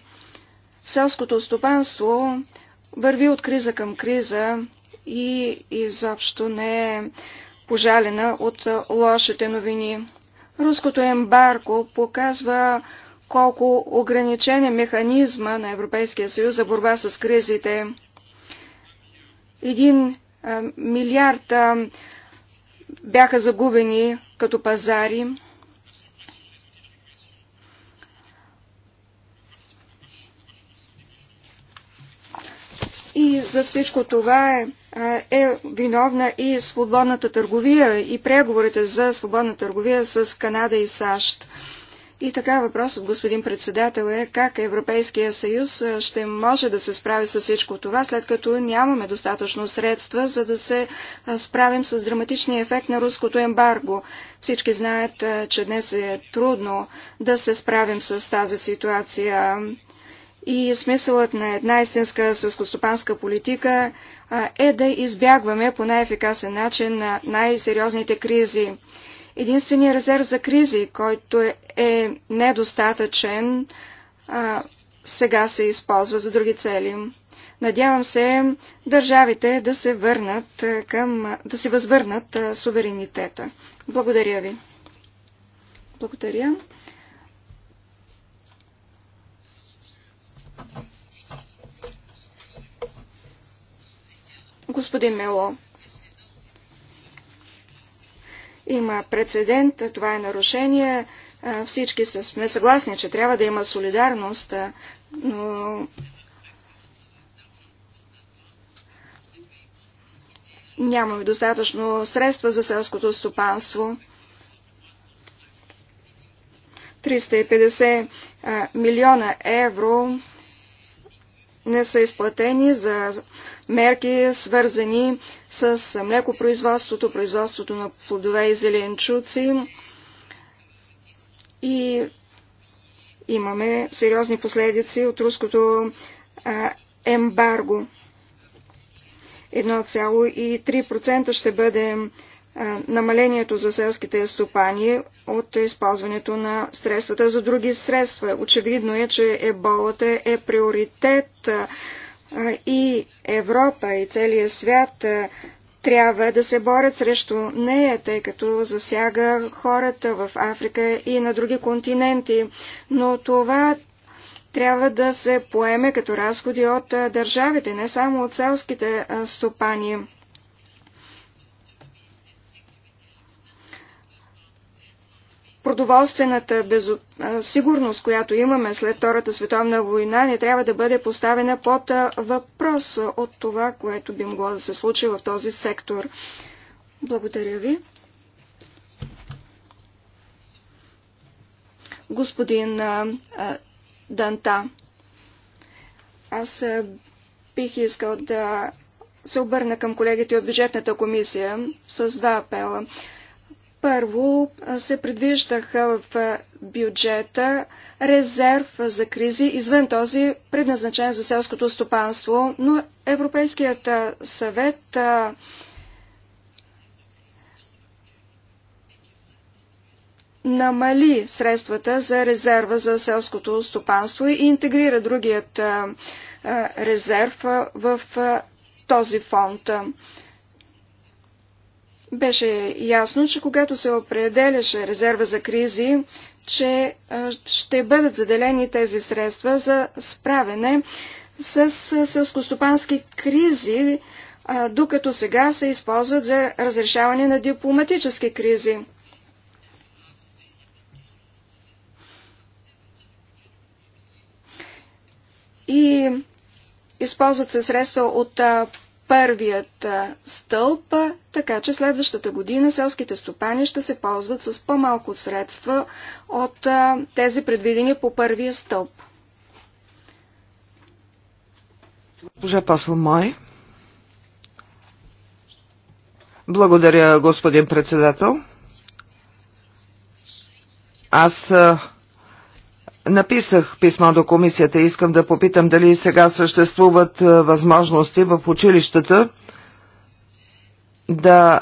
Селското стопанство върви от криза към криза и изобщо не е пожалена от лошите новини. Руското ембарко показва колко ограничен е механизма на Европейския съюз за борба с кризите. Един милиард бяха загубени като пазари. И за всичко това е, е виновна и свободната търговия и преговорите за свободна търговия с Канада и САЩ. И така въпросът, господин председател, е как Европейския съюз ще може да се справи с всичко това, след като нямаме достатъчно средства, за да се справим с драматичния ефект на руското ембарго. Всички знаят, че днес е трудно да се справим с тази ситуация. И смисълът на една истинска сълскостопанска политика е да избягваме по най-ефикасен начин на най-сериозните кризи. Единственият резерв за кризи, който е, е недостатъчен, сега се използва за други цели. Надявам се държавите да се върнат към, да се възвърнат суверенитета. Благодаря ви. Благодаря. господин Мело. Има прецедент, това е нарушение. Всички сме съгласни, че трябва да има солидарност, но нямаме достатъчно средства за селското стопанство. 350 милиона евро не са изплатени за мерки, свързани с млекопроизводството, производството на плодове и зеленчуци. И имаме сериозни последици от руското ембарго. 1,3% ще бъде намалението за селските стопани от използването на средствата за други средства. Очевидно е, че еболата е приоритет и Европа и целия свят трябва да се борят срещу нея, тъй като засяга хората в Африка и на други континенти. Но това трябва да се поеме като разходи от държавите, не само от селските стопани. продоволствената безо... сигурност, която имаме след Втората световна война, не трябва да бъде поставена под въпрос от това, което би могло да се случи в този сектор. Благодаря ви. Господин Данта, аз бих искал да се обърна към колегите от бюджетната комисия с два апела. Първо се предвиждаха в бюджета резерв за кризи извън този предназначен за селското стопанство, но Европейският съвет намали средствата за резерва за селското стопанство и интегрира другият резерв в този фонд. Беше ясно, че когато се определяше резерва за кризи, че ще бъдат заделени тези средства за справене с селскостопански кризи, докато сега се използват за разрешаване на дипломатически кризи. И използват се средства от първият стълб, така че следващата година селските стопани ще се ползват с по-малко средства от тези предвидени по първия стълб. Госпожа Май. Благодаря, господин председател. Аз Написах писмо до комисията и искам да попитам дали сега съществуват е, възможности в училищата да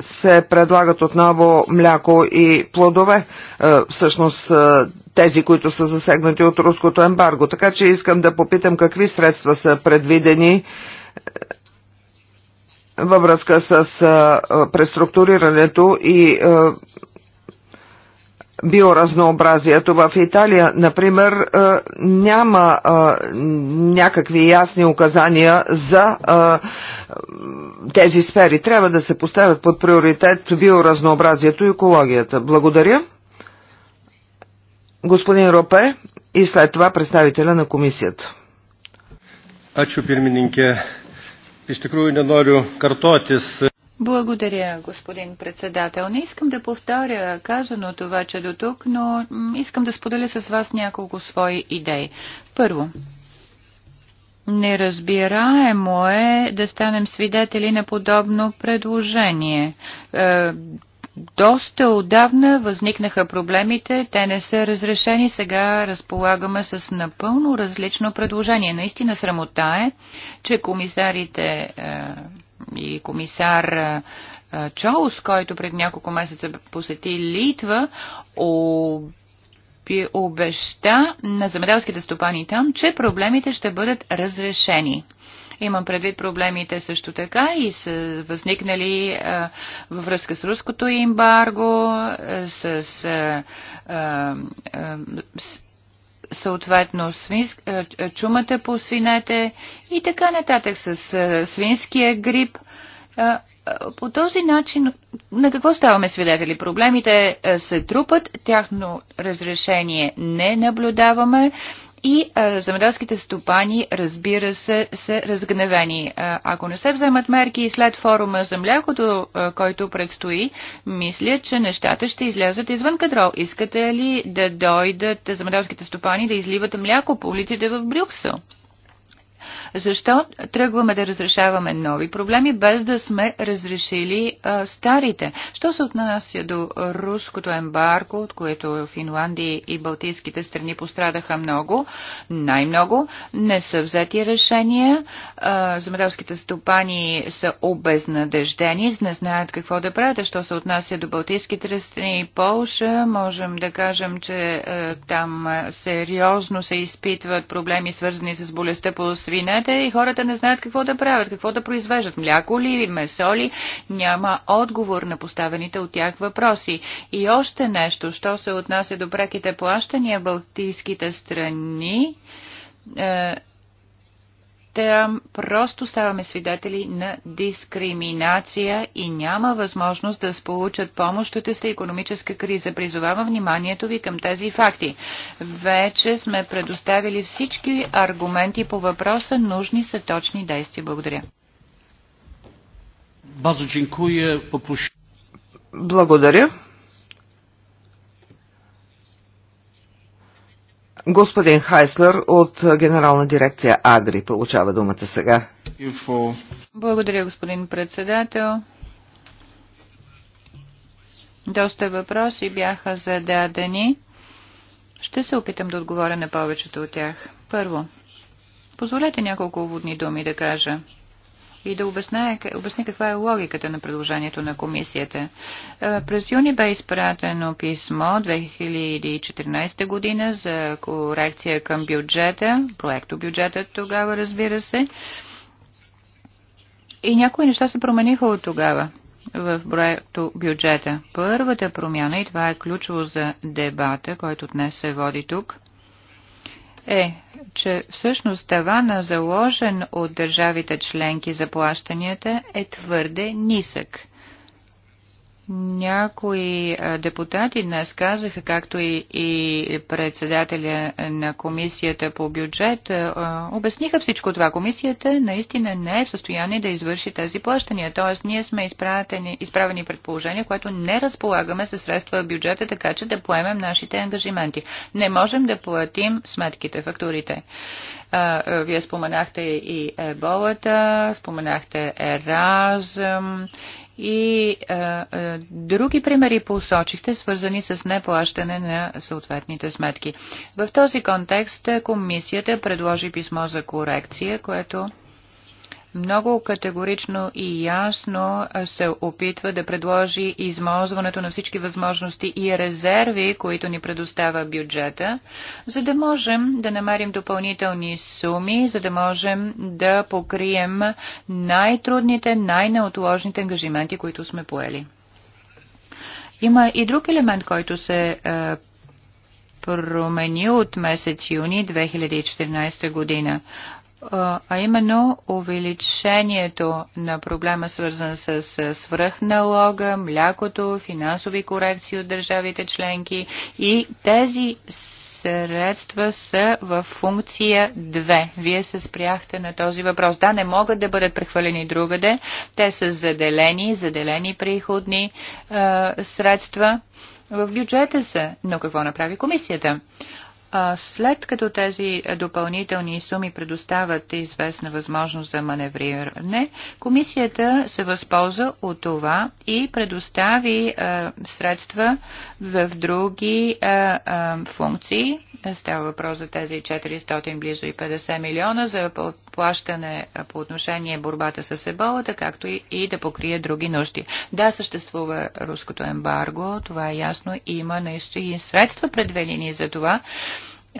се предлагат отново мляко и плодове, е, всъщност е, тези, които са засегнати от руското ембарго. Така че искам да попитам какви средства са предвидени във връзка с преструктурирането и биоразнообразието в Италия, например, е, няма е, някакви ясни указания за е, тези сфери. Трябва да се поставят под приоритет биоразнообразието и екологията. Благодаря. Господин Ропе и след това представителя на комисията. Ačiū pirmininkė. Iš tikrųjų nenoriu kartotis. Благодаря, господин председател. Не искам да повторя казано това, че до тук, но искам да споделя с вас няколко свои идеи. Първо, неразбираемо е да станем свидетели на подобно предложение. Е, доста отдавна възникнаха проблемите, те не са разрешени, сега разполагаме с напълно различно предложение. Наистина срамота е, че комисарите е, и комисар Чоус, който пред няколко месеца посети Литва, обеща на земеделските стопани там, че проблемите ще бъдат разрешени. Имам предвид проблемите също така и са възникнали а, във връзка с руското ембарго, с, а, а, с съответно свинск, е, е, чумата по свинете и така нататък с е, свинския грип. По този начин, на какво ставаме свидетели? Проблемите се трупат, тяхно разрешение не наблюдаваме и а, земеделските стопани, разбира се, са разгневени. А, ако не се вземат мерки и след форума за млякото, а, който предстои, мисля, че нещата ще излязат извън кадрол. Искате ли да дойдат земеделските стопани да изливат мляко по улиците в Брюксел? Защо тръгваме да разрешаваме нови проблеми, без да сме разрешили а, старите? Що се отнася до руското ембарго, от което Финландия и Балтийските страни пострадаха много, най-много, не са взети решения. А, земеделските стопани са обезнадеждени, не знаят какво да правят. Що се отнася до Балтийските страни и Полша, можем да кажем, че а, там сериозно се изпитват проблеми, свързани с болестта по свине знаете, и хората не знаят какво да правят, какво да произвеждат, мляко ли, месо ли, няма отговор на поставените от тях въпроси. И още нещо, що се отнася до преките плащания в Балтийските страни, е, там просто ставаме свидетели на дискриминация и няма възможност да сполучат помощ от esta економическа криза. Призовавам вниманието ви към тези факти. Вече сме предоставили всички аргументи по въпроса. Нужни са точни действия. Благодаря. Благодаря. Господин Хайслер от Генерална дирекция Агри получава думата сега. Благодаря, господин председател. Доста въпроси бяха зададени. Ще се опитам да отговоря на повечето от тях. Първо, позволете няколко уводни думи да кажа и да обясня, обясня каква е логиката на предложението на комисията. Е, през юни бе изпратено писмо 2014 година за корекция към бюджета, проекто бюджета тогава, разбира се. И някои неща се промениха от тогава в проекто бюджета. Първата промяна, и това е ключово за дебата, който днес се води тук – е, че всъщност тавана заложен от държавите членки за плащанията е твърде нисък. Някои е, депутати днес казаха, както и, и председателя на комисията по бюджет, е, е, обясниха всичко това. Комисията наистина не е в състояние да извърши тези плащания. Тоест, ние сме изправени, изправени пред положение, което не разполагаме със средства в бюджета, така че да поемем нашите ангажименти. Не можем да платим сметките, фактурите. Вие споменахте и еболата, споменахте еразъм и а, а, други примери посочихте, свързани с неплащане на съответните сметки. В този контекст комисията предложи писмо за корекция, което много категорично и ясно се опитва да предложи измозването на всички възможности и резерви, които ни предоставя бюджета, за да можем да намерим допълнителни суми, за да можем да покрием най-трудните, най-неотложните ангажименти, които сме поели. Има и друг елемент, който се е, промени от месец юни 2014 година а именно увеличението на проблема свързан с свръхналога, млякото, финансови корекции от държавите членки и тези средства са в функция 2. Вие се спряхте на този въпрос. Да, не могат да бъдат прехвалени другаде. Те са заделени, заделени приходни е, средства. В бюджета са. Но какво направи комисията? след като тези допълнителни суми предоставят известна възможност за маневриране, комисията се възползва от това и предостави средства в други функции. Става въпрос за тези 400 близо и 50 милиона за плащане по отношение борбата с еболата, както и, да покрие други нужди. Да, съществува руското ембарго, това е ясно, има наистина средства предвидени за това,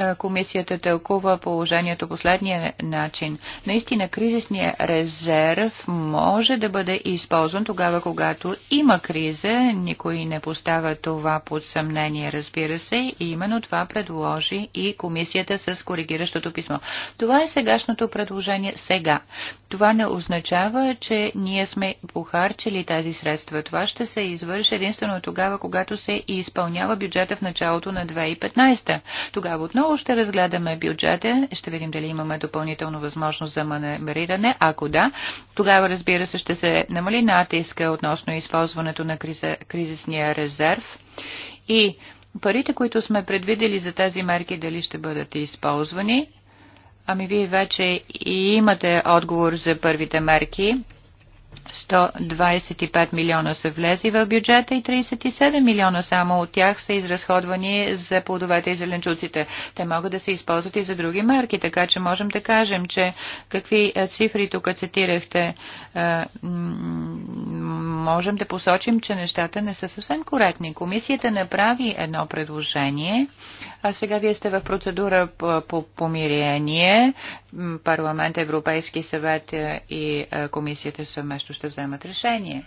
е, комисията тълкува положението последния начин. Наистина кризисният резерв може да бъде използван тогава, когато има криза. Никой не поставя това под съмнение, разбира се. И именно това предложи и комисията с коригиращото писмо. Това е сегашното предложение сега. Това не означава, че ние сме похарчили тази средства. Това ще се извърши единствено тогава, когато се изпълнява бюджета в началото на 2015. Тогава отново отново ще разгледаме бюджета, ще видим дали имаме допълнително възможност за маневриране. Ако да, тогава разбира се ще се намали натиска относно използването на криза, кризисния резерв и парите, които сме предвидели за тези мерки, дали ще бъдат използвани. Ами вие вече и имате отговор за първите мерки 125 милиона са влезли в бюджета и 37 милиона само от тях са изразходвани за плодовете и зеленчуците. Те могат да се използват и за други марки, така че можем да кажем, че какви е, цифри тук цитирахте, е, можем да посочим, че нещата не са съвсем коректни. Комисията направи едно предложение, а сега вие сте в процедура по помирение. Парламент, Европейски съвет е, и комисията съвместно ще вземат решение.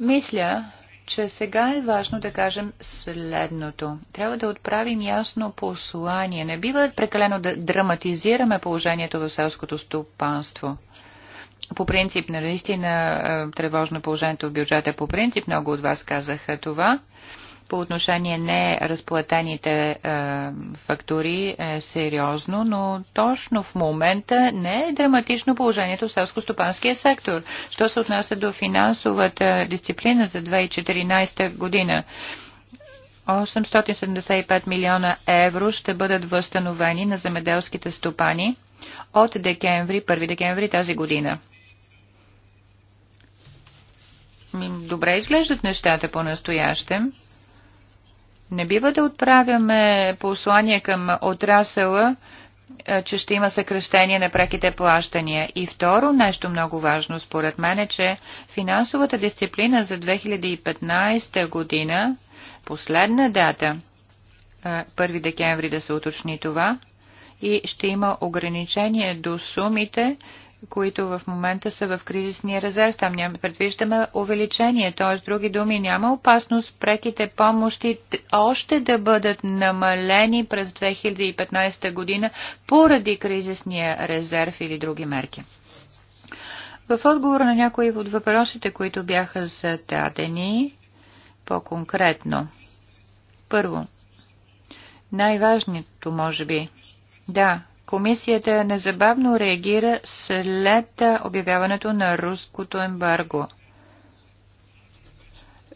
Мисля, че сега е важно да кажем следното. Трябва да отправим ясно послание. Не бива прекалено да драматизираме положението в селското стопанство. По принцип, наистина, е, тревожно положението в бюджета, по принцип, много от вас казаха това по отношение не разплатените е, фактури е сериозно, но точно в момента не е драматично положението в селско-стопанския сектор. Що се отнася до финансовата дисциплина за 2014 година? 875 милиона евро ще бъдат възстановени на земеделските стопани от декември, 1 декември тази година. Ами, добре изглеждат нещата по-настоящем. Не бива да отправяме послание към отрасъла, е, че ще има съкръщение на преките плащания. И второ нещо много важно според мен е, че финансовата дисциплина за 2015 година, последна дата, 1 е, декември да се уточни това, и ще има ограничение до сумите, които в момента са в кризисния резерв. Там няма, предвиждаме увеличение, т.е. други думи няма опасност преките помощи още да бъдат намалени през 2015 година поради кризисния резерв или други мерки. В отговор на някои от въпросите, които бяха зададени по-конкретно. Първо, най-важното, може би. Да, Комисията незабавно реагира след обявяването на руското ембарго.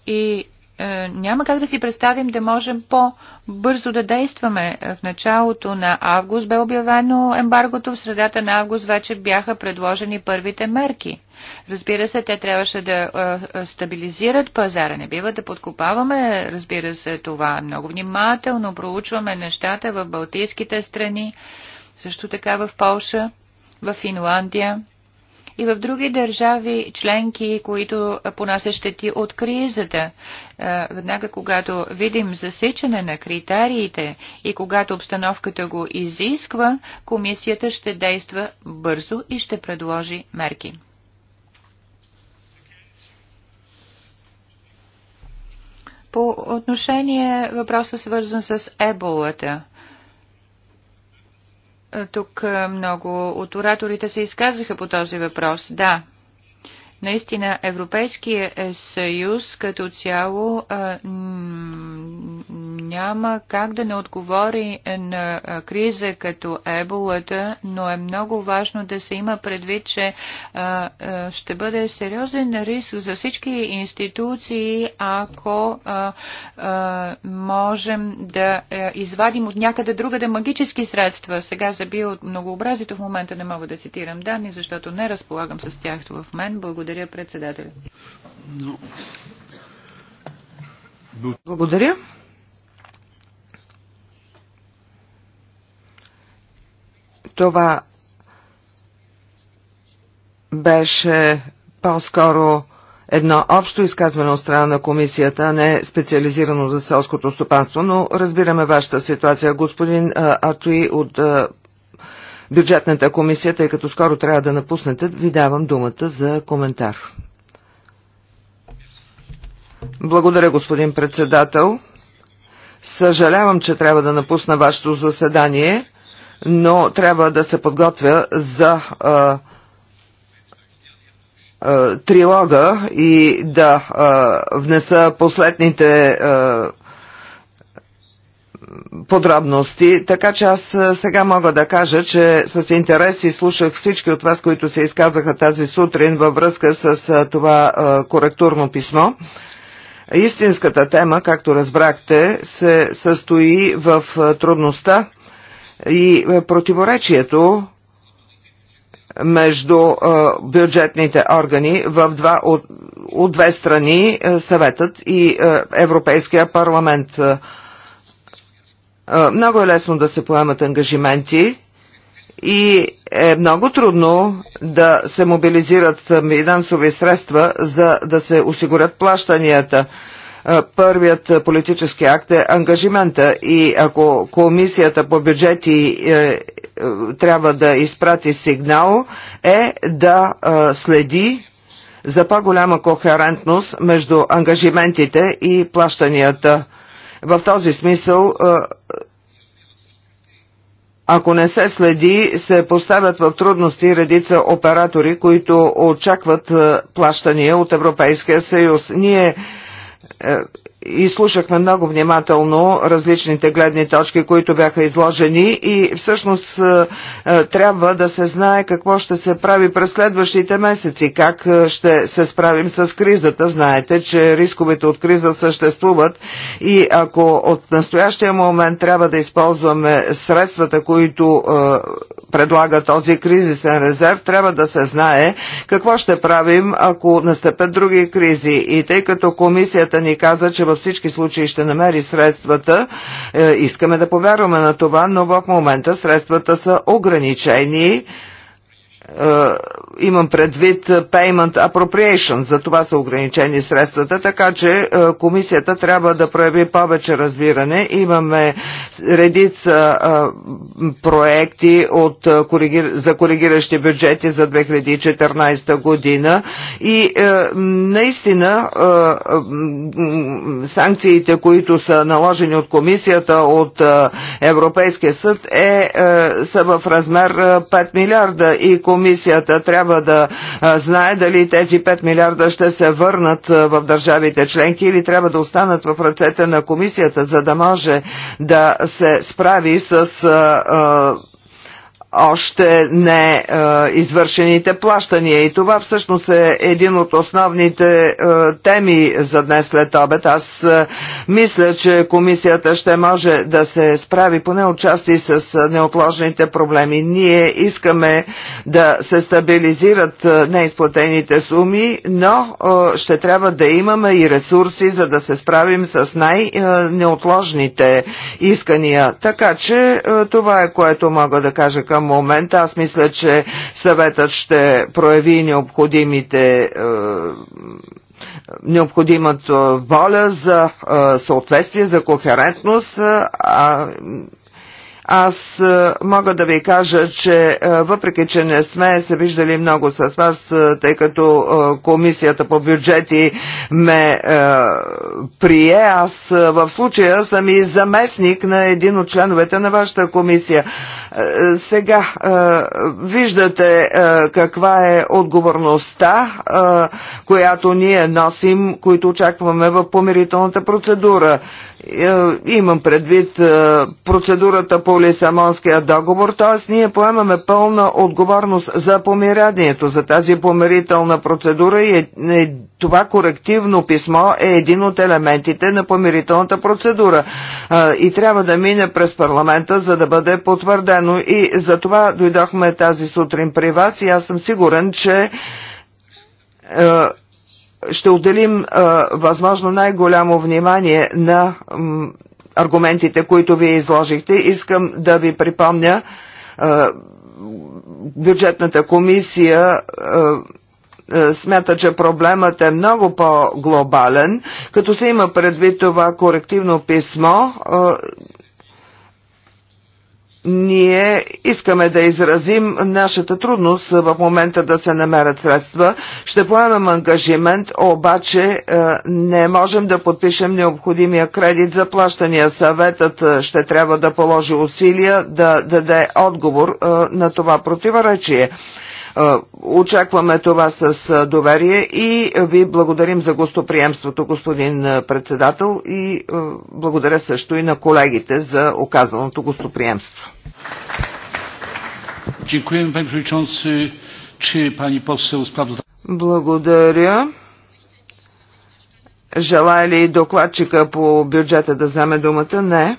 И е, няма как да си представим да можем по-бързо да действаме. В началото на август бе обявено ембаргото, в средата на август вече бяха предложени първите мерки. Разбира се, те трябваше да е, е стабилизират пазара. Не бива да подкопаваме, разбира се, това. Много внимателно проучваме нещата в балтийските страни. Е, също така в Полша, в Финландия и в други държави членки, които понасят щети от кризата. Е, веднага, когато видим засичане на критериите и когато обстановката го изисква, комисията ще действа бързо и ще предложи мерки. По отношение въпроса свързан с еболата – тук много от ораторите се изказаха по този въпрос. Да, наистина Европейския съюз като цяло няма как да не отговори на криза като еболата, но е много важно да се има предвид, че ще бъде сериозен риск за всички институции, ако можем да е, извадим от някъде другаде да магически средства. Сега за от многообразието в момента не мога да цитирам данни, защото не разполагам с тях в мен. Благодаря председателя. Благодаря. Това беше по-скоро едно общо изказване от страна на комисията, а не специализирано за селското стопанство, но разбираме вашата ситуация, господин Атуи от бюджетната комисия, тъй като скоро трябва да напуснете, ви давам думата за коментар. Благодаря, господин председател. Съжалявам, че трябва да напусна вашето заседание но трябва да се подготвя за а, а, трилога и да а, внеса последните а, подробности, така че аз сега мога да кажа, че с интерес и слушах всички от вас, които се изказаха тази сутрин във връзка с това коректурно писмо. Истинската тема, както разбрахте, се състои в трудността и е, противоречието между е, бюджетните органи в два, от, от две страни, е, съветът и Европейския парламент. Много е лесно да се поемат ангажименти и е много трудно да се мобилизират финансови средства, за да се осигурят плащанията. Първият политически акт е ангажимента и ако комисията по бюджети е, е, трябва да изпрати сигнал, е да следи за по-голяма кохерентност между ангажиментите и плащанията. В този смисъл, ако не се следи, се поставят в трудности редица оператори, които очакват плащания от Европейския съюз. Ние Uh, изслушахме много внимателно различните гледни точки, които бяха изложени и всъщност е, е, трябва да се знае какво ще се прави през следващите месеци, как е, ще се справим с кризата. Знаете, че рисковете от криза съществуват и ако от настоящия момент трябва да използваме средствата, които предлага този кризисен резерв, трябва да се знае какво ще правим, ако настъпят други кризи. И тъй като комисията ни каза, че в във всички случаи ще намери средствата. Е, искаме да повярваме на това, но в момента средствата са ограничени е, имам предвид е, payment appropriation, за това са ограничени средствата, така че е, комисията трябва да прояви повече разбиране. Имаме редица е, проекти от, за коригиращи бюджети за 2014 година и наистина санкциите, които са наложени от комисията от Европейския съд е, са в размер 5 милиарда и комисията трябва трябва да знае дали тези 5 милиарда ще се върнат в държавите членки или трябва да останат в ръцете на комисията, за да може да се справи с още не е, извършените плащания. И това всъщност е един от основните е, теми за днес след обед. Аз е, мисля, че комисията ще може да се справи поне отчасти с е, неотложните проблеми. Ние искаме да се стабилизират е, неизплатените суми, но е, ще трябва да имаме и ресурси, за да се справим с най-неотложните е, искания. Така че е, това е което мога да кажа към момента. Аз мисля, че съветът ще прояви необходимите е, необходимата воля за е, съответствие, за кохерентност. Е, а аз е, мога да ви кажа, че е, въпреки, че не сме се виждали много с вас, е, тъй като комисията по бюджети ме прие, аз в случая съм и заместник на един от членовете на вашата комисия. Сега виждате каква е отговорността, която ние носим, които очакваме в помирителната процедура. Е, имам предвид е, процедурата по Лисамонския договор, т.е. ние поемаме пълна отговорност за помирянието, за тази помирителна процедура и е, това корективно писмо е един от елементите на помирителната процедура и трябва да мине през парламента, за да бъде потвърдено и за това дойдохме тази сутрин при вас и аз съм сигурен, че ще отделим възможно най-голямо внимание на аргументите, които вие изложихте. Искам да ви припомня, бюджетната комисия смята, че проблемът е много по-глобален, като се има предвид това корективно писмо ние искаме да изразим нашата трудност в момента да се намерят средства. Ще поемем ангажимент, обаче е, не можем да подпишем необходимия кредит за плащания. Съветът е, ще трябва да положи усилия да даде отговор е, на това противоречие. Очакваме това с доверие и ви благодарим за гостоприемството, господин председател, и благодаря също и на колегите за оказаното гостоприемство. Благодаря. Желая ли докладчика по бюджета да вземе думата? Не.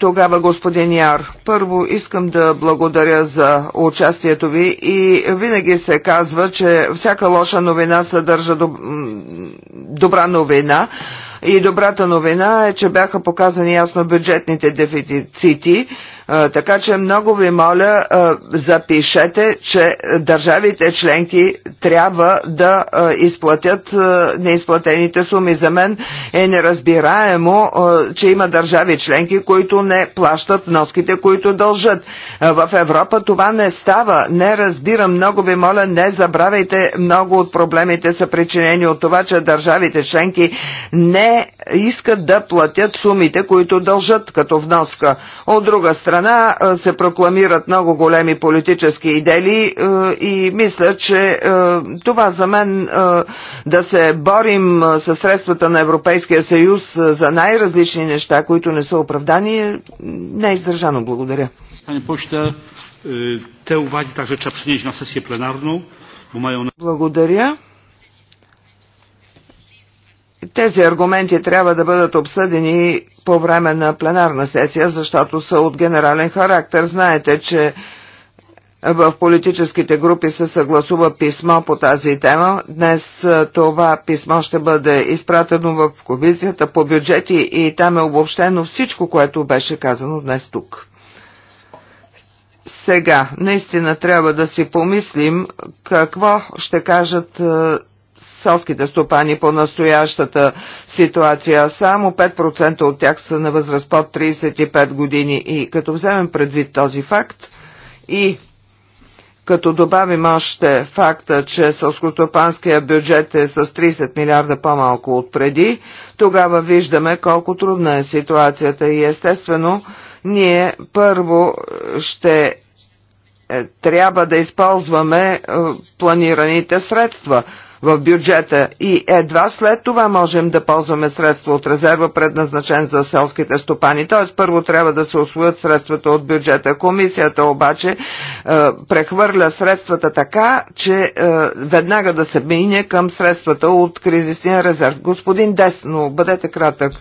Тогава, господин Яр, първо искам да благодаря за участието ви и винаги се казва, че всяка лоша новина съдържа доб... добра новина. И добрата новина е, че бяха показани ясно бюджетните дефицити така че много ви моля, запишете, че държавите членки трябва да изплатят неизплатените суми. За мен е неразбираемо, че има държави членки, които не плащат вноските, които дължат. В Европа това не става. Не разбирам. Много ви моля, не забравяйте. Много от проблемите са причинени от това, че държавите членки не искат да платят сумите, които дължат като вноска. От друга страна се прокламират много големи политически идеи и мисля, че това за мен да се борим със средствата на Европейския съюз за най-различни неща, които не са оправдани, е, не е издържано. Благодаря. Е, Благодаря тези аргументи трябва да бъдат обсъдени по време на пленарна сесия, защото са от генерален характер. Знаете, че в политическите групи се съгласува писмо по тази тема. Днес това писмо ще бъде изпратено в комисията по бюджети и там е обобщено всичко, което беше казано днес тук. Сега, наистина трябва да си помислим какво ще кажат селските стопани по настоящата ситуация. Само 5% от тях са на възраст под 35 години и като вземем предвид този факт и като добавим още факта, че сълскостопанския бюджет е с 30 милиарда по-малко от преди, тогава виждаме колко трудна е ситуацията и естествено ние първо ще е, трябва да използваме е, планираните средства – в бюджета и едва след това можем да ползваме средства от резерва, предназначен за селските стопани. Т.е. първо трябва да се освоят средствата от бюджета. Комисията обаче е, прехвърля средствата така, че е, веднага да се мине към средствата от кризисния резерв. Господин Десно, бъдете кратък.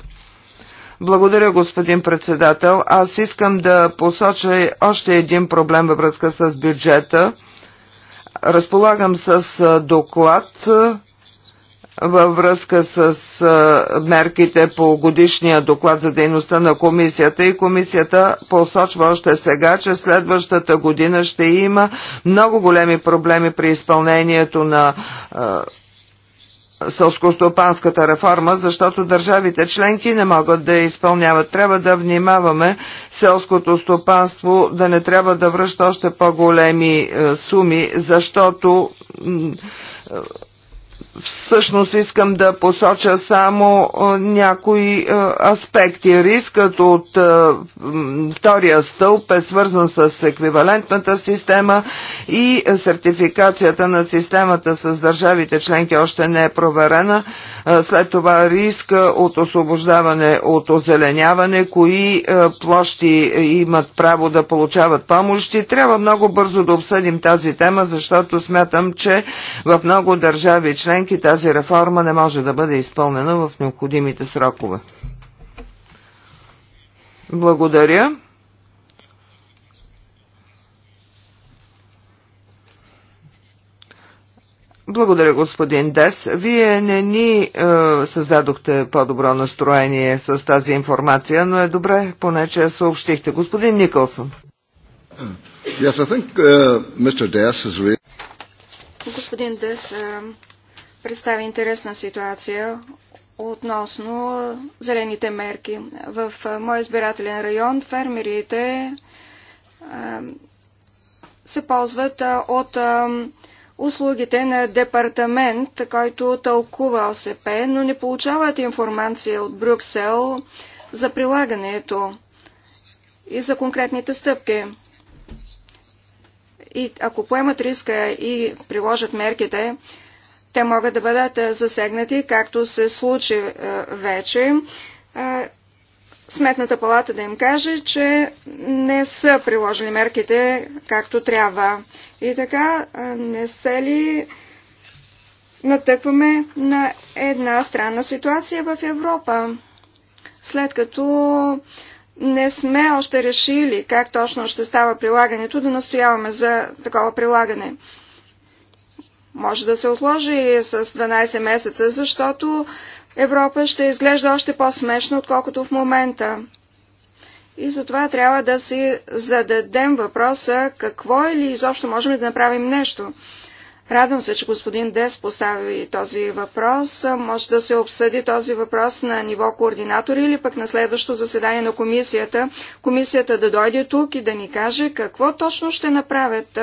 Благодаря, господин председател. Аз искам да посоча още един проблем във връзка с бюджета – разполагам с доклад във връзка с мерките по годишния доклад за дейността на комисията и комисията посочва още сега, че следващата година ще има много големи проблеми при изпълнението на сълскостопанската реформа, защото държавите членки не могат да я изпълняват. Трябва да внимаваме селското стопанство да не трябва да връща още по-големи е, суми, защото Всъщност искам да посоча само някои аспекти. Рискът от втория стълб е свързан с еквивалентната система и сертификацията на системата с държавите членки още не е проверена. След това риска от освобождаване от озеленяване, кои площи имат право да получават помощи. Трябва много бързо да обсъдим тази тема, защото смятам, че в много държави членки въпреки тази реформа не може да бъде изпълнена в необходимите срокове. Благодаря. Благодаря, господин Дес. Вие не ни е, създадохте по-добро настроение с тази информация, но е добре, поне че съобщихте. Господин Никълсън. Yes, I think, uh, Mr. Dess is... Господин Дес е, представи интересна ситуация относно зелените мерки. В моя избирателен район фермерите се ползват от услугите на департамент, който тълкува ОСП, но не получават информация от Брюксел за прилагането и за конкретните стъпки. И ако поемат риска и приложат мерките, те могат да бъдат засегнати, както се случи вече. Сметната палата да им каже, че не са приложили мерките както трябва. И така не се ли натъкваме на една странна ситуация в Европа, след като не сме още решили как точно ще става прилагането, да настояваме за такова прилагане. Може да се отложи с 12 месеца, защото Европа ще изглежда още по-смешно, отколкото в момента. И затова трябва да си зададем въпроса какво или изобщо можем да направим нещо. Радвам се, че господин Дес постави този въпрос. Може да се обсъди този въпрос на ниво координатори или пък на следващо заседание на комисията. Комисията да дойде тук и да ни каже какво точно ще направят.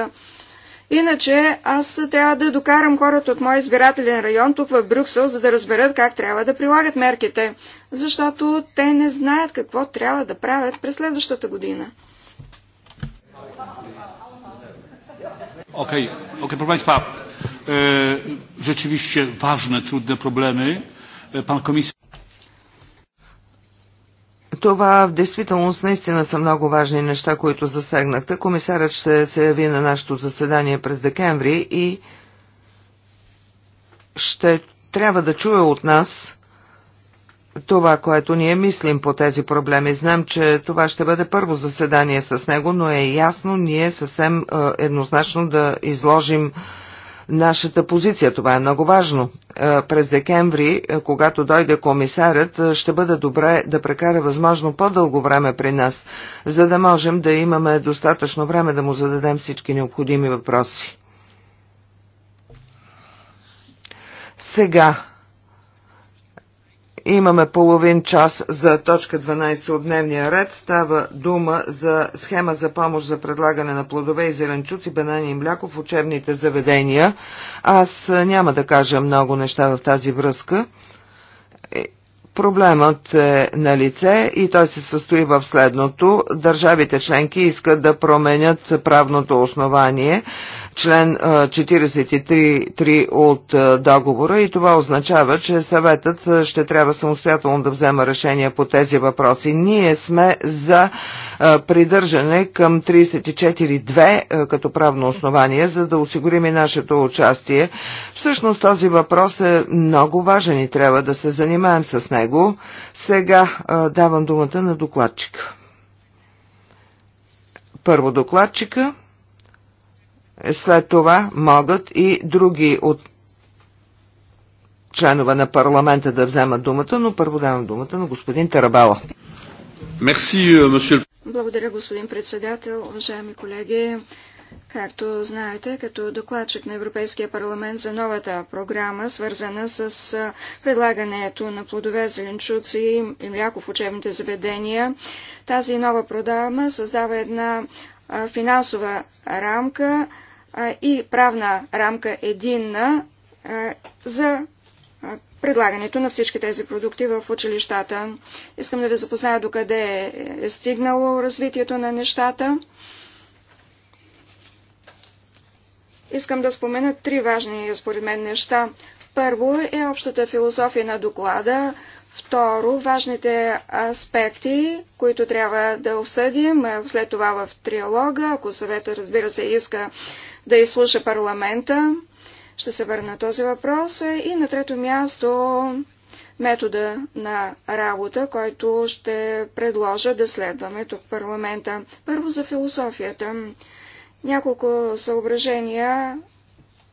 Иначе аз трябва да докарам хората от моя избирателен район тук в Брюксел, за да разберат как трябва да прилагат мерките, защото те не знаят какво трябва да правят през следващата година. Окей, окей, okay, proszę Państwa, e, rzeczywiście ważne, trudne това в действителност наистина са много важни неща, които засегнахте. Комисарът ще се яви на нашето заседание през декември и ще трябва да чуе от нас това, което ние мислим по тези проблеми. Знам, че това ще бъде първо заседание с него, но е ясно ние съвсем е, еднозначно да изложим нашата позиция. Това е много важно. Е, през декември, е, когато дойде комисарят, е, ще бъде добре да прекара възможно по-дълго време при нас, за да можем да имаме достатъчно време да му зададем всички необходими въпроси. Сега Имаме половин час за точка 12 от дневния ред. Става дума за схема за помощ за предлагане на плодове и зеленчуци, банани и мляко в учебните заведения. Аз няма да кажа много неща в тази връзка. Е, проблемът е на лице и той се състои в следното. Държавите членки искат да променят правното основание член 43.3 от договора и това означава, че съветът ще трябва самостоятелно да взема решение по тези въпроси. Ние сме за придържане към 34.2 като правно основание, за да осигурим и нашето участие. Всъщност този въпрос е много важен и трябва да се занимаем с него. Сега давам думата на докладчика. Първо докладчика. След това могат и други от членове на парламента да вземат думата, но първо давам думата на господин Тарабала. Мерси, е, Благодаря, господин председател, уважаеми колеги. Както знаете, като докладчик на Европейския парламент за новата програма, свързана с е, предлагането на плодове, зеленчуци и мляко в учебните заведения, тази нова програма създава една е, финансова рамка и правна рамка единна за предлагането на всички тези продукти в училищата. Искам да ви запозная докъде е стигнало развитието на нещата. Искам да спомена три важни, според мен, неща. Първо е общата философия на доклада. Второ, важните аспекти, които трябва да обсъдим след това в триалога, ако съвета, разбира се, иска да изслуша парламента. Ще се върна този въпрос. И на трето място метода на работа, който ще предложа да следваме тук в парламента. Първо за философията. Няколко съображения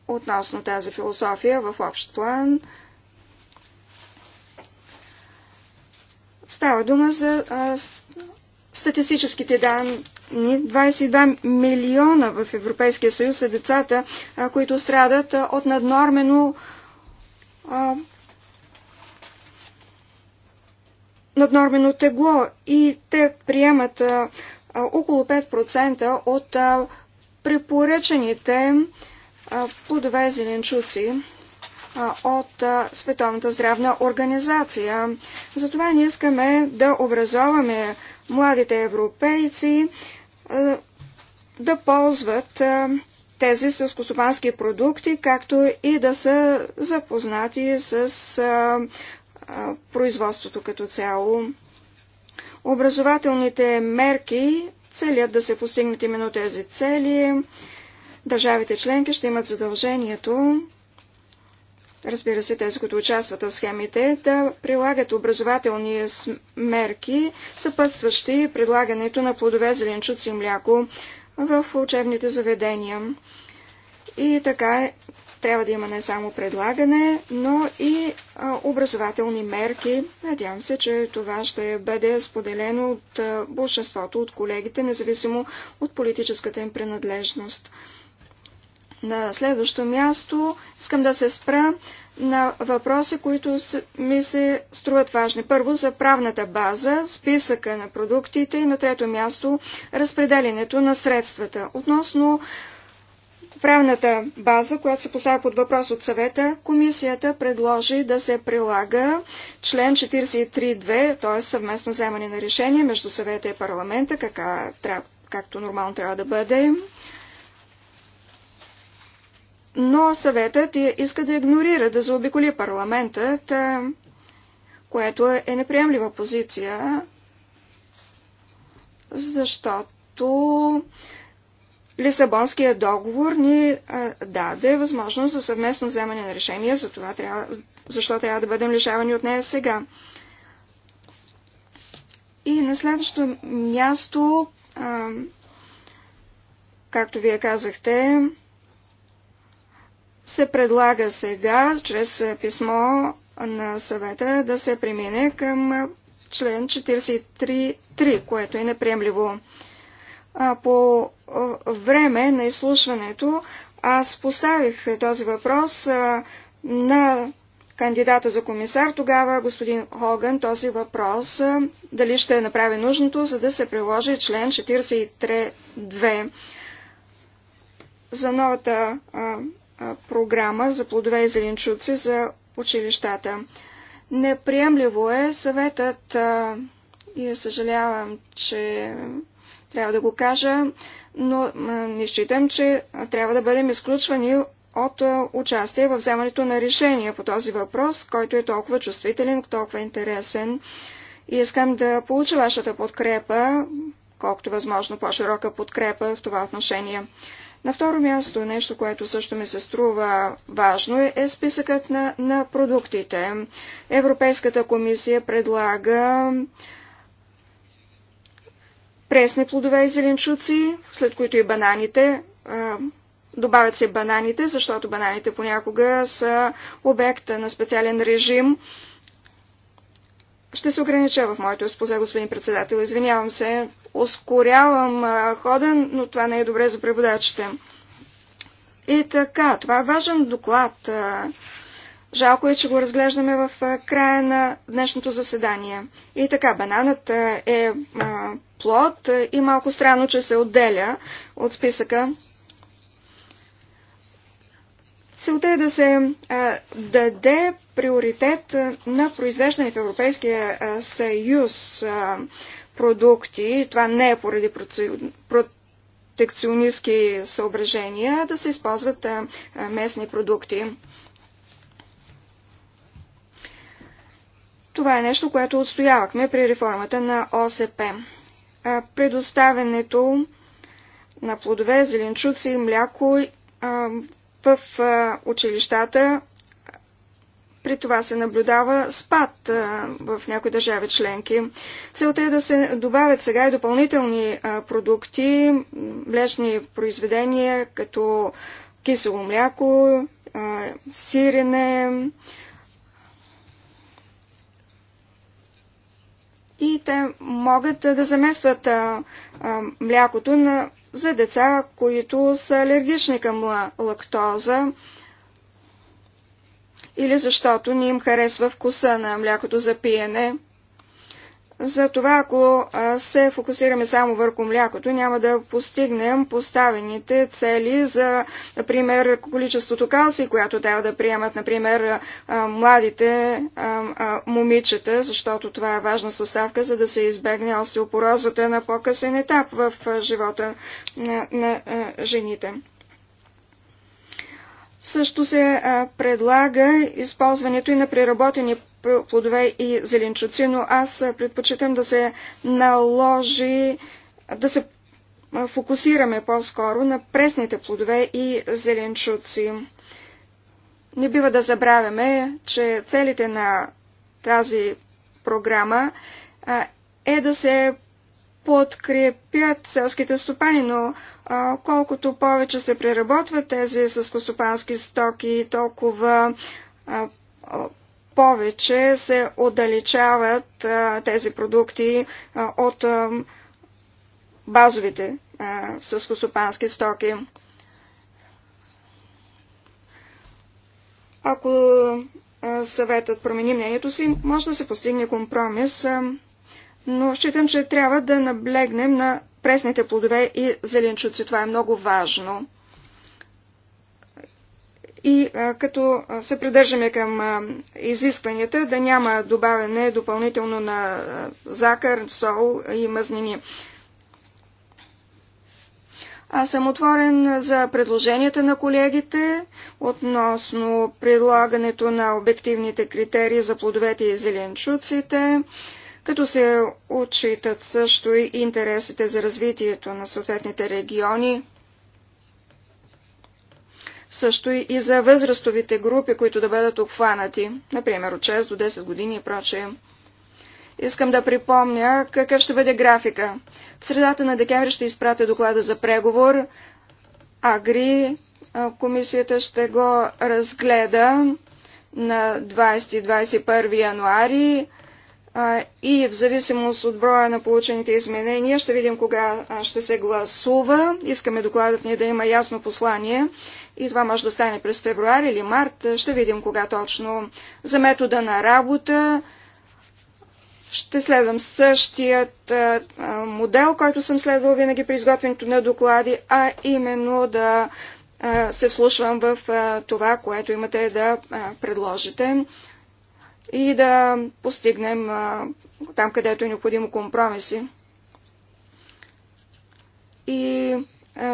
относно тази философия в общ план. Става дума за а, статистическите данни. 22 милиона в Европейския съюз са децата, които страдат от наднормено наднормено тегло и те приемат около 5% от препоръчаните плодове зеленчуци от Световната здравна организация. Затова ние искаме да образоваме младите европейци да ползват тези селскостопански продукти, както и да са запознати с производството като цяло. Образователните мерки целят да се постигнат именно тези цели. Държавите членки ще имат задължението разбира се, тези, които участват в схемите, да прилагат образователни мерки, съпътстващи предлагането на плодове, зеленчуци и мляко в учебните заведения. И така трябва да има не само предлагане, но и а, образователни мерки. Надявам се, че това ще бъде споделено от а, большинството от колегите, независимо от политическата им принадлежност. На следващо място искам да се спра на въпроси, които ми се струват важни. Първо за правната база, списъка на продуктите и на трето място разпределенето на средствата. Относно правната база, която се поставя под въпрос от съвета, комисията предложи да се прилага член 43.2, т.е. съвместно вземане на решение между съвета и парламента, кака, както нормално трябва да бъде. Но съветът иска да игнорира, да заобиколи парламентът, което е неприемлива позиция, защото Лисабонския договор ни даде възможност за съвместно вземане на решение, за това трябва, защо трябва да бъдем лишавани от нея сега. И на следващото място, както вие казахте, се предлага сега, чрез писмо на съвета, да се премине към член 43.3, което е неприемливо. По време на изслушването аз поставих този въпрос на кандидата за комисар, тогава господин Хоган този въпрос дали ще направи нужното, за да се приложи член 43.2 за новата програма за плодове и зеленчуци за училищата. Неприемливо е съветът, и съжалявам, че трябва да го кажа, но не считам, че трябва да бъдем изключвани от участие в вземането на решения по този въпрос, който е толкова чувствителен, толкова интересен. И искам да получа вашата подкрепа, колкото възможно по-широка подкрепа в това отношение. На второ място, нещо, което също ми се струва важно, е, е списъкът на, на продуктите. Европейската комисия предлага пресни плодове и зеленчуци, след които и бананите. Добавят се бананите, защото бананите понякога са обект на специален режим. Ще се огранича в моето спозе, господин председател. Извинявам се. Ускорявам хода, но това не е добре за преводачите. И така, това е важен доклад. Жалко е, че го разглеждаме в края на днешното заседание. И така, бананът е плод и малко странно, че се отделя от списъка. Целта е да се даде приоритет на произвеждане в Европейския съюз продукти, това не е поради протекционистски съображения, да се използват местни продукти. Това е нещо, което отстоявахме при реформата на ОСП. Предоставянето на плодове, зеленчуци, мляко в училищата. При това се наблюдава спад в някои държави членки. Целта е да се добавят сега и допълнителни продукти, млечни произведения, като кисело мляко, сирене, и те могат да заместват млякото на за деца, които са алергични към лактоза или защото не им харесва вкуса на млякото за пиене. Затова, ако се фокусираме само върху млякото, няма да постигнем поставените цели за, например, количеството калци, която трябва да приемат, например, младите момичета, защото това е важна съставка, за да се избегне остеопорозата на по-късен етап в живота на, на жените. Също се предлага използването и на преработени плодове и зеленчуци, но аз предпочитам да се наложи, да се фокусираме по-скоро на пресните плодове и зеленчуци. Не бива да забравяме, че целите на тази програма е да се подкрепят селските стопани, но а, колкото повече се преработват тези съскостопански стоки, толкова а, повече се отдалечават тези продукти от базовите съскостопански стоки. Ако съветът промени мнението си, може да се постигне компромис, но считам, че трябва да наблегнем на пресните плодове и зеленчуци. Това е много важно и като се придържаме към изискванията да няма добавяне допълнително на захар, сол и мазнини. Аз съм отворен за предложенията на колегите относно предлагането на обективните критерии за плодовете и зеленчуците, като се отчитат също и интересите за развитието на съответните региони, също и за възрастовите групи, които да бъдат обхванати, например от 6 до 10 години и прочее. Искам да припомня какъв ще бъде графика. В средата на декември ще изпратя доклада за преговор. Агри комисията ще го разгледа на 20-21 януари и в зависимост от броя на получените изменения ще видим кога ще се гласува. Искаме докладът ни да има ясно послание и това може да стане през февруари или март, ще видим кога точно. За метода на работа ще следвам същият модел, който съм следвал винаги при изготвянето на доклади, а именно да се вслушвам в това, което имате да предложите и да постигнем там, където е необходимо компромиси. И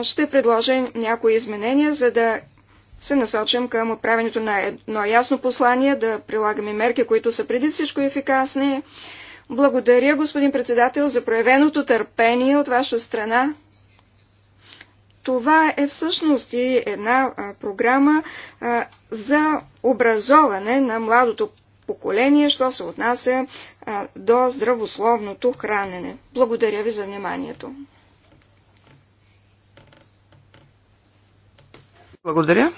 ще предложа някои изменения, за да се насочим към отправенето на едно ясно послание, да прилагаме мерки, които са преди всичко ефикасни. Благодаря, господин председател, за проявеното търпение от ваша страна. Това е всъщност и една а, програма а, за образоване на младото поколение, що се отнася а, до здравословното хранене. Благодаря ви за вниманието. Благодаря.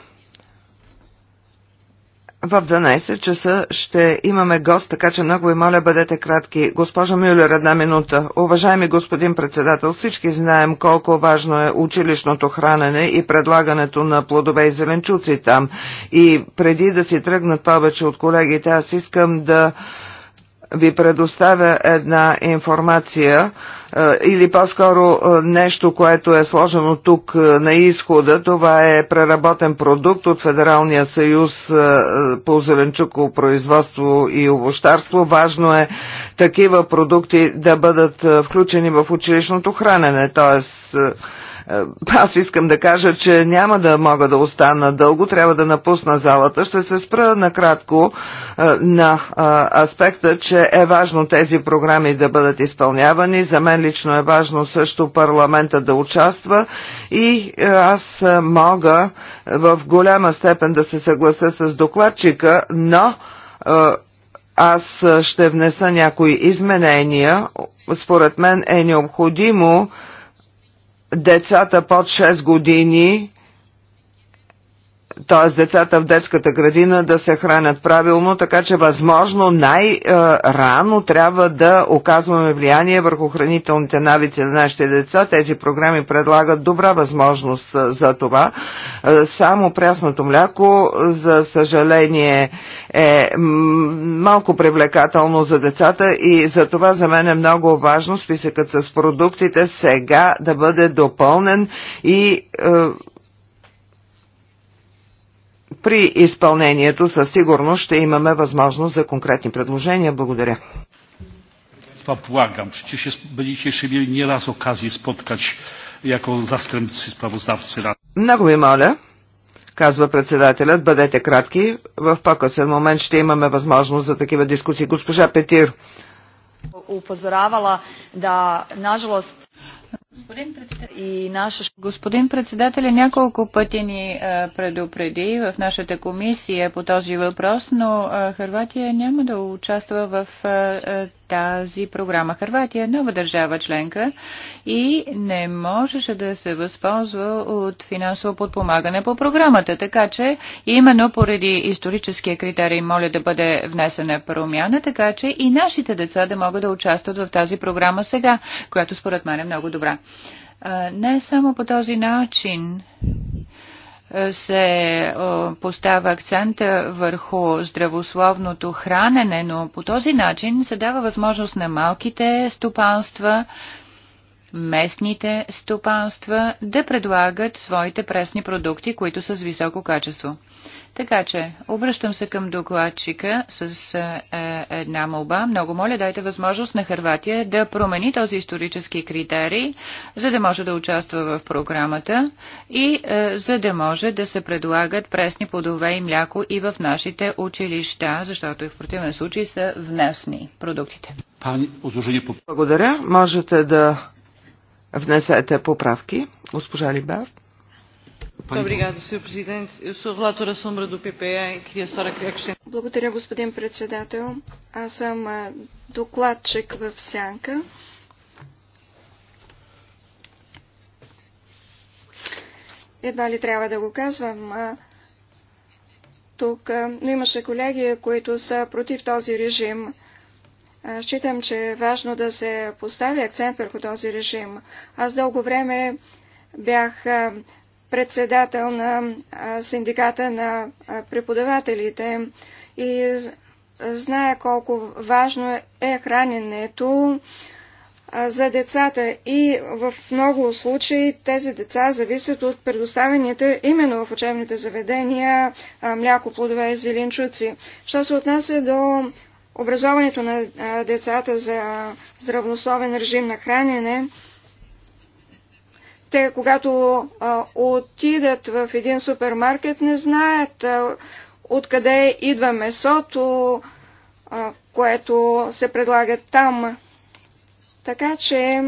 В 12 часа ще имаме гост, така че много ви моля бъдете кратки. Госпожа Мюллер, една минута. Уважаеми господин председател, всички знаем колко важно е училищното хранене и предлагането на плодове и зеленчуци там. И преди да си тръгнат повече от колегите, аз искам да ви предоставя една информация е, или по-скоро е, нещо, което е сложено тук е, на изхода. Това е преработен продукт от Федералния съюз по зеленчуково производство и овощарство. Важно е такива продукти да бъдат включени в училищното хранене, т.е е, аз искам да кажа, че няма да мога да остана дълго, трябва да напусна залата. Ще се спра накратко е, на е, аспекта, че е важно тези програми да бъдат изпълнявани. За мен лично е важно също парламента да участва и аз мога в голяма степен да се съглася с докладчика, но аз ще внеса някои изменения. Според мен е необходимо децата под 6 години т.е. децата в детската градина да се хранят правилно, така че възможно най-рано трябва да оказваме влияние върху хранителните навици на нашите деца. Тези програми предлагат добра възможност за това. Само прясното мляко, за съжаление, е малко привлекателно за децата и за това за мен е много важно списъкът с продуктите сега да бъде допълнен и при изпълнението със сигурност ще имаме възможност за конкретни предложения. Благодаря. че ще Błagam, przecież byliście mieli nieraz okazję spotkać jako zastępcy sprawozdawcy. Много ви моля, казва председателят, бъдете кратки. В по-късен момент ще имаме възможност за такива дискусии. Госпожа Петир. Упозоравала да, нажалост, Господин председател, е няколко пъти ни е, предупреди в нашата комисия по този въпрос, но е, Харватия няма да участва в тази програма. Харватия е нова държава членка и не можеше да се възползва от финансово подпомагане по програмата. Така че именно поради историческия критерий моля да бъде внесена промяна, така че и нашите деца да могат да участват в тази програма сега, която според мен е много добра. Не само по този начин се поставя акцент върху здравословното хранене, но по този начин се дава възможност на малките стопанства, местните стопанства да предлагат своите пресни продукти, които са с високо качество. Така че, обръщам се към докладчика с е, е една молба. Много моля, дайте възможност на Харватия да промени този исторически критерий, за да може да участва в програмата и е, за да може да се предлагат пресни плодове и мляко и в нашите училища, защото и в противен случай са внесни продуктите. Благодаря. Можете да внесете поправки, госпожа Либар. E e Благодаря, господин председател. Аз съм докладчик в Сянка. Едва ли трябва да го казвам тук, но имаше колеги, които са против този режим. Считам, че е важно да се постави акцент върху този режим. Аз дълго време бях председател на синдиката на преподавателите и знае колко важно е храненето за децата и в много случаи тези деца зависят от предоставените именно в учебните заведения мляко, плодове и зеленчуци. Що се отнася до образоването на децата за здравословен режим на хранене, те, когато а, отидат в един супермаркет, не знаят а, откъде идва месото, а, което се предлага там. Така че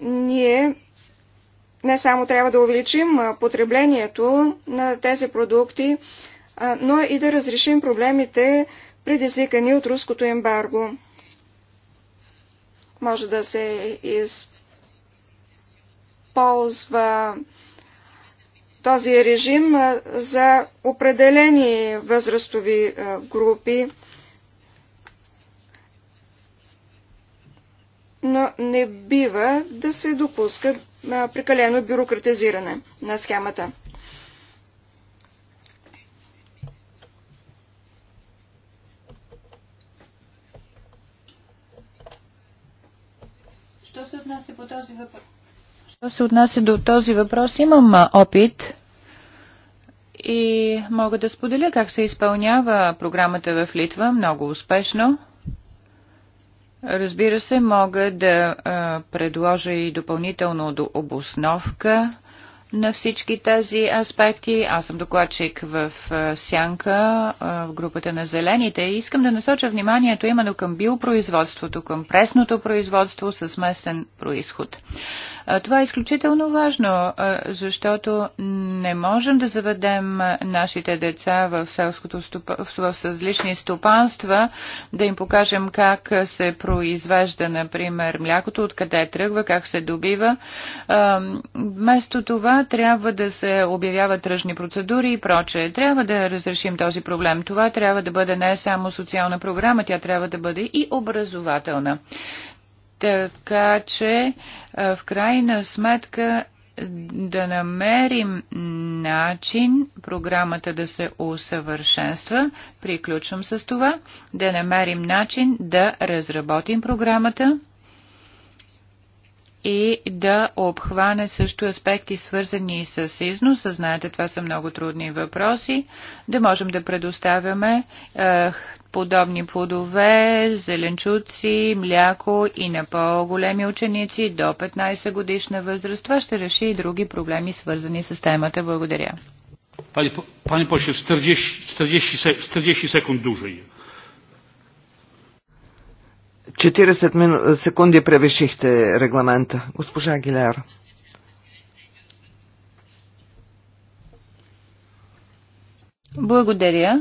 ние не само трябва да увеличим потреблението на тези продукти, но и да разрешим проблемите, предизвикани от руското ембарго. Може да се използва използва този режим за определени възрастови групи, но не бива да се допуска прекалено бюрократизиране на схемата. Що се отнася по този въпрос? Що се отнася до този въпрос, имам опит и мога да споделя как се изпълнява програмата в Литва много успешно. Разбира се, мога да а, предложа и допълнително до обосновка на всички тези аспекти. Аз съм докладчик в Сянка, в групата на зелените. И искам да насоча вниманието именно към биопроизводството, към пресното производство с местен происход. Това е изключително важно, защото не можем да заведем нашите деца в, селското ступа, в различни стопанства, да им покажем как се произвежда, например, млякото, откъде тръгва, как се добива. Вместо това трябва да се обявяват тръжни процедури и прочее. Трябва да разрешим този проблем. Това трябва да бъде не само социална програма, тя трябва да бъде и образователна. Така че в крайна сметка да намерим начин програмата да се усъвършенства. Приключвам с това. Да намерим начин да разработим програмата и да обхване също аспекти свързани с износа. Знаете, това са много трудни въпроси. Да можем да предоставяме е, подобни плодове, зеленчуци, мляко и на по-големи ученици до 15 годишна възраст. Това ще реши и други проблеми свързани с темата. Благодаря. Пани, пани Поше, 40, 40, 40 секунд дужа е. 40 секунди превишихте регламента. Госпожа Гиляр. Благодаря.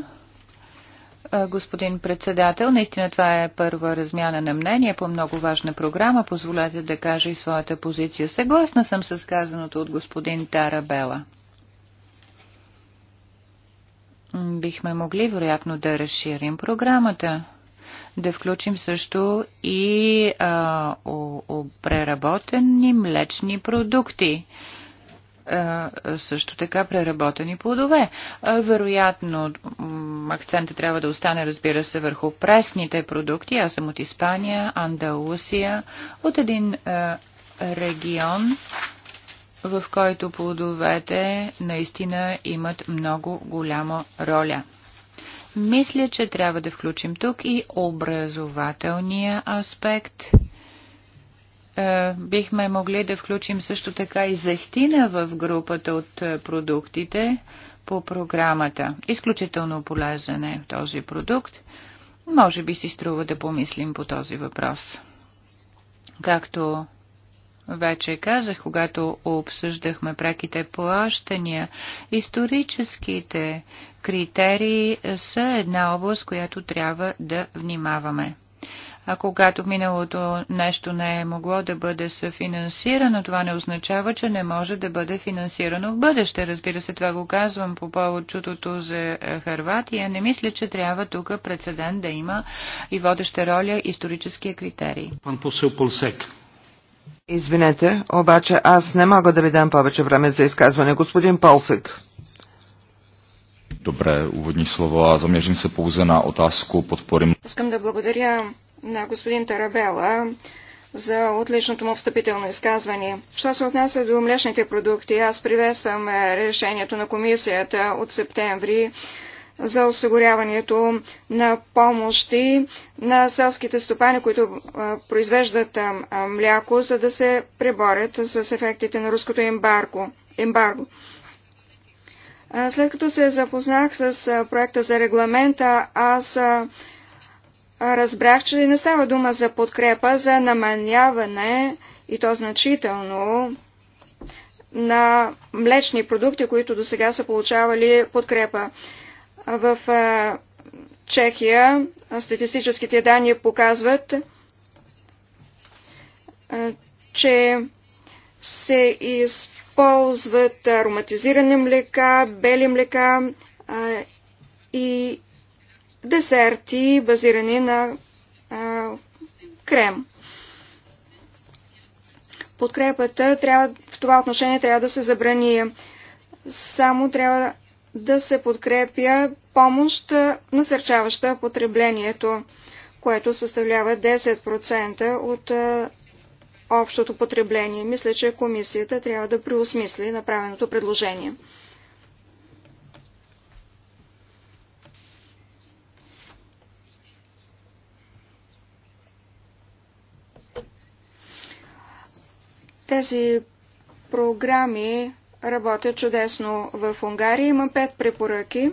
Господин председател, наистина това е първа размяна на мнение по много важна програма. Позволете да кажа и своята позиция. Съгласна съм с казаното от господин Тарабела. Бихме могли, вероятно, да разширим програмата да включим също и а, о, о, преработени млечни продукти също така преработени плодове. Вероятно, акцента трябва да остане, разбира се, върху пресните продукти. Аз съм от Испания, Андалусия, от един регион, в който плодовете наистина имат много голяма роля. Мисля, че трябва да включим тук и образователния аспект. Е, бихме могли да включим също така и зехтина в групата от е, продуктите по програмата. Изключително полезен е този продукт. Може би си струва да помислим по този въпрос. Както вече казах, когато обсъждахме преките плащания, историческите критерии са една област, която трябва да внимаваме. А когато в миналото нещо не е могло да бъде съфинансирано, това не означава, че не може да бъде финансирано в бъдеще. Разбира се, това го казвам по повод чутото за Харватия. Не мисля, че трябва тук прецедент да има и водеща роля историческия критерий. Пан посел Пълсек. Извинете, обаче аз не мога да ви дам повече време за изказване, господин Полсек. Добре, уводни слова. Замежим се pouze на отазко подпорим. Искам да благодаря на господин Тарабела за отличното му встъпително изказване. Що се отнася до млечните продукти, аз приветствам решението на комисията от септември за осигуряването на помощи на селските стопани, които произвеждат мляко, за да се преборят с ефектите на руското ембарго. ембарго. След като се запознах с проекта за регламента, аз разбрах, че не става дума за подкрепа, за наманяване и то значително на млечни продукти, които до сега са получавали подкрепа. В Чехия статистическите данни показват, че се използват използват ароматизирани млека, бели млека а, и десерти, базирани на а, крем. Подкрепата трябва, в това отношение трябва да се забрани. Само трябва да се подкрепя помощ, насърчаваща потреблението, което съставлява 10% от общото потребление. Мисля, че комисията трябва да преосмисли направеното предложение. Тези програми работят чудесно в Унгария. Има пет препоръки.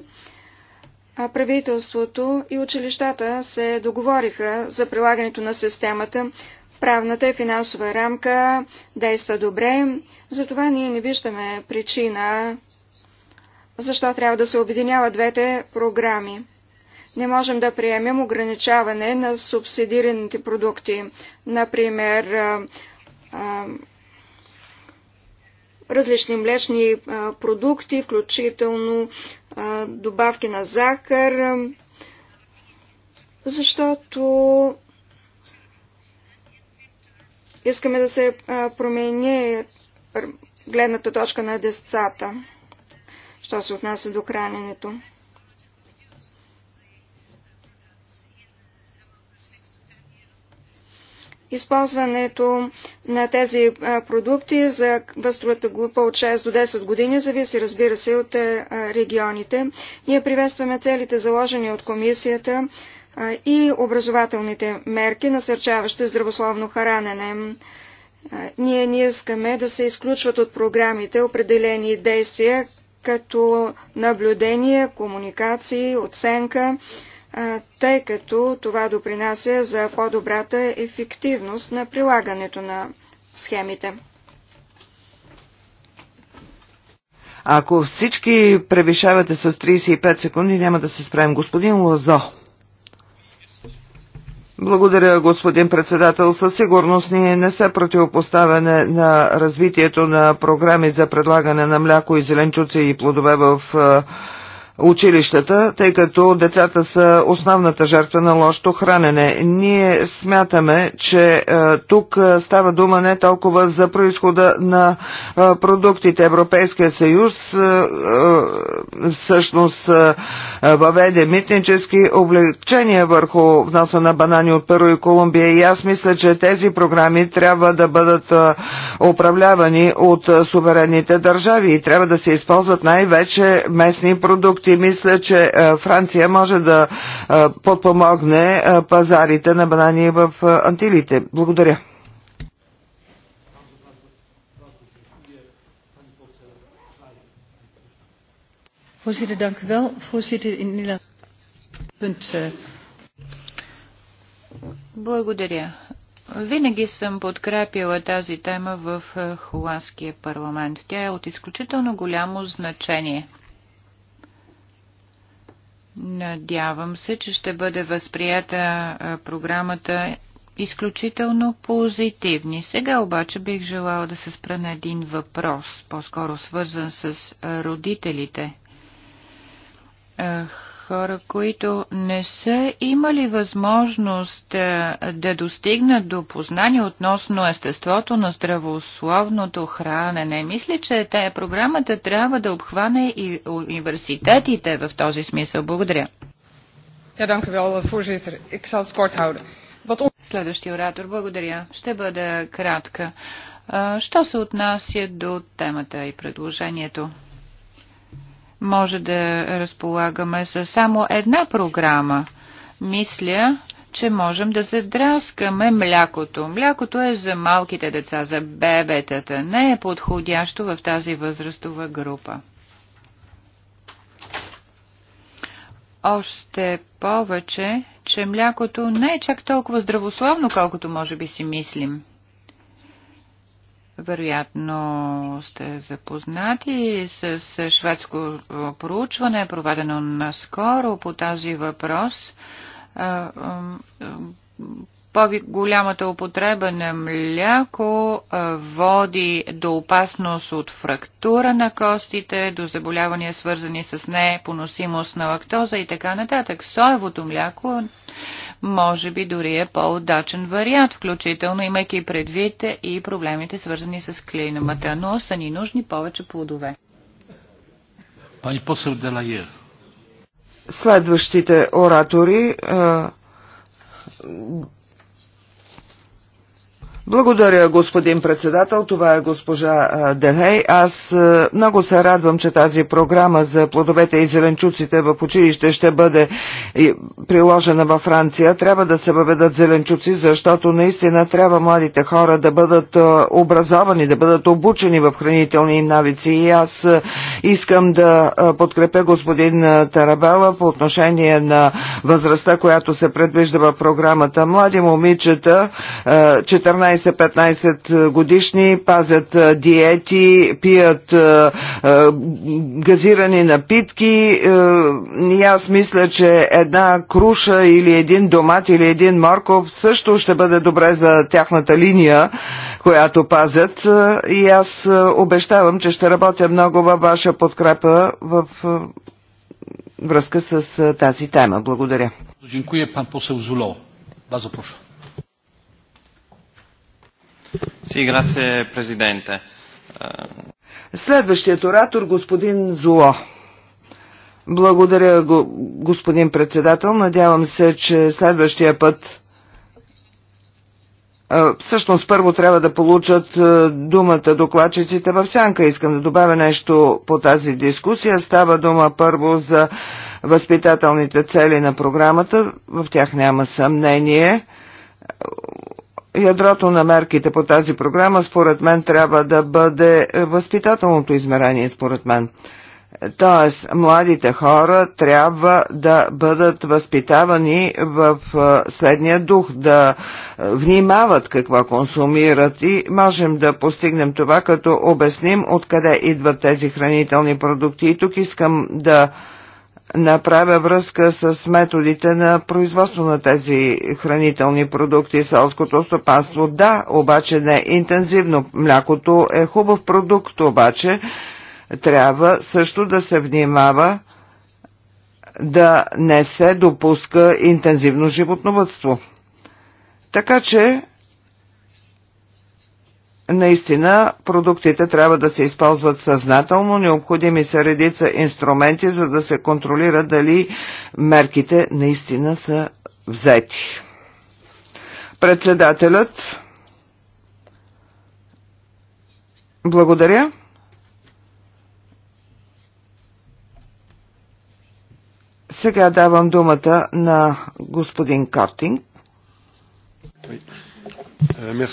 правителството и училищата се договориха за прилагането на системата. Правната и финансова рамка действа добре, затова ние не виждаме причина защо трябва да се объединяват двете програми. Не можем да приемем ограничаване на субсидираните продукти, например различни млечни продукти, включително добавки на захар, защото Искаме да се промени гледната точка на децата, що се отнася до храненето. Използването на тези продукти за възрастовата група от 6 до 10 години зависи, разбира се, от регионите. Ние приветстваме целите заложени от комисията и образователните мерки, насърчаващи здравословно харанене. Ние не искаме да се изключват от програмите определени действия, като наблюдение, комуникации, оценка, тъй като това допринася за по-добрата ефективност на прилагането на схемите. Ако всички превишавате с 35 секунди, няма да се справим. Господин Лазо. Благодаря, господин председател. Със сигурност ние не се противопоставяне на развитието на програми за предлагане на мляко и зеленчуци и плодове в е, училищата, тъй като децата са основната жертва на лошото хранене. Ние смятаме, че е, тук е, става дума не толкова за происхода на е, продуктите. Европейския съюз е, е всъщност е, въведе митнически облегчения върху вноса на банани от Перу и Колумбия и аз мисля, че тези програми трябва да бъдат управлявани от суверенните държави и трябва да се използват най-вече местни продукти продукти. Мисля, че е, Франция може да е, подпомогне е, пазарите на банани в Антилите. Благодаря. Voorzitter, dank u wel. Voorzitter, in Punt. Eh. Благодаря. Винаги съм подкрепила тази тема в Холандския парламент. Тя е от изключително голямо значение. Надявам се, че ще бъде възприята програмата изключително позитивни. Сега обаче бих желала да се спра на един въпрос, по-скоро свързан с родителите хора, които не са имали възможност е, да достигнат до познание относно естеството на здравословното хранене. Мисля, че тая програмата трябва да обхване и университетите в този смисъл. Благодаря. Eh, Следващия оратор, благодаря. Ще бъда кратка. Е, що се отнася до темата и предложението? може да разполагаме с само една програма. Мисля, че можем да задраскаме млякото. Млякото е за малките деца, за бебетата. Не е подходящо в тази възрастова група. Още повече, че млякото не е чак толкова здравословно, колкото може би си мислим. Вероятно сте запознати с шведско проучване, проведено наскоро по тази въпрос. По-голямата употреба на мляко води до опасност от фрактура на костите, до заболявания свързани с непоносимост на лактоза и така нататък. Соевото мляко може би дори е по-удачен вариант, включително имайки предвид и проблемите свързани с клинамата, но са ни нужни повече плодове. Пани посъл Делайер. Следващите оратори благодаря, господин председател. Това е госпожа Дехей. Аз много се радвам, че тази програма за плодовете и зеленчуците в училище ще бъде приложена във Франция. Трябва да се въведат зеленчуци, защото наистина трябва младите хора да бъдат образовани, да бъдат обучени в хранителни навици. И аз искам да подкрепя господин Тарабела по отношение на възрастта, която се предвижда в програмата. Млади момичета, 14 14-15 годишни, пазят диети, пият газирани напитки и аз мисля, че една круша или един домат или един морков също ще бъде добре за тяхната линия, която пазят и аз обещавам, че ще работя много във ваша подкрепа в връзка с тази тема. Благодаря. Dziękuję pan Следващият оратор, господин Зуло. Благодаря, господин председател. Надявам се, че следващия път Всъщност първо трябва да получат думата докладчиците в сянка. Искам да добавя нещо по тази дискусия. Става дума първо за възпитателните цели на програмата. В тях няма съмнение ядрото на мерките по тази програма, според мен, трябва да бъде възпитателното измерение, според мен. Тоест, младите хора трябва да бъдат възпитавани в следния дух, да внимават какво консумират и можем да постигнем това, като обясним откъде идват тези хранителни продукти. И тук искам да направя връзка с методите на производство на тези хранителни продукти, селското стопанство. Да, обаче не интензивно. Млякото е хубав продукт, обаче трябва също да се внимава да не се допуска интензивно животновътство. Така че Наистина, продуктите трябва да се използват съзнателно, необходими са редица инструменти, за да се контролира дали мерките наистина са взети. Председателят. Благодаря. Сега давам думата на господин Картинг. Euh,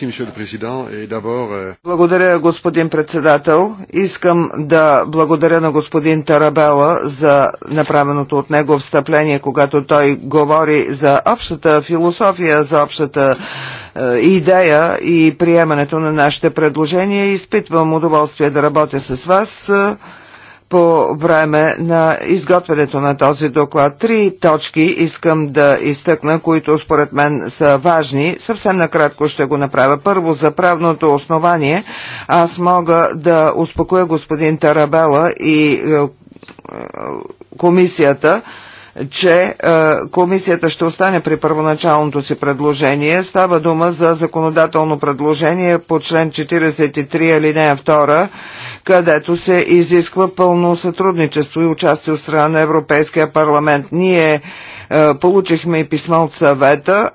euh, euh, благодаря, господин председател. Искам да благодаря на господин Тарабела за направеното от него встъпление, когато той говори за общата философия, за общата е, идея и приемането на нашите предложения. Изпитвам удоволствие да работя с вас. Е, по време на изготвянето на този доклад. Три точки искам да изтъкна, които според мен са важни. Съвсем накратко ще го направя. Първо, за правното основание аз мога да успокоя господин Тарабела и е, комисията, че е, комисията ще остане при първоначалното си предложение. Става дума за законодателно предложение по член 43 алинея 2 където се изисква пълно сътрудничество и участие от страна на Европейския парламент. Ние е, получихме и писмо от съвета.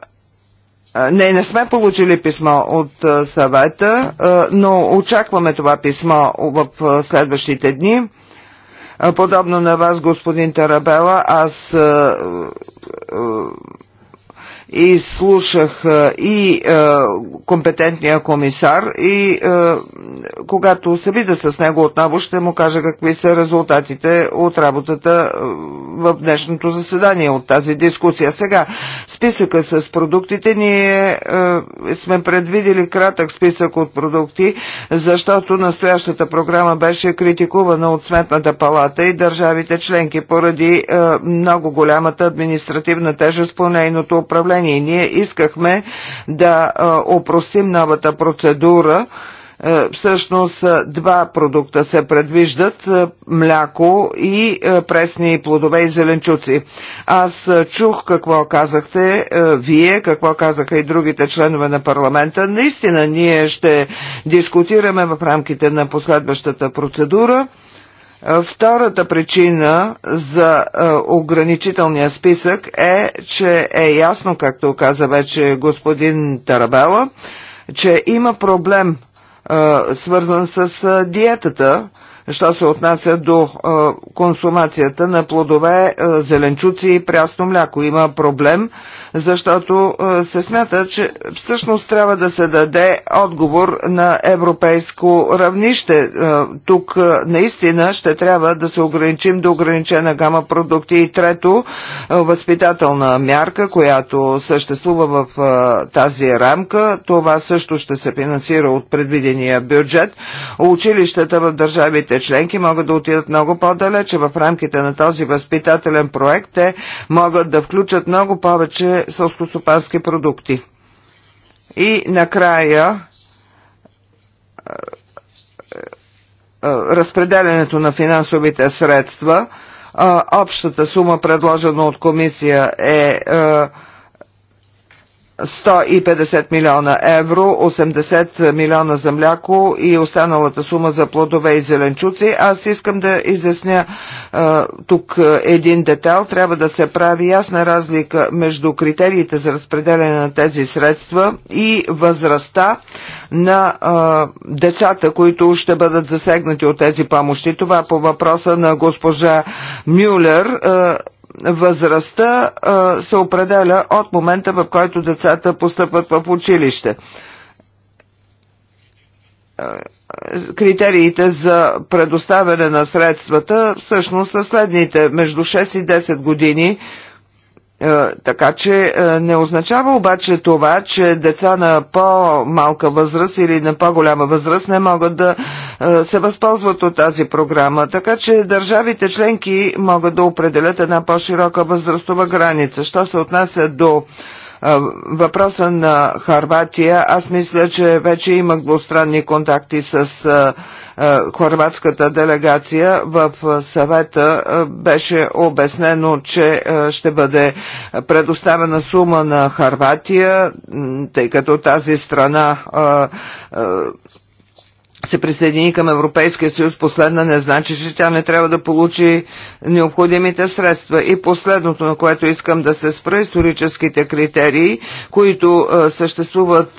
Е, не, не сме получили писмо от е, съвета, е, но очакваме това писмо в следващите дни. Подобно на вас, господин Тарабела, аз и слушах и е, компетентния комисар и е, когато се вида с него отново ще му кажа какви са резултатите от работата в днешното заседание от тази дискусия. Сега списъка с продуктите ние е, сме предвидели кратък списък от продукти, защото настоящата програма беше критикувана от Сметната палата и държавите членки поради е, много голямата административна тежест по нейното управление изменение. Ние искахме да опросим новата процедура. Всъщност два продукта се предвиждат – мляко и пресни плодове и зеленчуци. Аз чух какво казахте вие, какво казаха и другите членове на парламента. Наистина ние ще дискутираме в рамките на последващата процедура – Втората причина за ограничителния списък е, че е ясно, както каза вече господин Тарабела, че има проблем свързан с диетата, що се отнася до консумацията на плодове, зеленчуци и прясно мляко. Има проблем защото е, се смята, че всъщност трябва да се даде отговор на европейско равнище. Е, тук е, наистина ще трябва да се ограничим до ограничена гама продукти. И трето, възпитателна мярка, която съществува в тази рамка, това също ще се финансира от предвидения бюджет. Училищата в държавите членки могат да отидат много по-далече в рамките на този възпитателен проект. Те могат да включат много повече селскостопански продукти. И накрая разпределянето на финансовите средства. Общата сума, предложена от комисия е 150 милиона евро, 80 милиона за мляко и останалата сума за плодове и зеленчуци. Аз искам да изясня а, тук един детайл. Трябва да се прави ясна разлика между критериите за разпределяне на тези средства и възрастта на а, децата, които ще бъдат засегнати от тези помощи. Това е по въпроса на госпожа Мюлер. А, възрастта се определя от момента, в който децата постъпват в училище. Критериите за предоставяне на средствата всъщност са следните. Между 6 и 10 години е, така че е, не означава обаче това, че деца на по-малка възраст или на по-голяма възраст не могат да е, се възползват от тази програма. Така че държавите членки могат да определят една по-широка възрастова граница. Що се отнася до въпроса на Харватия, аз мисля, че вече имах двустранни контакти с е, хорватската делегация в съвета е, беше обяснено, че е, ще бъде предоставена сума на Харватия, тъй като тази страна се присъедини към Европейския съюз последна не значи, че тя не трябва да получи необходимите средства. И последното, на което искам да се спра, историческите критерии, които съществуват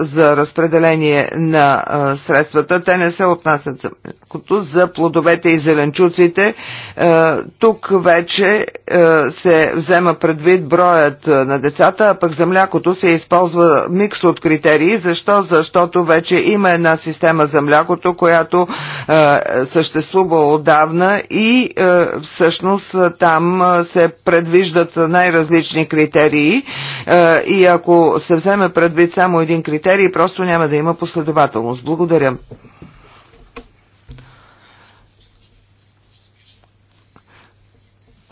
за разпределение на средствата, те не се отнасят за, като за плодовете и зеленчуците. тук вече се взема предвид броят на децата, а пък за млякото се използва микс от критерии. Защо? Защото вече има една система за млякото, която е, съществува отдавна и е, всъщност е, там се предвиждат най-различни критерии и ако се вземе предвид само един критерий, просто няма да има последователност. Благодаря.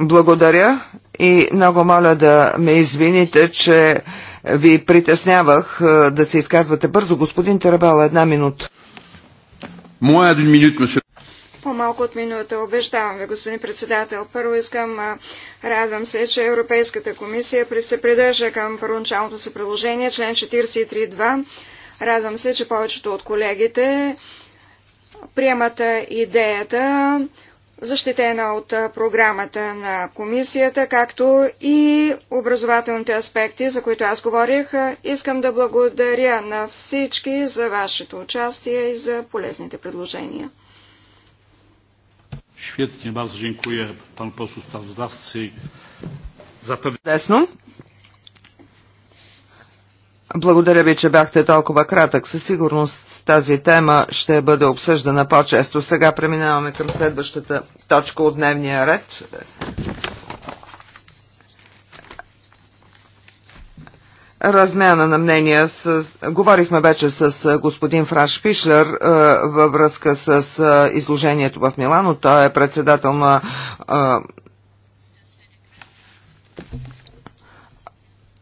Благодаря и много моля да ме извините, че ви притеснявах да се изказвате бързо. Господин Тарабала, една минута. По-малко от минута, обещавам ви, господин председател. Първо искам, радвам се, че Европейската комисия се придържа към първоначалното си приложение, член 43.2. Радвам се, че повечето от колегите приемат идеята защитена от програмата на комисията, както и образователните аспекти, за които аз говорих. Искам да благодаря на всички за вашето участие и за полезните предложения. Świetnie, bardzo dziękuję panu posłu sprawozdawcy. Zapewne... Благодаря ви, че бяхте толкова кратък. Със сигурност тази тема ще бъде обсъждана по-често. Сега преминаваме към следващата точка от дневния ред. размяна на мнения. С, говорихме вече с господин Фраш Пишлер във връзка с изложението в Милано. Той е председател на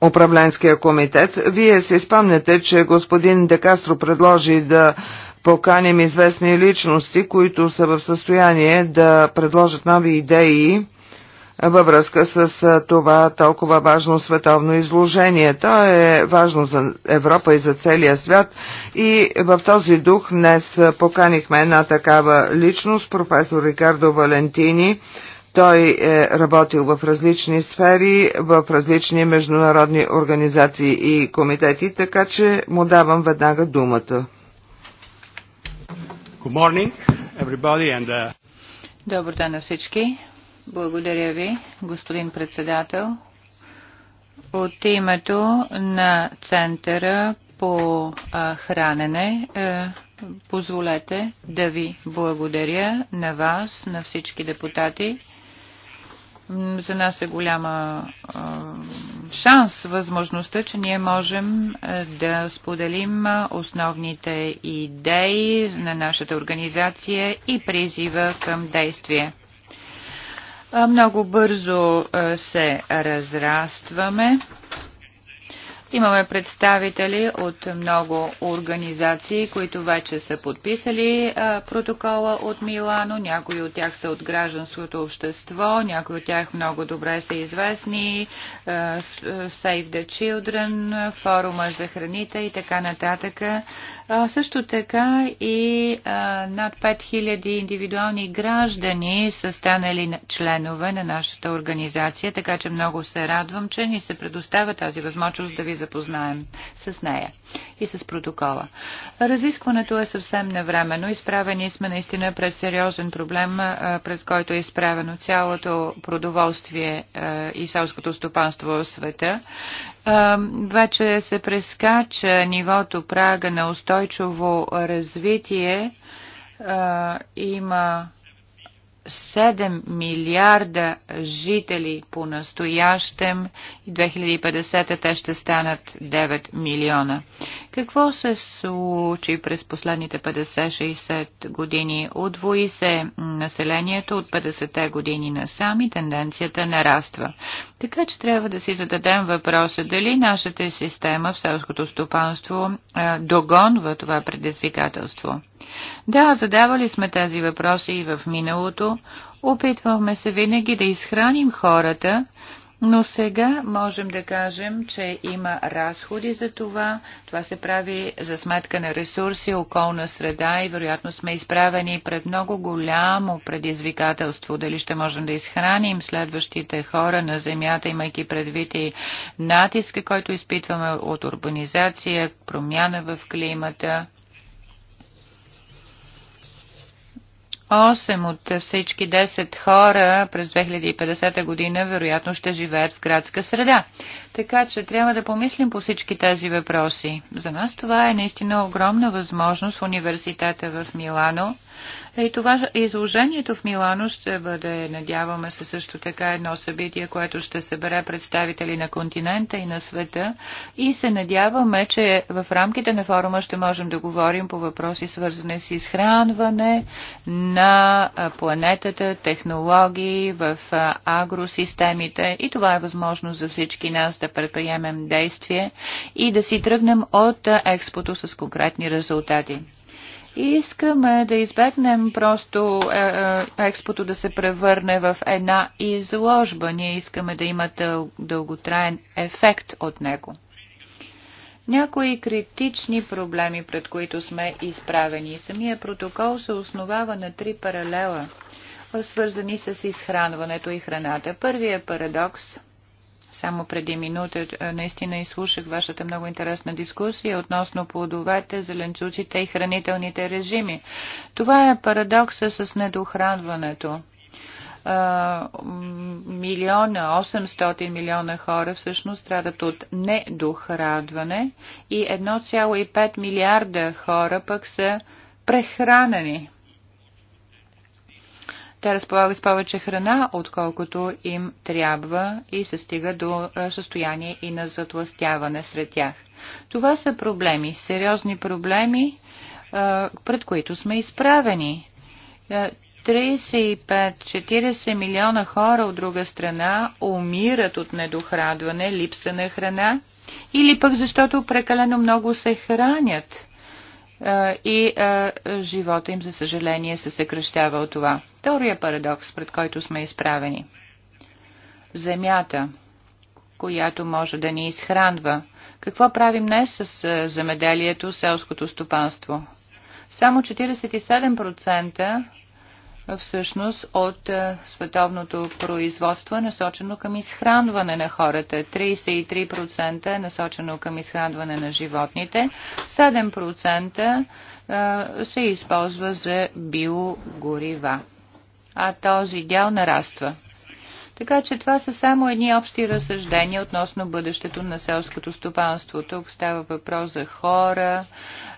управленския комитет. Вие се спомняте, че господин Декастро предложи да поканим известни личности, които са в състояние да предложат нови идеи във връзка с това толкова важно световно изложение. То е важно за Европа и за целия свят и в този дух днес поканихме една такава личност, професор Рикардо Валентини, той е работил в различни сфери, в различни международни организации и комитети, така че му давам веднага думата. And... Uh, Добър ден на всички. Благодаря ви, господин председател. От името на Центъра по хранене е, позволете да ви благодаря на вас, на всички депутати за нас е голяма шанс, възможността, че ние можем да споделим основните идеи на нашата организация и призива към действие. Много бързо се разрастваме Имаме представители от много организации, които вече са подписали а, протокола от Милано. Някои от тях са от гражданското общество, някои от тях много добре са известни. А, Save the Children, форума за храните и така нататък. А, също така и над 5000 индивидуални граждани са станали членове на нашата организация, така че много се радвам, че ни се предоставя тази възможност да ви запознаем с нея и с протокола. Разискването е съвсем невременно. Изправени сме наистина пред сериозен проблем, пред който е изправено цялото продоволствие и селското стопанство в света. Вече се прескача нивото прага на устойчиво развитие. Има 7 милиарда жители по настоящем и 2050 те ще станат 9 милиона. Какво се случи през последните 50-60 години? Отвои се населението от 50-те години насам и тенденцията нараства. Така че трябва да си зададем въпроса дали нашата система в селското стопанство е, догонва това предизвикателство. Да, задавали сме тези въпроси и в миналото. Опитвахме се винаги да изхраним хората, но сега можем да кажем, че има разходи за това. Това се прави за сметка на ресурси, околна среда и вероятно сме изправени пред много голямо предизвикателство. Дали ще можем да изхраним следващите хора на земята, имайки предвид и натиска, който изпитваме от урбанизация, промяна в климата 8 от всички 10 хора през 2050 година вероятно ще живеят в градска среда. Така че трябва да помислим по всички тези въпроси. За нас това е наистина огромна възможност в университета в Милано и това изложението в Милано ще бъде, надяваме се също така, едно събитие, което ще събере представители на континента и на света. И се надяваме, че в рамките на форума ще можем да говорим по въпроси, свързани с изхранване на планетата, технологии в агросистемите. И това е възможно за всички нас да предприемем действие и да си тръгнем от експото с конкретни резултати. Искаме да избегнем просто е, е, експото да се превърне в една изложба. Ние искаме да има дъл, дълготраен ефект от него. Някои критични проблеми, пред които сме изправени. Самия протокол се основава на три паралела, свързани с изхранването и храната. Първият парадокс – само преди минута е, наистина изслушах вашата много интересна дискусия относно плодовете, зеленчуците и хранителните режими. Това е парадокса с недохранването милиона, 800 милиона хора всъщност страдат от недохранване, и 1,5 милиарда хора пък са прехранени. Те разполагат с повече храна, отколкото им трябва и се стига до състояние и на затластяване сред тях. Това са проблеми, сериозни проблеми, пред които сме изправени. 35-40 милиона хора от друга страна умират от недохрадване, липса на храна или пък защото прекалено много се хранят и живота им, за съжаление, се съкръщава от това. Втория парадокс, пред който сме изправени. Земята, която може да ни изхранва. Какво правим днес с земеделието, селското стопанство? Само 47% всъщност от е, световното производство е насочено към изхранване на хората. 33% е насочено към изхранване на животните, 7% е, се използва за биогорива. А този дял нараства. Така че това са само едни общи разсъждения относно бъдещето на селското стопанство. Тук става въпрос за хора,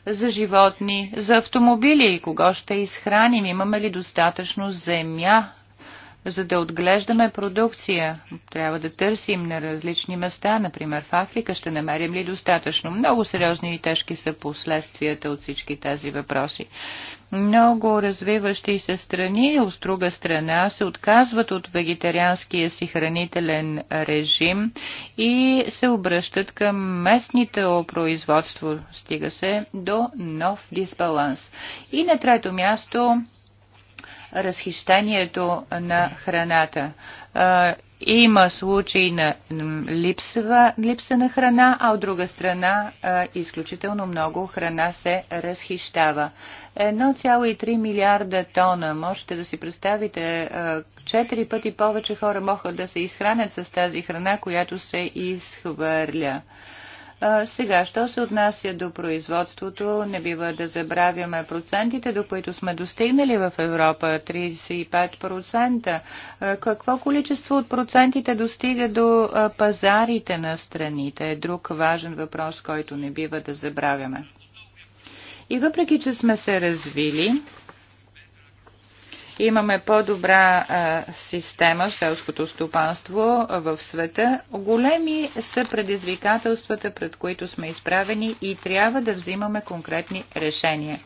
за животни, за автомобили. Кого ще изхраним? Имаме ли достатъчно земя? За да отглеждаме продукция, трябва да търсим на различни места, например в Африка, ще намерим ли достатъчно. Много сериозни и тежки са последствията от всички тези въпроси. Много развиващи се страни, от друга страна, се отказват от вегетарианския си хранителен режим и се обръщат към местните производство. Стига се до нов дисбаланс. И на трето място разхищението на храната. Има случаи на липсва, липса на храна, а от друга страна изключително много храна се разхищава. 1,3 милиарда тона. Можете да си представите, четири пъти повече хора могат да се изхранят с тази храна, която се изхвърля. Сега, що се отнася до производството, не бива да забравяме процентите, до които сме достигнали в Европа 35%. Какво количество от процентите достига до пазарите на страните е друг важен въпрос, който не бива да забравяме. И въпреки, че сме се развили, Имаме по-добра система в селското стопанство в света. Големи са предизвикателствата, пред които сме изправени и трябва да взимаме конкретни решения.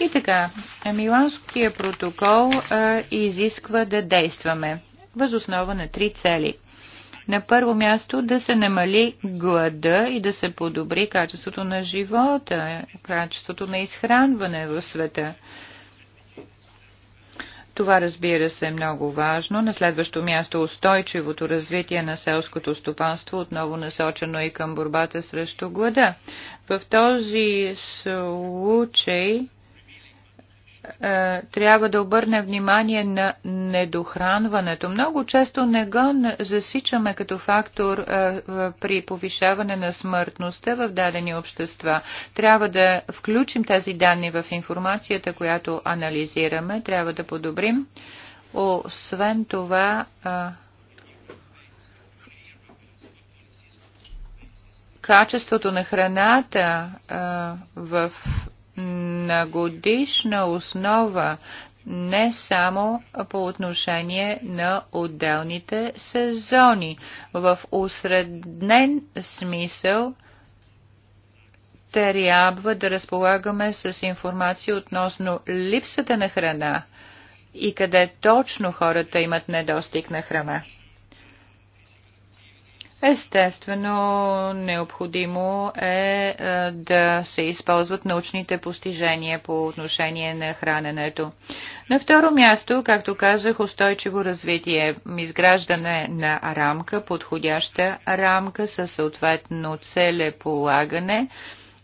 И така, Миланския протокол а, изисква да действаме възоснова на три цели. На първо място да се намали глада и да се подобри качеството на живота, качеството на изхранване в света. Това разбира се е много важно. На следващо място устойчивото развитие на селското стопанство, отново насочено и към борбата срещу глада. В този случай е, трябва да обърне внимание на недохранването. Много често не го засичаме като фактор е, при повишаване на смъртността в дадени общества. Трябва да включим тези данни в информацията, която анализираме, трябва да подобрим. Освен това, е, качеството на храната в на годишна основа не само по отношение на отделните сезони. В усреднен смисъл трябва да разполагаме с информация относно липсата на храна и къде точно хората имат недостиг на храна. Естествено, необходимо е, е да се използват научните постижения по отношение на храненето. На второ място, както казах, устойчиво развитие, изграждане на рамка, подходяща рамка със съответно целеполагане,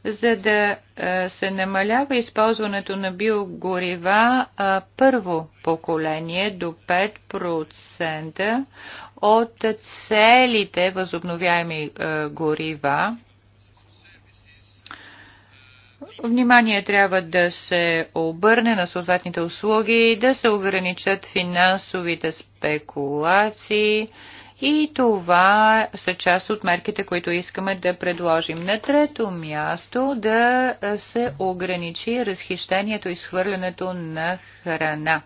за да е, се намалява използването на биогорива е, първо поколение до 5% от целите възобновяеми е, горива. Внимание трябва да се обърне на съответните услуги, да се ограничат финансовите спекулации и това са част от мерките, които искаме да предложим. На трето място да се ограничи разхищението и схвърлянето на храна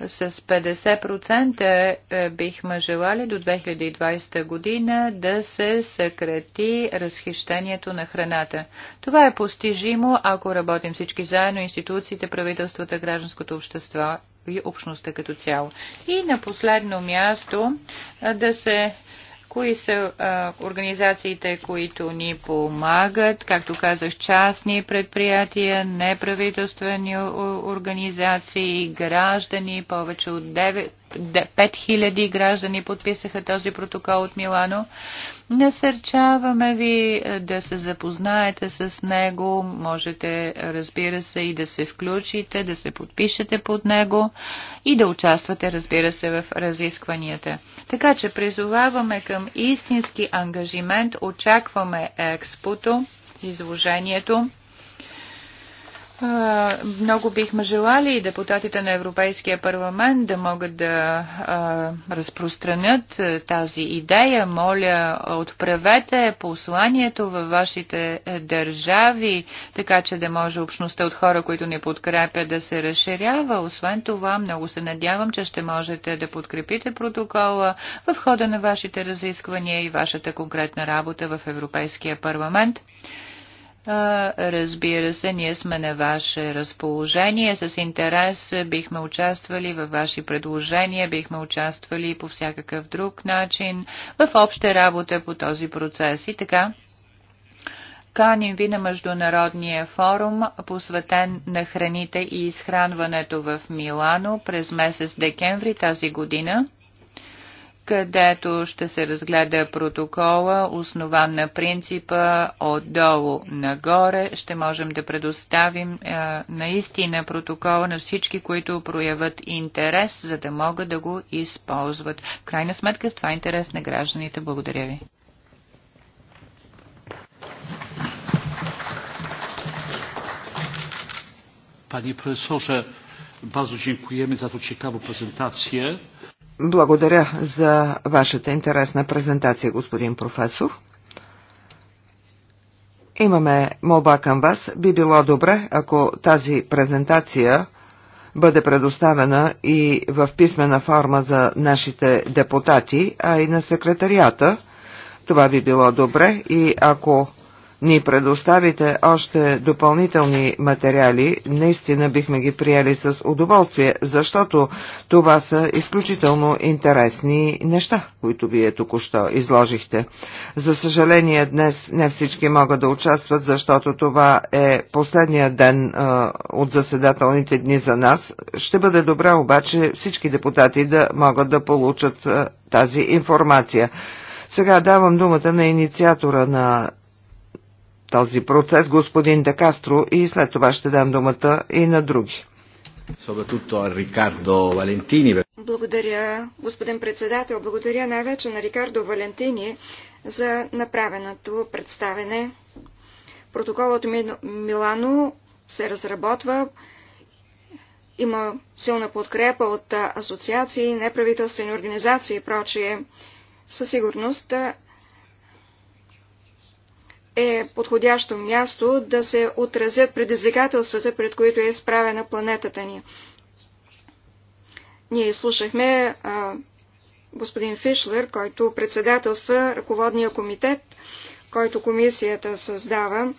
с 50% е, бихме желали до 2020 година да се съкрати разхищението на храната. Това е постижимо, ако работим всички заедно, институциите, правителствата, гражданското общество и общността като цяло. И на последно място е, да се кои са а, организациите, които ни помагат, както казах, частни предприятия, неправителствени организации, граждани, повече от 9, 5000 граждани подписаха този протокол от Милано. Насърчаваме ви да се запознаете с него, можете, разбира се, и да се включите, да се подпишете под него и да участвате, разбира се, в разискванията. Така че призоваваме към истински ангажимент, очакваме експото, изложението много бихме желали и депутатите на Европейския парламент да могат да а, разпространят тази идея. Моля, отправете посланието във вашите е, държави, така че да може общността от хора, които ни подкрепят, да се разширява. Освен това, много се надявам, че ще можете да подкрепите протокола в хода на вашите разисквания и вашата конкретна работа в Европейския парламент. Разбира се, ние сме на ваше разположение. С интерес бихме участвали във ваши предложения, бихме участвали по всякакъв друг начин в обща работа по този процес. И така, каним ви на Международния форум, посветен на храните и изхранването в Милано през месец декември тази година където ще се разгледа протокола, основан на принципа отдолу нагоре. Ще можем да предоставим е, наистина протокола на всички, които проявят интерес, за да могат да го използват. В крайна сметка това е интерес на гражданите. Благодаря ви. Пани profesorze, bardzo dziękujemy за tą ciekawą prezentację. Благодаря за вашата интересна презентация, господин професор. Имаме молба към вас. Би било добре, ако тази презентация бъде предоставена и в писмена форма за нашите депутати, а и на секретарията. Това би било добре и ако ни предоставите още допълнителни материали, наистина бихме ги приели с удоволствие, защото това са изключително интересни неща, които вие току-що изложихте. За съжаление, днес не всички могат да участват, защото това е последния ден а, от заседателните дни за нас. Ще бъде добре обаче всички депутати да могат да получат а, тази информация. Сега давам думата на инициатора на този процес, господин Кастро, и след това ще дам думата и на други. Е Благодаря, господин председател. Благодаря най-вече на Рикардо Валентини за направеното представене. Протоколът Милано се разработва. Има силна подкрепа от асоциации, неправителствени организации и прочие. Със сигурност е подходящо място да се отразят предизвикателствата, пред които е изправена планетата ни. Ние слушахме а, господин Фишлер, който председателства ръководния комитет, който комисията създава,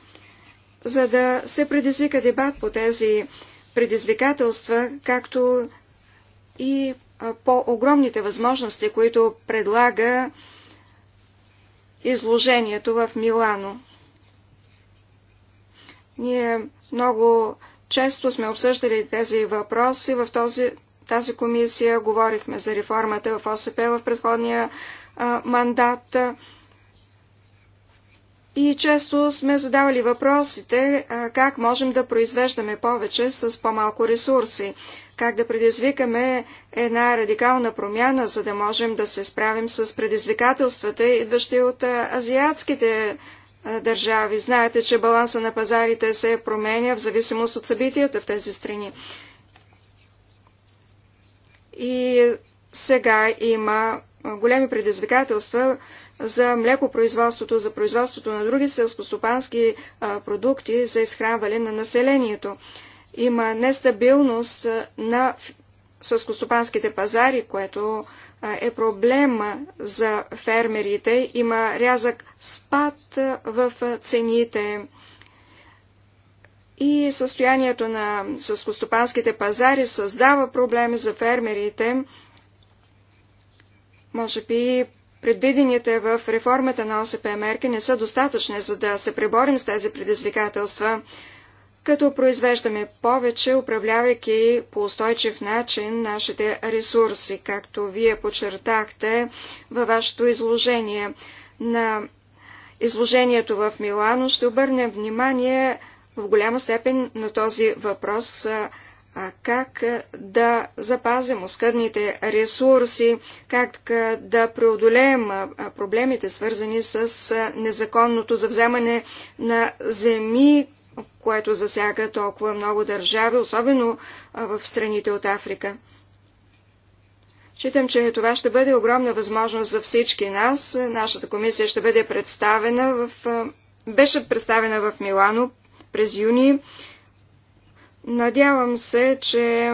за да се предизвика дебат по тези предизвикателства, както и по огромните възможности, които предлага изложението в Милано. Ние много често сме обсъждали тези въпроси в този, тази комисия. Говорихме за реформата в ОСП в предходния а, мандат. И често сме задавали въпросите как можем да произвеждаме повече с по-малко ресурси, как да предизвикаме една радикална промяна, за да можем да се справим с предизвикателствата, идващи от азиатските държави. Знаете, че баланса на пазарите се променя в зависимост от събитията в тези страни. И сега има големи предизвикателства за млекопроизводството, за производството на други селскостопански продукти за изхранване на населението. Има нестабилност на селскостопанските пазари, което е проблем за фермерите. Има рязък спад в цените и състоянието на съскостопанските пазари създава проблеми за фермерите. Може би Предвидените в реформата на ОСП мерки не са достатъчни, за да се преборим с тези предизвикателства, като произвеждаме повече, управлявайки по устойчив начин нашите ресурси, както вие подчертахте във вашето изложение. На изложението в Милано ще обърнем внимание в голяма степен на този въпрос, как е, да запазим оскъдните ресурси, как е, да преодолеем е, проблемите, свързани с незаконното завземане на земи, което засяга толкова много държави, особено в страните от Африка. Читам, че това ще бъде огромна възможност за всички нас. Нашата комисия ще бъде представена в... беше представена в Милано през юни Надявам се, че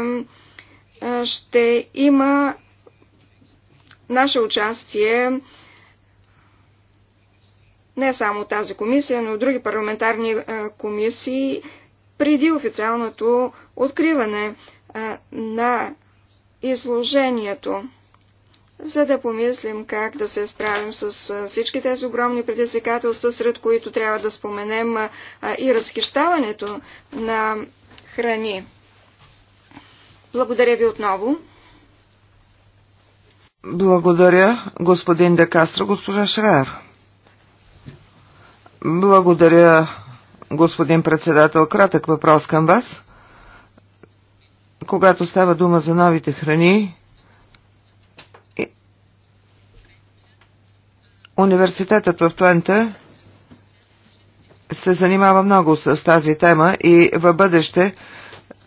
ще има наше участие не само тази комисия, но и други парламентарни комисии преди официалното откриване на изложението, за да помислим как да се справим с всички тези огромни предизвикателства, сред които трябва да споменем и разхищаването на храни. Благодаря ви отново. Благодаря, господин Декастро, госпожа Шраер. Благодаря, господин председател. Кратък въпрос към вас. Когато става дума за новите храни, университетът в Туента се занимава много с тази тема и в бъдеще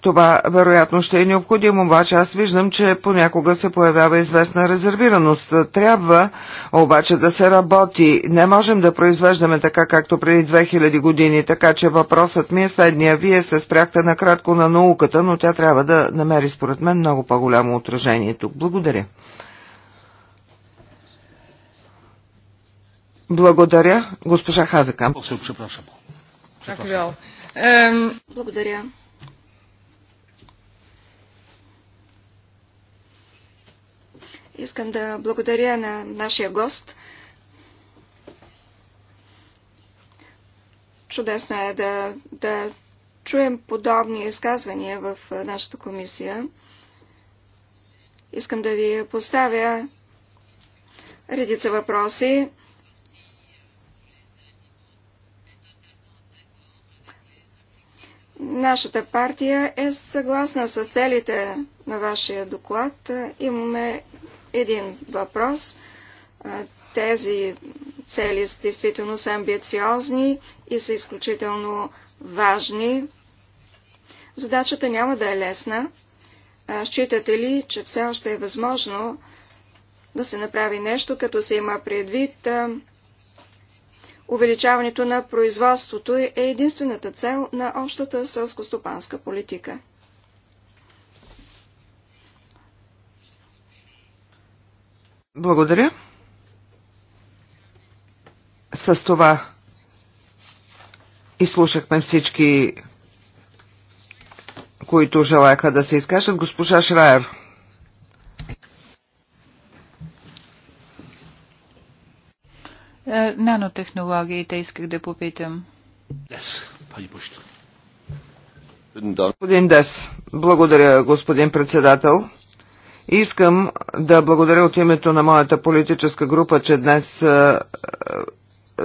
това вероятно ще е необходимо, обаче аз виждам, че понякога се появява известна резервираност. Трябва обаче да се работи. Не можем да произвеждаме така, както преди 2000 години, така че въпросът ми е следния. Вие се спряхте накратко на науката, но тя трябва да намери според мен много по-голямо отражение тук. Благодаря. Благодаря, госпожа Хазакам. Благодаря. Искам да благодаря на нашия гост. Чудесно е да, да чуем подобни изказвания в нашата комисия. Искам да ви поставя редица въпроси. Нашата партия е съгласна с целите на вашия доклад. Имаме един въпрос. Тези цели действително са амбициозни и са изключително важни. Задачата няма да е лесна. Считате ли, че все още е възможно да се направи нещо, като се има предвид Увеличаването на производството е единствената цел на общата сълско-стопанска политика. Благодаря. С това изслушахме всички, които желаяха да се изкажат. Госпожа Шраер. Е, нанотехнологиите исках да попитам. Yes, пани Господин Дес, благодаря, господин председател. Искам да благодаря от името на моята политическа група, че днес е,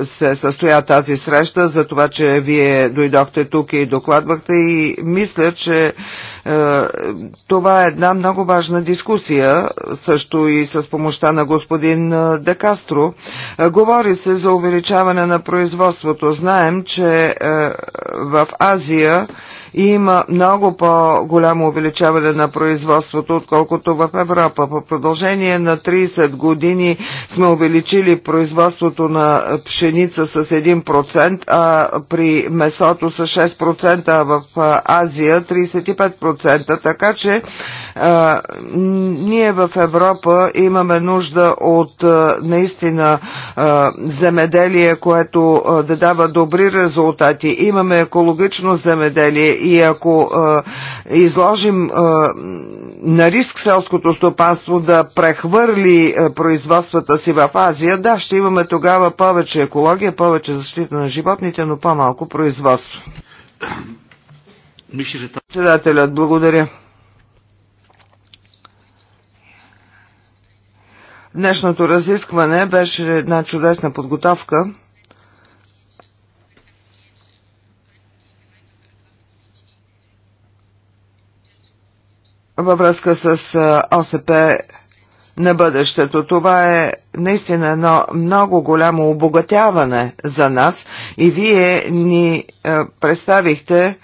се състоя тази среща, за това, че вие дойдохте тук и докладвахте и мисля, че е, това е една много важна дискусия, също и с помощта на господин е, Декастро. Е, говори се за увеличаване на производството. Знаем, че е, в Азия е, и има много по-голямо увеличаване на производството, отколкото в Европа. По продължение на 30 години сме увеличили производството на пшеница с 1%, а при месото с 6%, а в Азия 35%. Така че а, ние в Европа имаме нужда от а, наистина а, земеделие, което а, да дава добри резултати. Имаме екологично земеделие, и ако е, изложим е, на риск селското стопанство да прехвърли е, производствата си в Азия, да, ще имаме тогава повече екология, повече защита на животните, но по-малко производство. Председателят, благодаря. Днешното разискване беше една чудесна подготовка. във връзка с ОСП на бъдещето. Това е наистина едно много голямо обогатяване за нас и вие ни представихте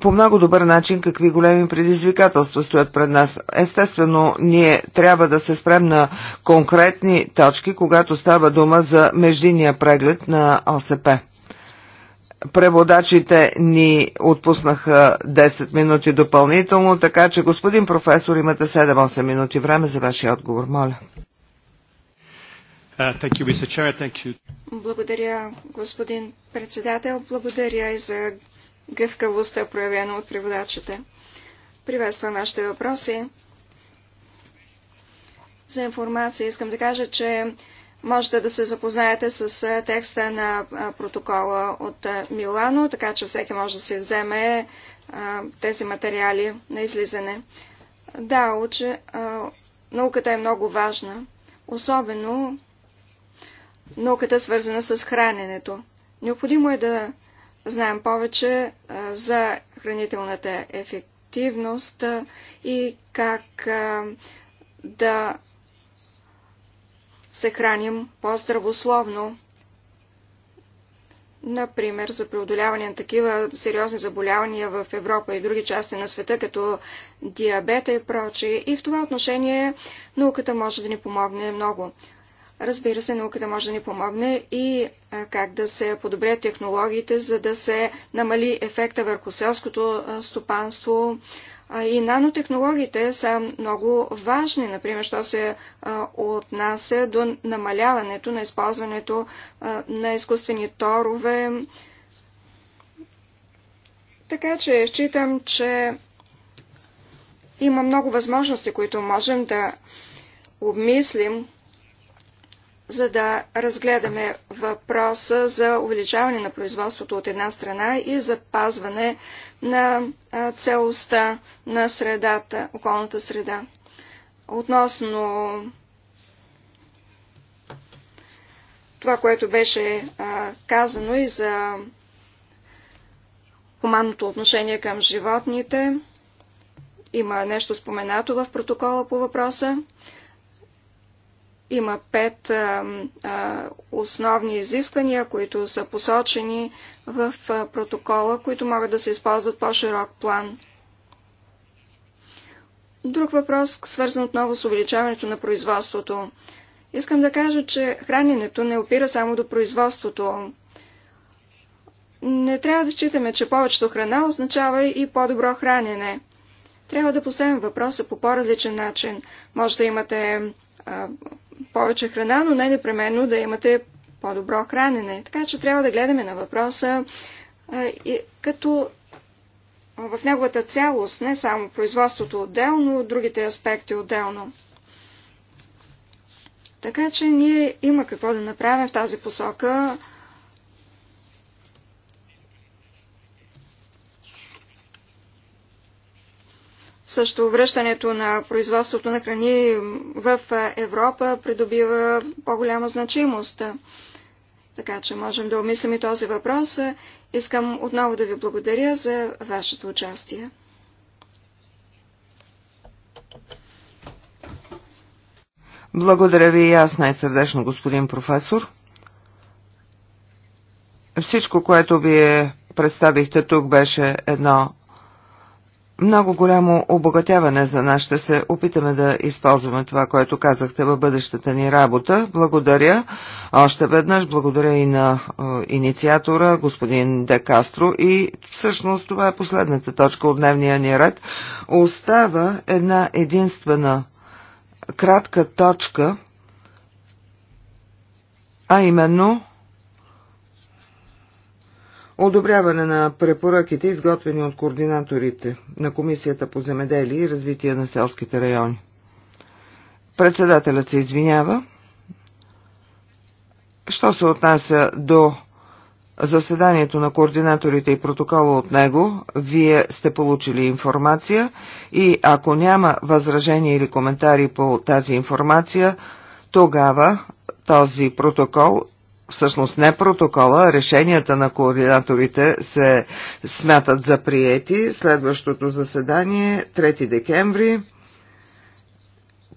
по много добър начин какви големи предизвикателства стоят пред нас. Естествено, ние трябва да се спрем на конкретни точки, когато става дума за междиния преглед на ОСП. Преводачите ни отпуснаха 10 минути допълнително, така че господин професор имате 7-8 минути време за вашия отговор, моля. Uh, you, Благодаря, господин председател. Благодаря и за гъвкавостта, проявена от преводачите. Приветствам вашите въпроси. За информация искам да кажа, че Можете да се запознаете с е, текста на е, протокола от е, Милано, така че всеки може да се вземе тези материали на излизане. Да, уче, науката е много важна, особено науката свързана с храненето. Необходимо е да знаем повече за хранителната ефективност и как да се храним по-здравословно. Например, за преодоляване на такива сериозни заболявания в Европа и други части на света, като диабета и прочие. И в това отношение науката може да ни помогне много. Разбира се, науката може да ни помогне и как да се подобрят технологиите, за да се намали ефекта върху селското стопанство, и нанотехнологиите са много важни, например, що се отнася до намаляването на използването на изкуствени торове. Така че считам, че има много възможности, които можем да обмислим, за да разгледаме въпроса за увеличаване на производството от една страна и запазване на целостта на средата, околната среда. Относно това, което беше казано и за хуманното отношение към животните. Има нещо споменато в протокола по въпроса. Има пет а, а, основни изисквания, които са посочени в а, протокола, които могат да се използват по-широк план. Друг въпрос, свързан отново с увеличаването на производството. Искам да кажа, че храненето не опира само до производството. Не трябва да считаме, че повечето храна означава и по-добро хранене. Трябва да поставим въпроса по по-различен начин. Може да имате а, повече храна, но не непременно да имате по-добро хранене. Така че трябва да гледаме на въпроса а, и, като в неговата цялост, не само производството отделно, другите аспекти отделно. Така че ние има какво да направим в тази посока. Също връщането на производството на храни в Европа придобива по-голяма значимост. Така че можем да обмислим и този въпрос. Искам отново да ви благодаря за вашето участие. Благодаря ви и аз най-сърдечно, господин професор. Всичко, което вие представихте тук, беше едно много голямо обогатяване за нас. Ще се опитаме да използваме това, което казахте във бъдещата ни работа. Благодаря. Още веднъж благодаря и на е, инициатора, господин Де Кастро. И всъщност това е последната точка от дневния ни ред. Остава една единствена кратка точка, а именно Одобряване на препоръките, изготвени от координаторите на Комисията по земеделие и развитие на селските райони. Председателят се извинява. Що се отнася до заседанието на координаторите и протокола от него, вие сте получили информация и ако няма възражения или коментари по тази информация, тогава този протокол всъщност не протокола, решенията на координаторите се смятат за приети. Следващото заседание 3 декември.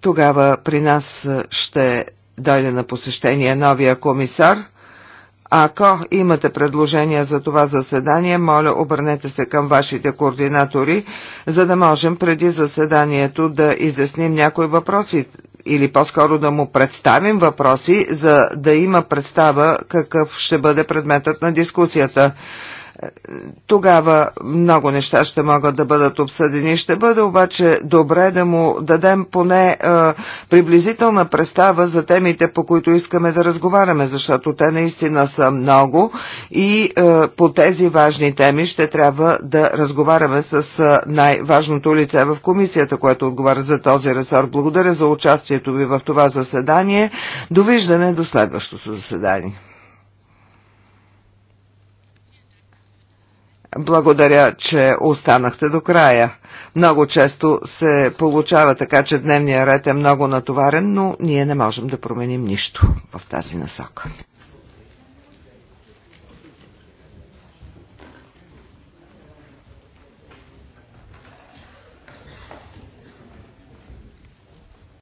Тогава при нас ще дойде на посещение новия комисар. Ако имате предложения за това заседание, моля обърнете се към вашите координатори, за да можем преди заседанието да изясним някои въпроси или по-скоро да му представим въпроси, за да има представа какъв ще бъде предметът на дискусията. Тогава много неща ще могат да бъдат обсъдени. Ще бъде обаче добре да му дадем поне е, приблизителна представа за темите, по които искаме да разговаряме, защото те наистина са много и е, по тези важни теми ще трябва да разговаряме с е, най-важното лице в комисията, което отговаря за този ресор. Благодаря за участието ви в това заседание. Довиждане до следващото заседание. Благодаря, че останахте до края. Много често се получава така, че дневния ред е много натоварен, но ние не можем да променим нищо в тази насока.